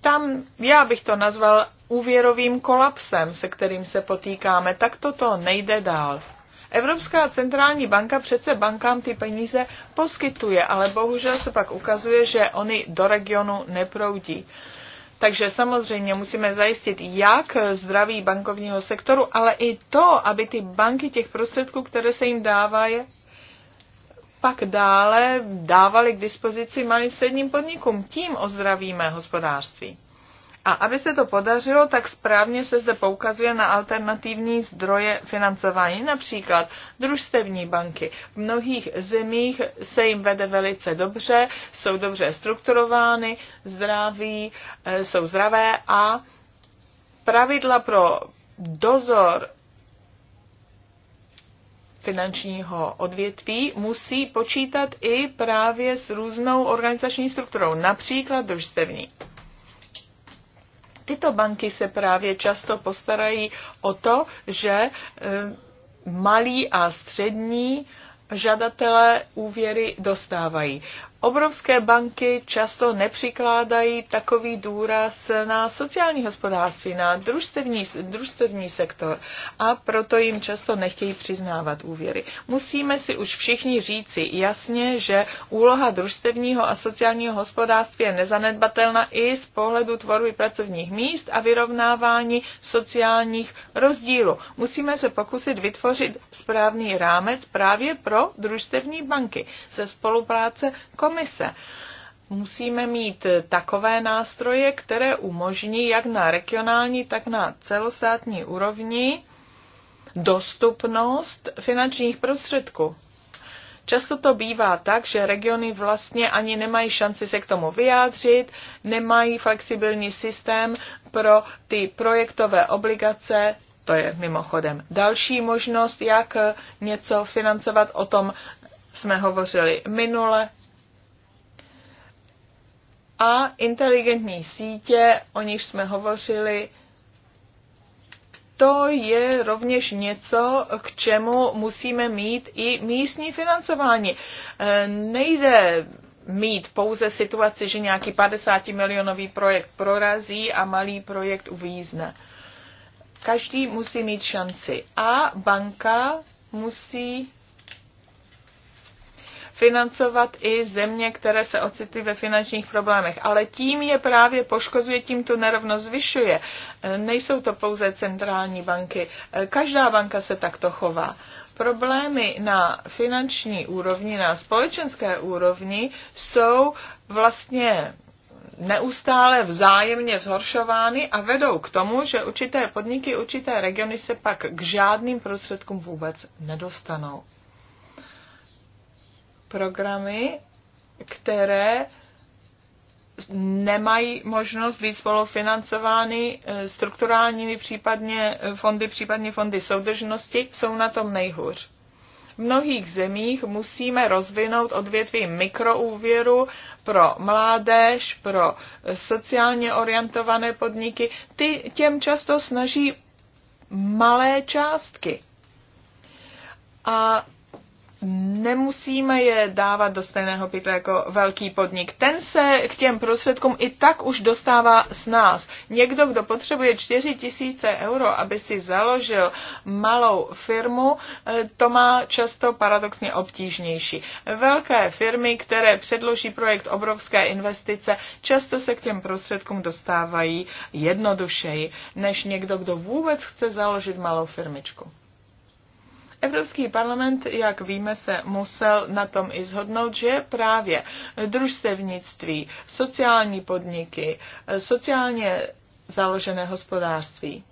[SPEAKER 3] Tam já bych to nazval úvěrovým kolapsem, se kterým se potýkáme, tak toto nejde dál. Evropská centrální banka přece bankám ty peníze poskytuje, ale bohužel se pak ukazuje, že oni do regionu neproudí. Takže samozřejmě musíme zajistit jak zdraví bankovního sektoru, ale i to, aby ty banky těch prostředků, které se jim dávají, pak dále dávaly k dispozici malým středním podnikům. Tím ozdravíme hospodářství. A aby se to podařilo, tak správně se zde poukazuje na alternativní zdroje financování, například družstevní banky. V mnohých zemích se jim vede velice dobře, jsou dobře strukturovány, zdraví, eh, jsou zdravé a pravidla pro dozor finančního odvětví musí počítat i právě s různou organizační strukturou, například družstevní tyto banky se právě často postarají o to, že e, malí a střední žadatelé úvěry dostávají. Obrovské banky často nepřikládají takový důraz na sociální hospodářství, na družstevní, družstevní sektor a proto jim často nechtějí přiznávat úvěry. Musíme si už všichni říci jasně, že úloha družstevního a sociálního hospodářství je nezanedbatelná i z pohledu tvorby pracovních míst a vyrovnávání sociálních rozdílů. Musíme se pokusit vytvořit správný rámec právě pro družstevní banky se spolupráce komise komise. Musíme mít takové nástroje, které umožní jak na regionální, tak na celostátní úrovni dostupnost finančních prostředků. Často to bývá tak, že regiony vlastně ani nemají šanci se k tomu vyjádřit, nemají flexibilní systém pro ty projektové obligace. To je mimochodem další možnost, jak něco financovat. O tom jsme hovořili minule. A inteligentní sítě, o nich jsme hovořili, to je rovněž něco, k čemu musíme mít i místní financování. E, nejde mít pouze situaci, že nějaký 50 milionový projekt prorazí a malý projekt uvízne. Každý musí mít šanci a banka musí financovat i země, které se ocitly ve finančních problémech. Ale tím je právě poškozuje, tím tu nerovnost zvyšuje. E, nejsou to pouze centrální banky. E, každá banka se takto chová problémy na finanční úrovni, na společenské úrovni jsou vlastně neustále vzájemně zhoršovány a vedou k tomu, že určité podniky, určité regiony se pak k žádným prostředkům vůbec nedostanou programy, které nemají možnost být spolufinancovány eh, strukturálními případně eh, fondy, případně fondy soudržnosti, jsou na tom nejhůř. V mnohých zemích musíme rozvinout odvětví mikroúvěru pro mládež, pro eh, sociálně orientované podniky. Ty těm často snaží malé částky. A nemusíme je dávat do stejného pytle jako velký podnik. Ten se k těm prostředkům i tak už dostává s nás. Někdo, kdo potřebuje 4 tisíce euro, aby si založil malou firmu, eh, to má často paradoxně obtížnější. Velké firmy, které předloží projekt obrovské investice, často se k těm prostředkům dostávají jednodušeji, než někdo, kdo vůbec chce založit malou firmičku. Evropský parlament, jak víme, se musel na tom i zhodnout, že právě družstevnictví, sociální podniky, sociálně založené hospodářství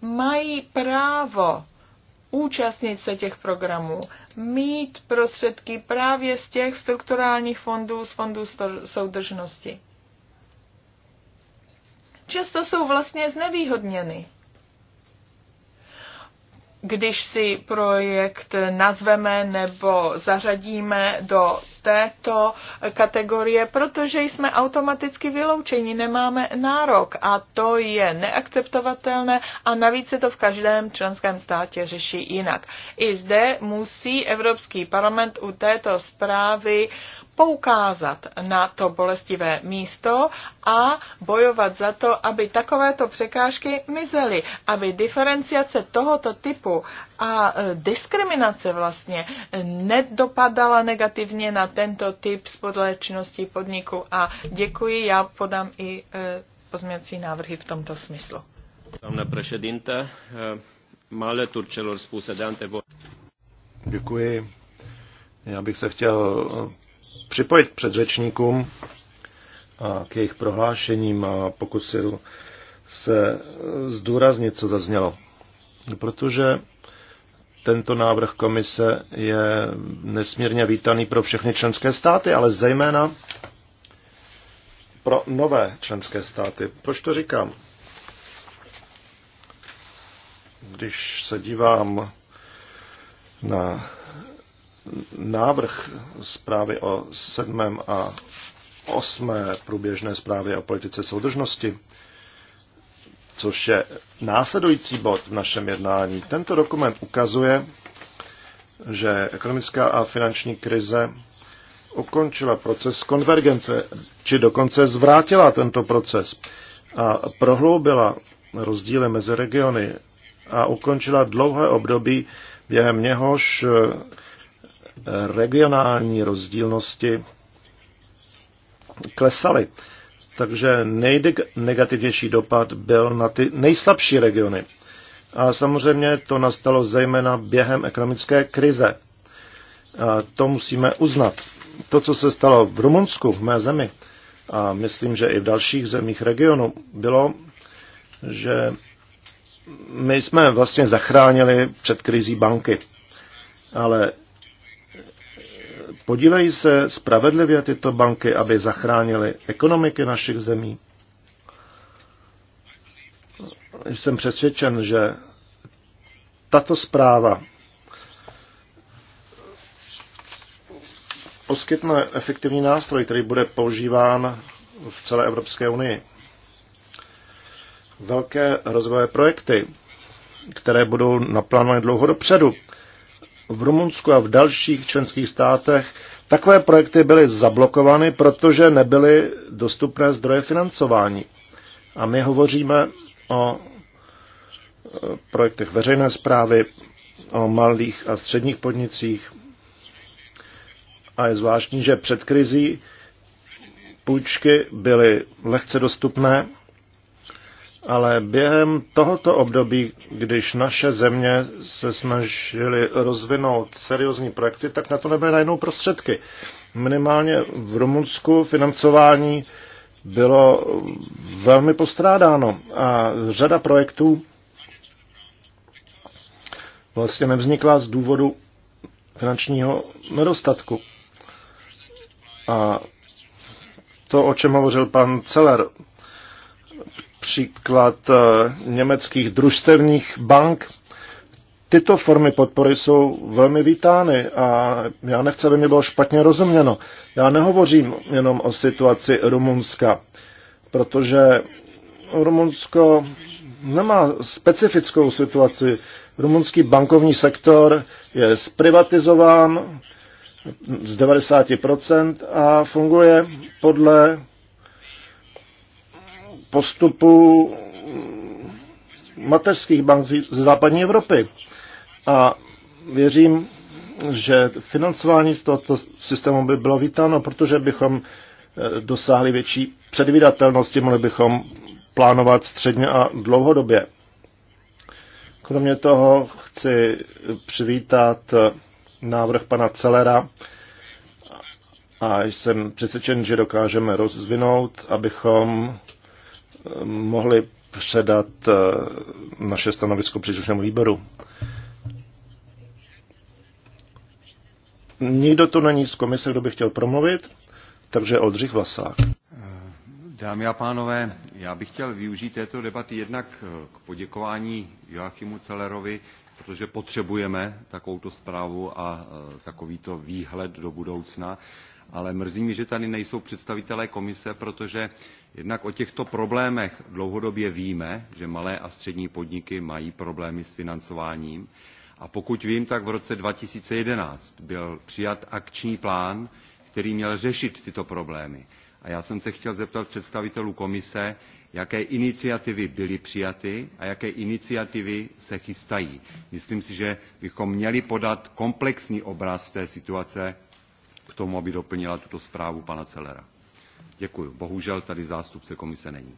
[SPEAKER 3] mají právo účastnit se těch programů, mít prostředky právě z těch strukturálních fondů, z fondů soudržnosti. Často jsou vlastně znevýhodněny když si projekt nazveme nebo zařadíme do této kategorie, protože jsme automaticky vyloučeni, nemáme nárok a to je neakceptovatelné a navíc se to v každém členském státě řeší jinak. I zde musí Evropský parlament u této zprávy uh, poukázat na to bolestivé místo a bojovat za to, aby takovéto překážky mizely, aby diferenciace tohoto typu a e, diskriminace vlastně nedopadala negativně na tento typ společnosti podniku. A děkuji, já podám i e, pozměňovací návrhy v tomto smyslu.
[SPEAKER 1] Doamnă președintă, e, mă alătur spuse de Děkuji. Já bych se chtěl připojit předřečníkům a k jejich prohlášením a pokusil se zdůraznit, co zaznělo. Protože tento návrh komise je nesmírně vítaný pro všechny členské státy, ale zejména pro nové členské státy. Proč to říkám? Když se dívám na návrh zprávy o sedmém a osmé průběžné zprávě o politice soudržnosti, což je následující bod v našem jednání. Tento dokument ukazuje, že ekonomická a finanční krize ukončila proces konvergence, či dokonce zvrátila tento proces a prohloubila rozdíly mezi regiony a ukončila dlouhé období, během něhož regionální rozdílnosti klesaly. Takže nejnegativnější dopad byl na ty nejslabší regiony. A samozřejmě to nastalo zejména během ekonomické krize. A to musíme uznat. To, co se stalo v Rumunsku, v mé zemi, a myslím, že i v dalších zemích regionu, bylo, že my jsme vlastně zachránili před krizí banky. Ale Podílejí se spravedlivě tyto banky, aby zachránily ekonomiky našich zemí? Jsem přesvědčen, že tato zpráva poskytne efektivní nástroj, který bude používán v celé Evropské unii. Velké rozvojové projekty, které budou naplánovány dlouho dopředu, v Rumunsku a v dalších členských státech takové projekty byly zablokovány, protože nebyly dostupné zdroje financování. A my hovoříme o e, projektech veřejné zprávy, o malých a středních podnicích. A je zvláštní, že před krizí půjčky byly lehce dostupné ale během tohoto období, když naše země se snažily rozvinout seriózní projekty, tak na to nebyly najednou prostředky. Minimálně v Rumunsku financování bylo velmi postrádáno a řada projektů vlastně nevznikla z důvodu finančního nedostatku. A to, o čem hovořil pan Celer, příklad eh, německých družstevních bank. Tyto formy podpory jsou velmi vítány a já nechci, aby mi bylo špatně rozuměno. Já nehovořím jenom o situaci Rumunska, protože Rumunsko nemá specifickou situaci. Rumunský bankovní sektor je zprivatizován z 90% a funguje podle postupu mateřských bank ze západní Evropy. A věřím, že financování z tohoto systému by bylo vítáno, protože bychom eh, dosáhli větší předvídatelnosti, mohli bychom plánovat středně a dlouhodobě. Kromě toho chci přivítat eh, návrh pana Celera a jsem přesvědčen, že dokážeme rozvinout, abychom mohli předat eh, naše stanovisko příslušnému výboru. Nikdo to není z komise, kdo by chtěl promluvit, takže Oldřich Vlasák. Eh,
[SPEAKER 5] dámy a pánové, já bych chtěl využít této debaty jednak eh, k poděkování Joachimu Celerovi, protože potřebujeme takovouto zprávu a takovýto výhled do budoucna ale mrzí mě, že tady nejsou představitelé komise, protože jednak o těchto problémech dlouhodobě víme, že malé a střední podniky mají problémy s financováním. A pokud vím, tak v roce 2011 byl přijat akční plán, který měl řešit tyto problémy. A já jsem se chtěl zeptat představitelů komise, jaké iniciativy byly přijaty a jaké iniciativy se chystají. Myslím si, že bychom měli podat komplexní obraz té situace tomu, aby doplnila tuto zprávu pana Celera. Děkuji. Bohužel tady zástupce komise není.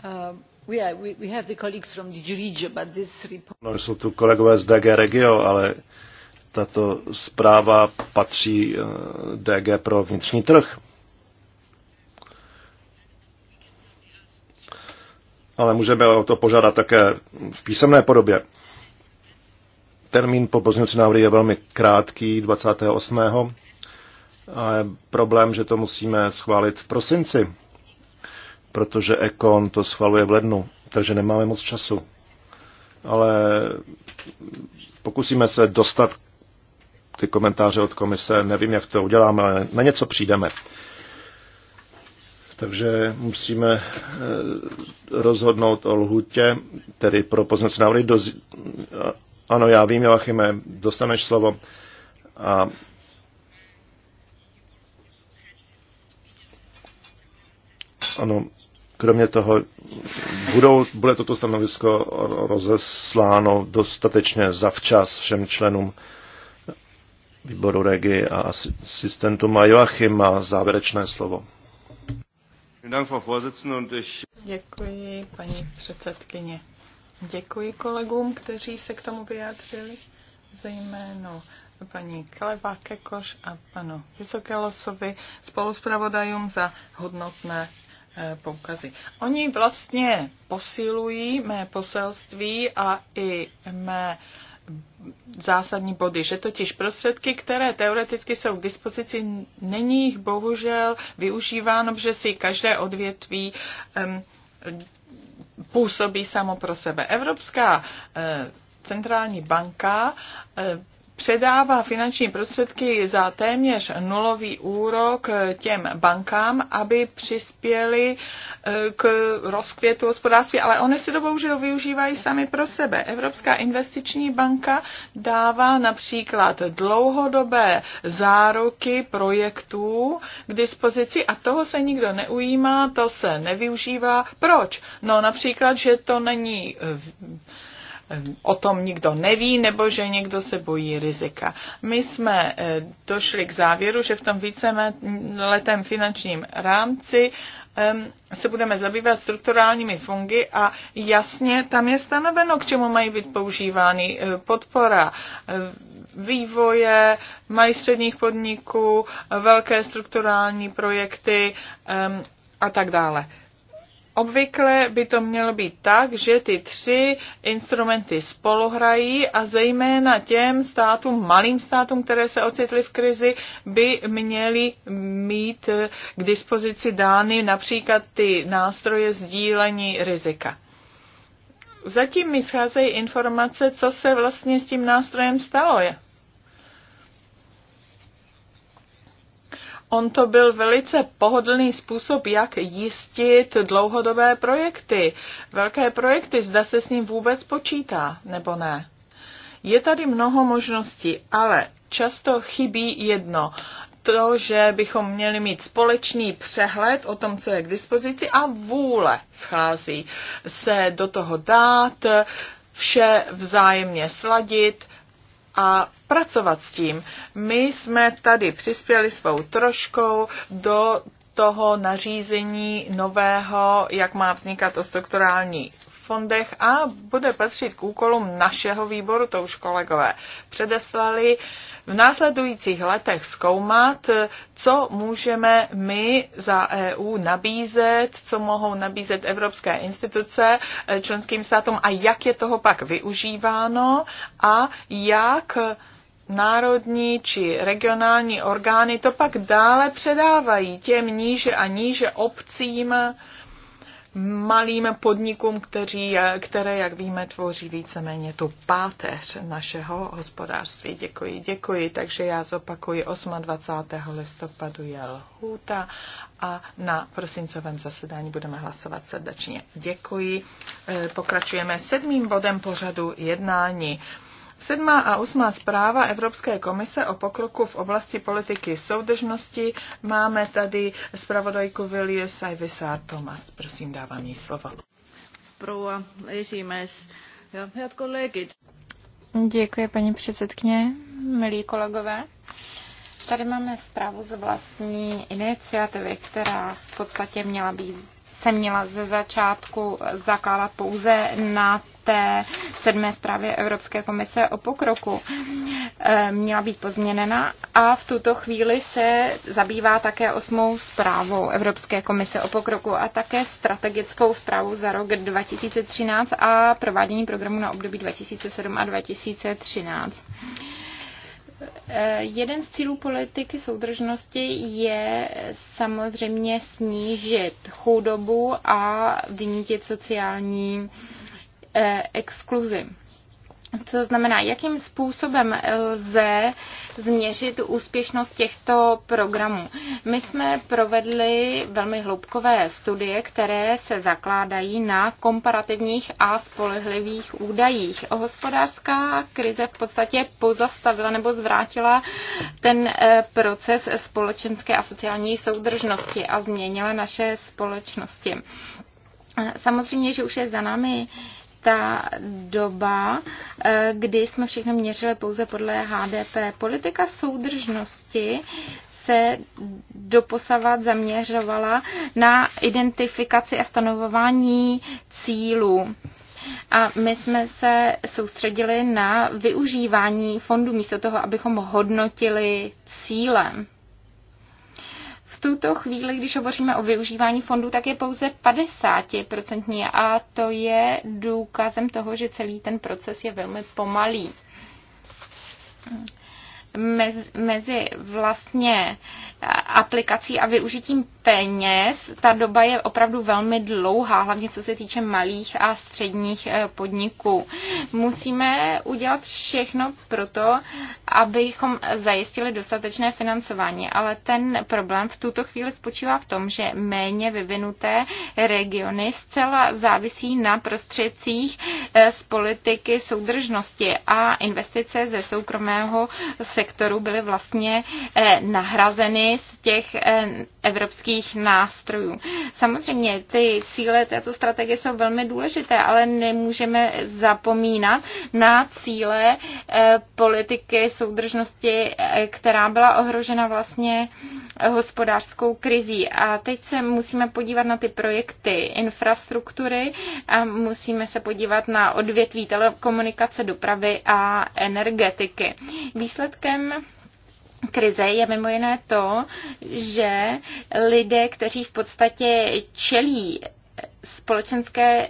[SPEAKER 1] Uh, yeah, we, have the colleagues from but this report... No, jsou tu kolegové z DG Regio, ale tato zpráva patří eh, DG pro vnitřní trh. Ale můžeme o to požádat také v písemné podobě. Termín po pozměňovací návrhy je velmi krátký, 28. A je problém, že to musíme schválit v prosinci, protože Ekon to schvaluje v lednu, takže nemáme moc času. Ale pokusíme se dostat ty komentáře od komise, nevím, jak to uděláme, ale na něco přijdeme. Takže musíme eh, rozhodnout o lhutě, tedy pro poznací návrhy do, ano, já vím, Joachime, dostaneš slovo. A ano, kromě toho budou, bude toto stanovisko rozesláno dostatečně zavčas všem členům výboru Regi a asistentům a Joachim má závěrečné slovo.
[SPEAKER 3] Děkuji, paní předsedkyně. Děkuji kolegům, kteří se k tomu vyjádřili, zejména paní Kleva Kekoš a panu Vysokelosovi, spoluspravodajům za hodnotné eh, poukazy. Oni vlastně posilují mé poselství a i mé zásadní body, že totiž prostředky, které teoreticky jsou k dispozici, není jich bohužel využíváno, protože si každé odvětví um, působí samo pro sebe. Evropská eh, centrální banka eh, předává finanční prostředky za téměř nulový úrok těm bankám, aby přispěli e, k rozkvětu hospodářství, ale oni si to bohužel využívají sami pro sebe. Evropská investiční banka dává například dlouhodobé záruky projektů k dispozici a toho se nikdo neujímá, to se nevyužívá. Proč? No například, že to není e, o tom nikdo neví nebo že někdo se bojí rizika. My jsme eh, došli k závěru, že v tom víceletém finančním rámci se budeme zabývat strukturálními fungy a jasně tam je stanoveno, k čemu mají být používány eh, podpora eh, vývoje, mají středních podniků, velké strukturální projekty a tak dále. Obvykle by to mělo být tak, že ty tři instrumenty spoluhrají a zejména těm státům, malým státům, které se ocitly v krizi, by měly mít k dispozici dány například ty nástroje sdílení rizika. Zatím mi scházejí informace, co se vlastně s tím nástrojem stalo. Je. On to byl velice pohodlný způsob, jak jistit dlouhodobé projekty, velké projekty, zda se s ním vůbec počítá nebo ne. Je tady mnoho možností, ale často chybí jedno to, že bychom měli mít společný přehled o tom, co je k dispozici a vůle schází se do toho dát, vše vzájemně sladit, a pracovat s tím. My jsme tady přispěli svou troškou do toho nařízení nového, jak má vznikat o strukturální fondech a bude patřit k úkolům našeho výboru, to už kolegové předeslali, v následujících letech zkoumat, co můžeme my za EU nabízet, co mohou nabízet evropské instituce e, členským státům a jak je toho pak využíváno a jak národní či regionální orgány to pak dále předávají těm níže a níže obcím, malým podnikům, kteří, které, jak víme, tvoří víceméně tu páteř našeho hospodářství. Děkuji, děkuji. Takže já zopakuji 28. listopadu je lhůta a na prosincovém zasedání budeme hlasovat srdečně. Děkuji. Eh, pokračujeme sedmým bodem pořadu jednání. Sedmá a osmá zpráva Evropské komise o pokroku v oblasti politiky soudržnosti. Máme tady zpravodajku Vilie Sajvisár Tomas. Prosím, dávám jí
[SPEAKER 2] slovo. Děkuji, paní předsedkyně, milí kolegové. Tady máme zprávu z vlastní iniciativy, která v podstatě měla být se měla ze začátku zakládat pouze na té sedmé zprávě Evropské komise o pokroku eh, měla být pozměněna a v tuto chvíli se zabývá také osmou zprávou Evropské komise o pokroku a také strategickou zprávou za rok 2013 a provádění programu na období 2007 a 2013. Eh, jeden z cílů politiky soudržnosti je samozřejmě snížit chudobu a vynítit sociální Eh, exkluzi. Co znamená, jakým způsobem lze změřit úspěšnost těchto programů. My jsme provedli velmi hloubkové studie, které se zakládají na komparativních a spolehlivých údajích. Hospodářská krize v podstatě pozastavila nebo zvrátila ten eh, proces společenské a sociální soudržnosti a změnila naše společnosti. Samozřejmě, že už je za námi ta doba, eh, kdy jsme všechno měřili pouze podle HDP. Politika soudržnosti se doposavat zaměřovala na identifikaci a stanovování cílů. A my jsme se soustředili na využívání fondů místo toho, abychom hodnotili cílem tuto chvíli, když hovoříme o využívání fondů, tak je pouze 50% a to je důkazem toho, že celý ten proces je velmi pomalý mezi, mezi vlastně aplikací a využitím peněz, ta doba je opravdu velmi dlouhá, hlavně co se týče malých a středních eh, podniků. Musíme udělat všechno pro to, abychom zajistili dostatečné financování, ale ten problém v tuto chvíli spočívá v tom, že méně vyvinuté regiony zcela závisí na prostředcích eh, z politiky soudržnosti a investice ze soukromého sektoru sektoru byly vlastně eh, nahrazeny z těch eh, evropských nástrojů. Samozřejmě ty cíle této strategie jsou velmi důležité, ale nemůžeme zapomínat na cíle eh, politiky soudržnosti, která byla ohrožena vlastně hospodářskou krizí. A teď se musíme podívat na ty projekty infrastruktury a musíme se podívat na odvětví telekomunikace, dopravy a energetiky. Výsledkem Důvodem krize je mimo jiné to, že lidé, kteří v podstatě čelí společenské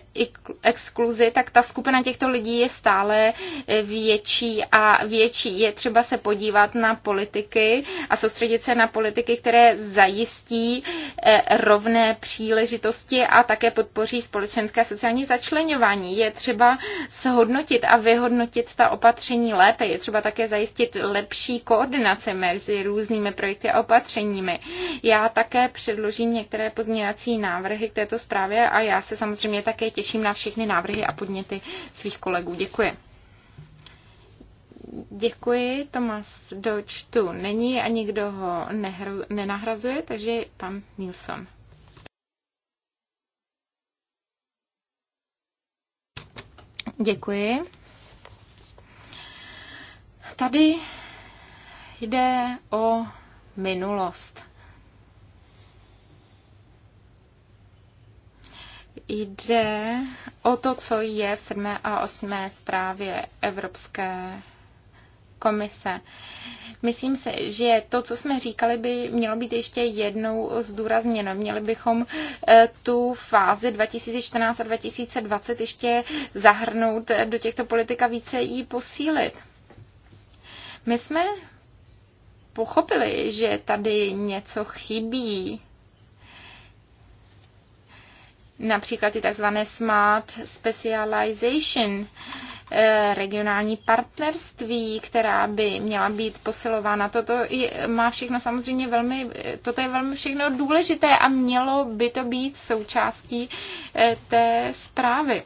[SPEAKER 2] exkluzi, tak ta skupina těchto lidí je stále eh, větší a větší. Je třeba se podívat na politiky a soustředit se na politiky, které zajistí eh, rovné příležitosti a také podpoří společenské a sociální začlenování. Je třeba shodnotit a vyhodnotit ta opatření lépe. Je třeba také zajistit lepší koordinaci mezi různými projekty a opatřeními. Já také předložím některé pozměňovací návrhy k této zprávě a já se samozřejmě také těším na všechny návrhy a podněty svých kolegů. Děkuji. Děkuji, Tomas do čtu. není a nikdo ho nehru, nenahrazuje, takže pan Nilsson. Děkuji. Tady jde o minulost. jde o to, co je v 7. a osmé zprávě Evropské komise. Myslím se, že to, co jsme říkali, by mělo být ještě jednou zdůrazněno. Měli bychom eh, tu fázi 2014 a 2020 ještě zahrnout eh, do těchto politik a více ji posílit. My jsme pochopili, že tady něco chybí, například ty tzv. smart specialization, eh, regionální partnerství, která by měla být posilována. Toto je, má všechno samozřejmě velmi, toto je velmi všechno důležité a mělo by to být součástí eh, té zprávy.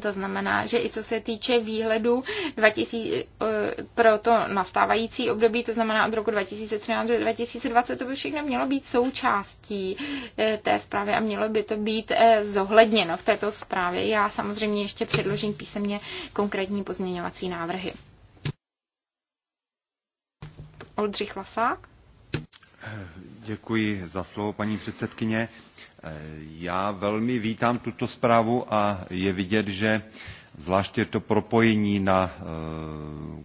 [SPEAKER 2] To znamená, že i co se týče výhledu 2000, eh, pro to nastávající období, to znamená od roku 2013 do 2020, to by všechno mělo být součástí eh, té zprávy a mělo by to být eh, zohledněno v této zprávě. Já samozřejmě ještě předložím písemně konkrétní pozměňovací návrhy. Oldřich Vlasák.
[SPEAKER 5] Děkuji za slovo, paní předsedkyně. Já velmi vítám tuto zprávu a je vidět, že zvláště to propojení na eh,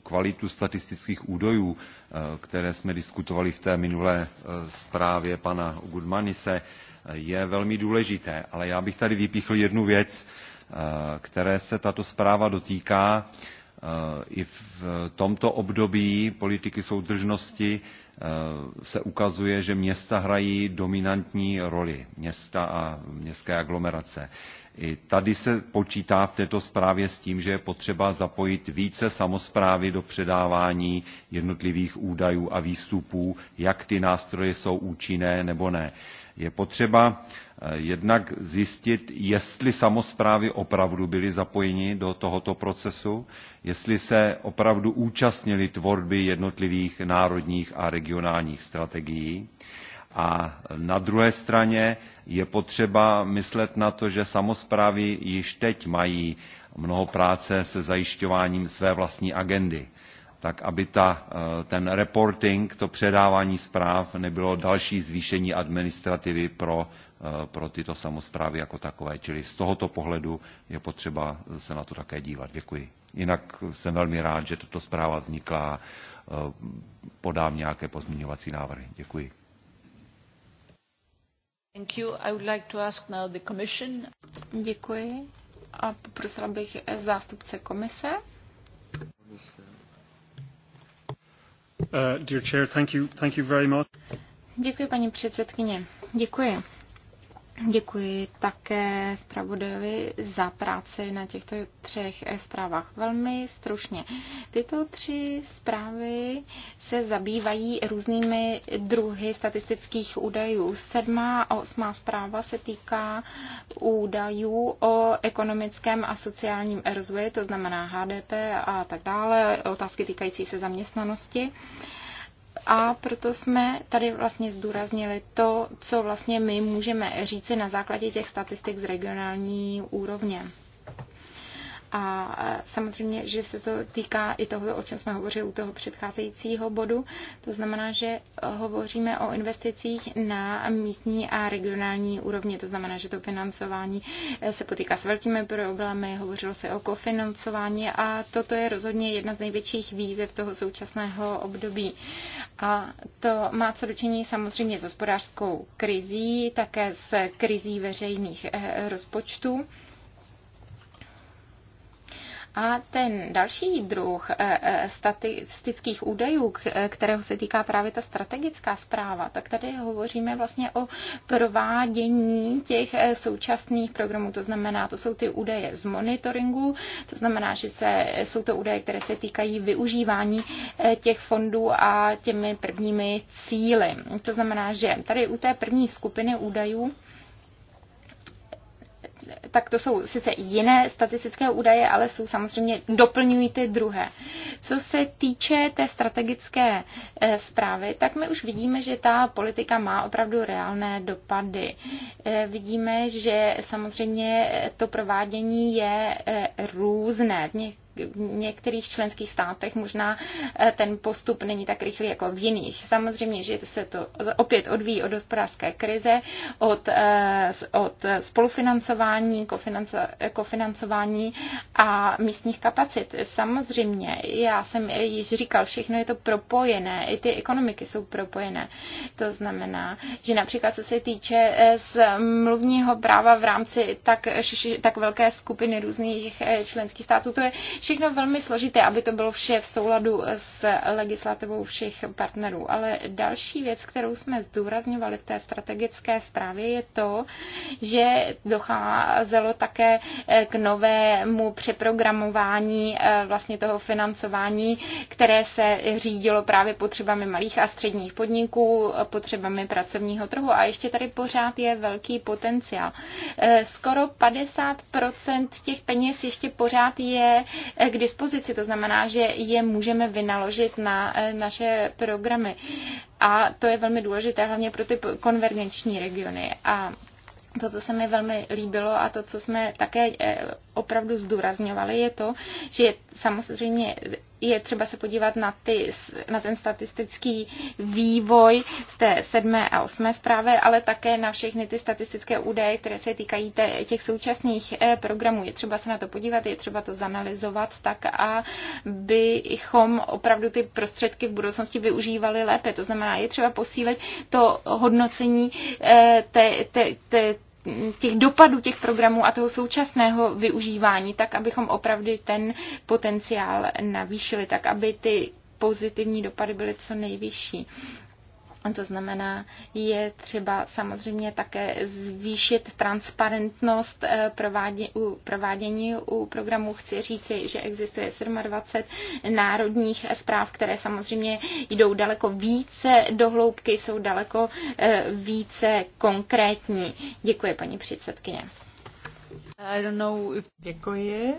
[SPEAKER 5] kvalitu statistických údajů, eh, které jsme diskutovali v té minulé eh, zprávě pana Gudmanise, je velmi důležité. Ale já bych tady vypíchl jednu věc, které se tato zpráva dotýká, Eh, I v eh, tomto období politiky soudržnosti eh, se ukazuje, že města hrají dominantní roli, města a městské aglomerace. I tady se počítá v této zprávě s tím, že je potřeba zapojit více samozprávy do předávání jednotlivých údajů a výstupů, jak ty nástroje jsou účinné nebo ne. Je potřeba eh, jednak zjistit, jestli samozprávy opravdu byly zapojeni do tohoto procesu, jestli se opravdu účastnili tvorby jednotlivých národních a regionálních strategií. A na druhé straně je potřeba myslet na to, že samozprávy již teď mají mnoho práce se zajišťováním své vlastní agendy tak aby ta, eh, ten reporting, to předávání zpráv nebylo další zvýšení administrativy pro, eh, pro tyto samozprávy jako takové. Čili z tohoto pohledu je potřeba se na to také dívat. Děkuji. Jinak jsem velmi rád, že tato zpráva vznikla a eh, podám nějaké pozměňovací návrhy. Děkuji.
[SPEAKER 2] Thank you. I would like to ask now the commission. Děkuji. A poprosila bych zástupce komise. Uh, Děkuji, paní předsedkyně. Děkuji. Děkuji také zpravodajovi za práci na těchto třech eh, zprávách. Velmi stručně. Tyto tři zprávy se zabývají různými druhy statistických údajů. Sedmá a osmá zpráva se týká údajů o ekonomickém a sociálním rozvoji, to znamená HDP a tak dále, otázky týkající se zaměstnanosti a proto jsme tady vlastně zdůraznili to, co vlastně my můžeme říci na základě těch statistik z regionální úrovně. A e, samozřejmě, že se to týká i toho, o čem jsme hovořili u toho předcházejícího bodu. To znamená, že e, hovoříme o investicích na místní a regionální úrovni. To znamená, že to financování e, se potýká s velkými problémy, hovořilo se o kofinancování a toto je rozhodně jedna z největších výzev toho současného období. A to má co dočení samozřejmě s hospodářskou krizí, také s krizí veřejných rozpočtů. A ten další druh eh, eh, statistických údajů, eh, kterého se týká právě ta strategická zpráva, tak tady hovoříme vlastně o provádění těch současných programů. To znamená, to jsou ty údaje z monitoringu, to znamená, že se, jsou to údaje, které se týkají využívání těch fondů a těmi prvními cíly. To znamená, že tady u té první skupiny údajů, tak to jsou sice jiné statistické údaje, ale jsou samozřejmě doplňují ty druhé. Co se týče té strategické eh, zprávy, tak my už vidíme, že ta politika má opravdu reálné dopady. Eh, vidíme, že samozřejmě to provádění je eh, různé. V některých některých členských státech možná eh, ten postup není tak rychlý jako v jiných. Samozřejmě, že se to opět odvíjí od hospodářské krize, od, eh, od spolufinancování, kofinancování a místních kapacit. Samozřejmě, já jsem již říkal, všechno je to propojené, i ty ekonomiky jsou propojené. To znamená, že například co se týče eh, mluvního práva v rámci tak, tak velké skupiny různých členských států, to je všechno velmi složité, aby to bylo vše v souladu s legislativou všech partnerů. Ale další věc, kterou jsme zdůrazňovali v té strategické zprávě, je to, že docházelo také eh, k novému přeprogramování eh, vlastně toho financování, které se řídilo právě potřebami malých a středních podniků, potřebami pracovního trhu a ještě tady pořád je velký potenciál. Eh, skoro 50% těch peněz ještě pořád je Eh, k dispozici. To znamená, že je můžeme vynaložit na eh, naše programy. A to je velmi důležité, hlavně pro ty konvergenční regiony. A to, co se mi velmi líbilo a to, co jsme také eh, opravdu zdůrazňovali, je to, že samozřejmě je třeba se podívat na, ty, na ten statistický vývoj z té sedmé a osmé zprávy, ale také na všechny ty statistické údaje, které se týkají těch současných eh, programů. Je třeba se na to podívat, je třeba to zanalizovat tak, abychom opravdu ty prostředky v budoucnosti využívali lépe. To znamená, je třeba posílit to hodnocení eh, té, té, té, těch dopadů těch programů a toho současného využívání, tak abychom opravdu ten potenciál navýšili, tak aby ty pozitivní dopady byly co nejvyšší. To znamená, je třeba samozřejmě také zvýšit transparentnost eh, u provádění u programu. Chci říci, že existuje 27 národních zpráv, které samozřejmě jdou daleko více do hloubky, jsou daleko eh, více konkrétní. Děkuji, paní předsedkyně. I don't know if... Děkuji.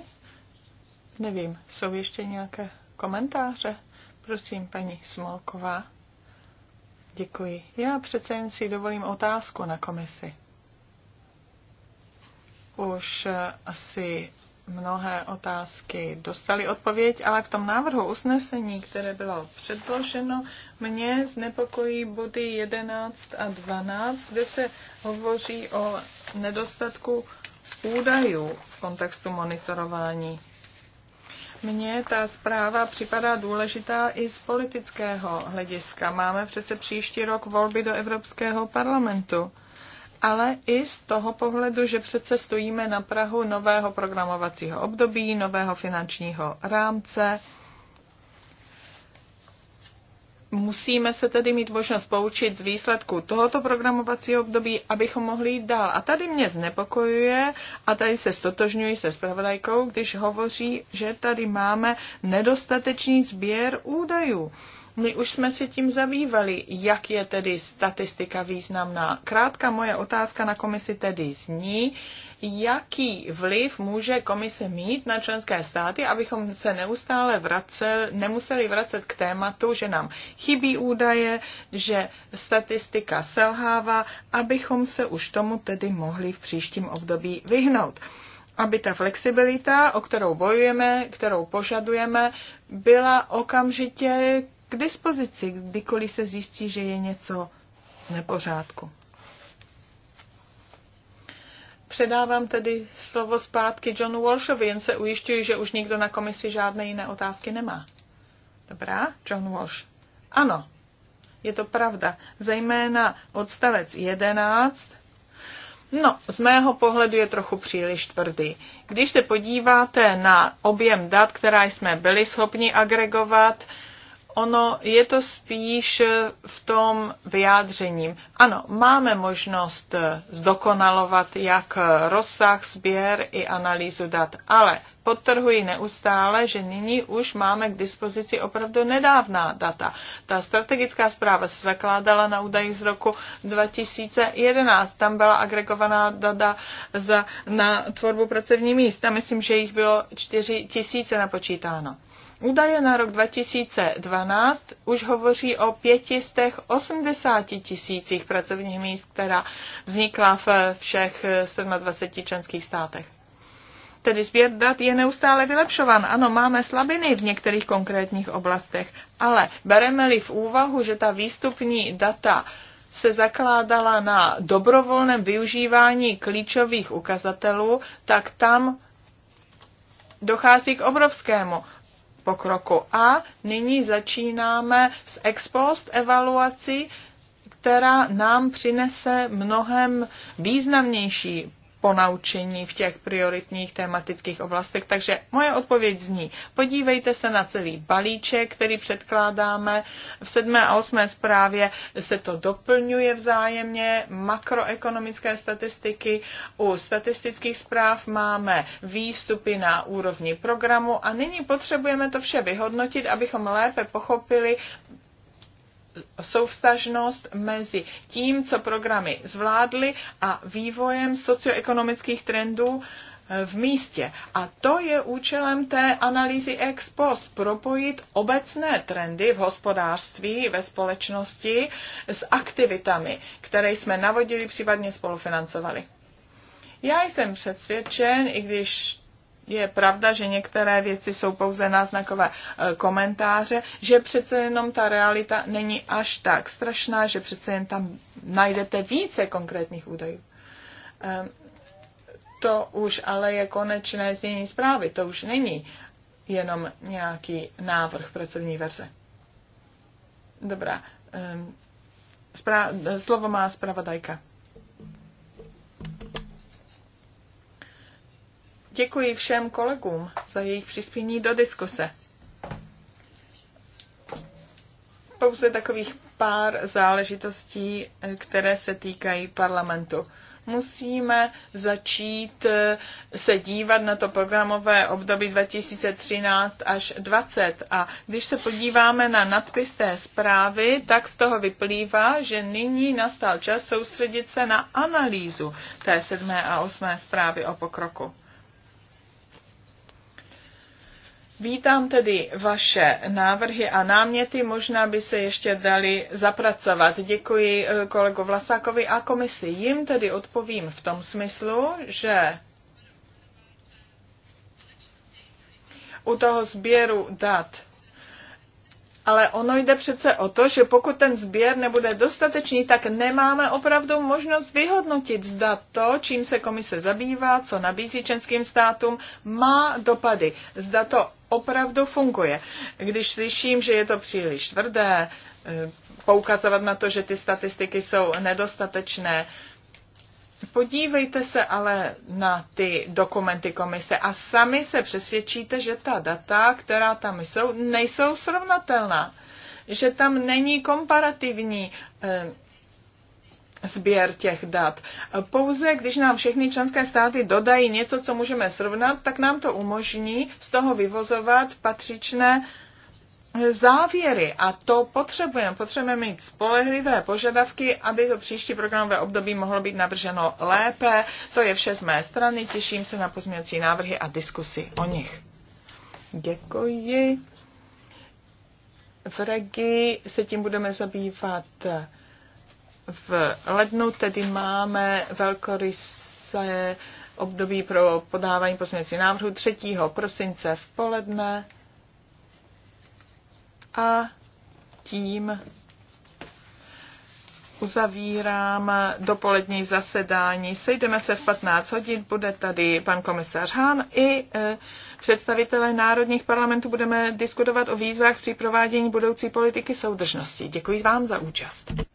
[SPEAKER 3] Nevím, jsou ještě nějaké komentáře? Prosím, paní Smolková. Děkuji. Já přece jen si dovolím otázku na komisi. Už asi mnohé otázky dostali odpověď, ale v tom návrhu usnesení, které bylo předloženo, mě znepokojí body 11 a 12, kde se hovoří o nedostatku údajů v kontextu monitorování. Mně ta zpráva připadá důležitá i z politického hlediska. Máme přece příští rok volby do Evropského parlamentu. Ale i z toho pohledu, že přece stojíme na Prahu nového programovacího období, nového finančního rámce, musíme se tedy mít možnost poučit z výsledku tohoto programovacího období, abychom mohli jít dál. A tady mě znepokojuje, a tady se stotožňuji se spravodajkou, když hovoří, že tady máme nedostatečný sběr údajů. My už jsme se tím zabývali, jak je tedy statistika významná. Krátka moje otázka na komisi tedy zní, jaký vliv může komise mít na členské státy, abychom se neustále vracel, nemuseli vracet k tématu, že nám chybí údaje, že statistika selhává, abychom se už tomu tedy mohli v příštím období vyhnout aby ta flexibilita, o kterou bojujeme, kterou požadujeme, byla okamžitě k dispozici, kdykoliv se zjistí, že je něco nepořádku. Předávám tedy slovo zpátky Johnu Walshovi, jen se ujišťuji, že už nikdo na komisi žádné jiné otázky nemá. Dobrá, John Walsh. Ano, je to pravda. Zejména odstavec 11. No, z mého pohledu je trochu příliš tvrdý. Když se podíváte na objem dat, která jsme byli schopni agregovat, ono je to spíš v tom vyjádřením. Ano, máme možnost zdokonalovat jak rozsah, sběr i analýzu dat, ale podtrhuji neustále, že nyní už máme k dispozici opravdu nedávná data. Ta strategická zpráva se zakládala na údajích z roku 2011. Tam byla agregovaná data za, na tvorbu pracovních míst. A myslím, že jich bylo 4 tisíce napočítáno. Údaje na rok 2012 už hovoří o 580 tisících pracovních míst, která vznikla ve všech 27 členských státech. Tedy sběr dat je neustále vylepšován. Ano, máme slabiny v některých konkrétních oblastech, ale bereme-li v úvahu, že ta výstupní data se zakládala na dobrovolném využívání klíčových ukazatelů, tak tam dochází k obrovskému pokroku. A nyní začínáme s ex post evaluací, která nám přinese mnohem významnější ponaučení v těch prioritních tematických oblastech. Takže moje odpověď zní, podívejte se na celý balíček, který předkládáme. V sedmé a osmé zprávě se to doplňuje vzájemně. Makroekonomické statistiky u statistických zpráv máme výstupy na úrovni programu a nyní potřebujeme to vše vyhodnotit, abychom lépe pochopili souvstažnost mezi tím, co programy zvládly a vývojem socioekonomických trendů eh, v místě. A to je účelem té analýzy ex post, propojit obecné trendy v hospodářství, ve společnosti s aktivitami, které jsme navodili, případně spolufinancovali. Já jsem přesvědčen, i když je pravda, že některé věci jsou pouze náznakové e, komentáře, že přece jenom ta realita není až tak strašná, že přece jen tam najdete více konkrétních údajů. E, to už ale je konečné znění zprávy, to už není jenom nějaký návrh pracovní verze. Dobrá. E, spra- slovo má zpravodajka. Děkuji všem kolegům za jejich přispění do diskuse. Pouze takových pár záležitostí, které se týkají parlamentu. Musíme začít eh, se dívat na to programové období 2013 až 2020. A když se podíváme na nadpis té zprávy, tak z toho vyplývá, že nyní nastal čas soustředit se na analýzu té sedmé a osmé zprávy o pokroku Vítám tedy vaše návrhy a náměty, možná by se ještě dali zapracovat. Děkuji eh, kolego Vlasákovi a komisi. Jim tedy odpovím v tom smyslu, že u toho sběru dat ale ono jde přece o to, že pokud ten sběr nebude dostatečný, tak nemáme opravdu možnost vyhodnotit, zda to, čím se komise zabývá, co nabízí českým státům, má dopady. Zda to opravdu funguje. Když slyším, že je to příliš tvrdé, eh, poukazovat na to, že ty statistiky jsou nedostatečné, Podívejte se ale na ty dokumenty komise a sami se přesvědčíte, že ta data, která tam jsou, nejsou srovnatelná. Že tam není komparativní eh, sběr těch dat. Pouze když nám všechny členské státy dodají něco, co můžeme srovnat, tak nám to umožní z toho vyvozovat patřičné závěry a to potřebujeme. Potřebujeme mít spolehlivé požadavky, aby to příští programové období mohlo být navrženo lépe. To je vše z mé strany. Těším se na pozměňovací návrhy a diskusy o nich. Děkuji. V Regi se tím budeme zabývat v lednu tedy máme velkorysé období pro podávání pozměňovacích návrhu 3. prosince v poledne a tím uzavírám dopolední zasedání. Sejdeme se v 15 hodin, bude tady pan komisař Hán i e, představitelé národních parlamentů budeme diskutovat o výzvách při provádění budoucí politiky soudržnosti. Děkuji vám za účast.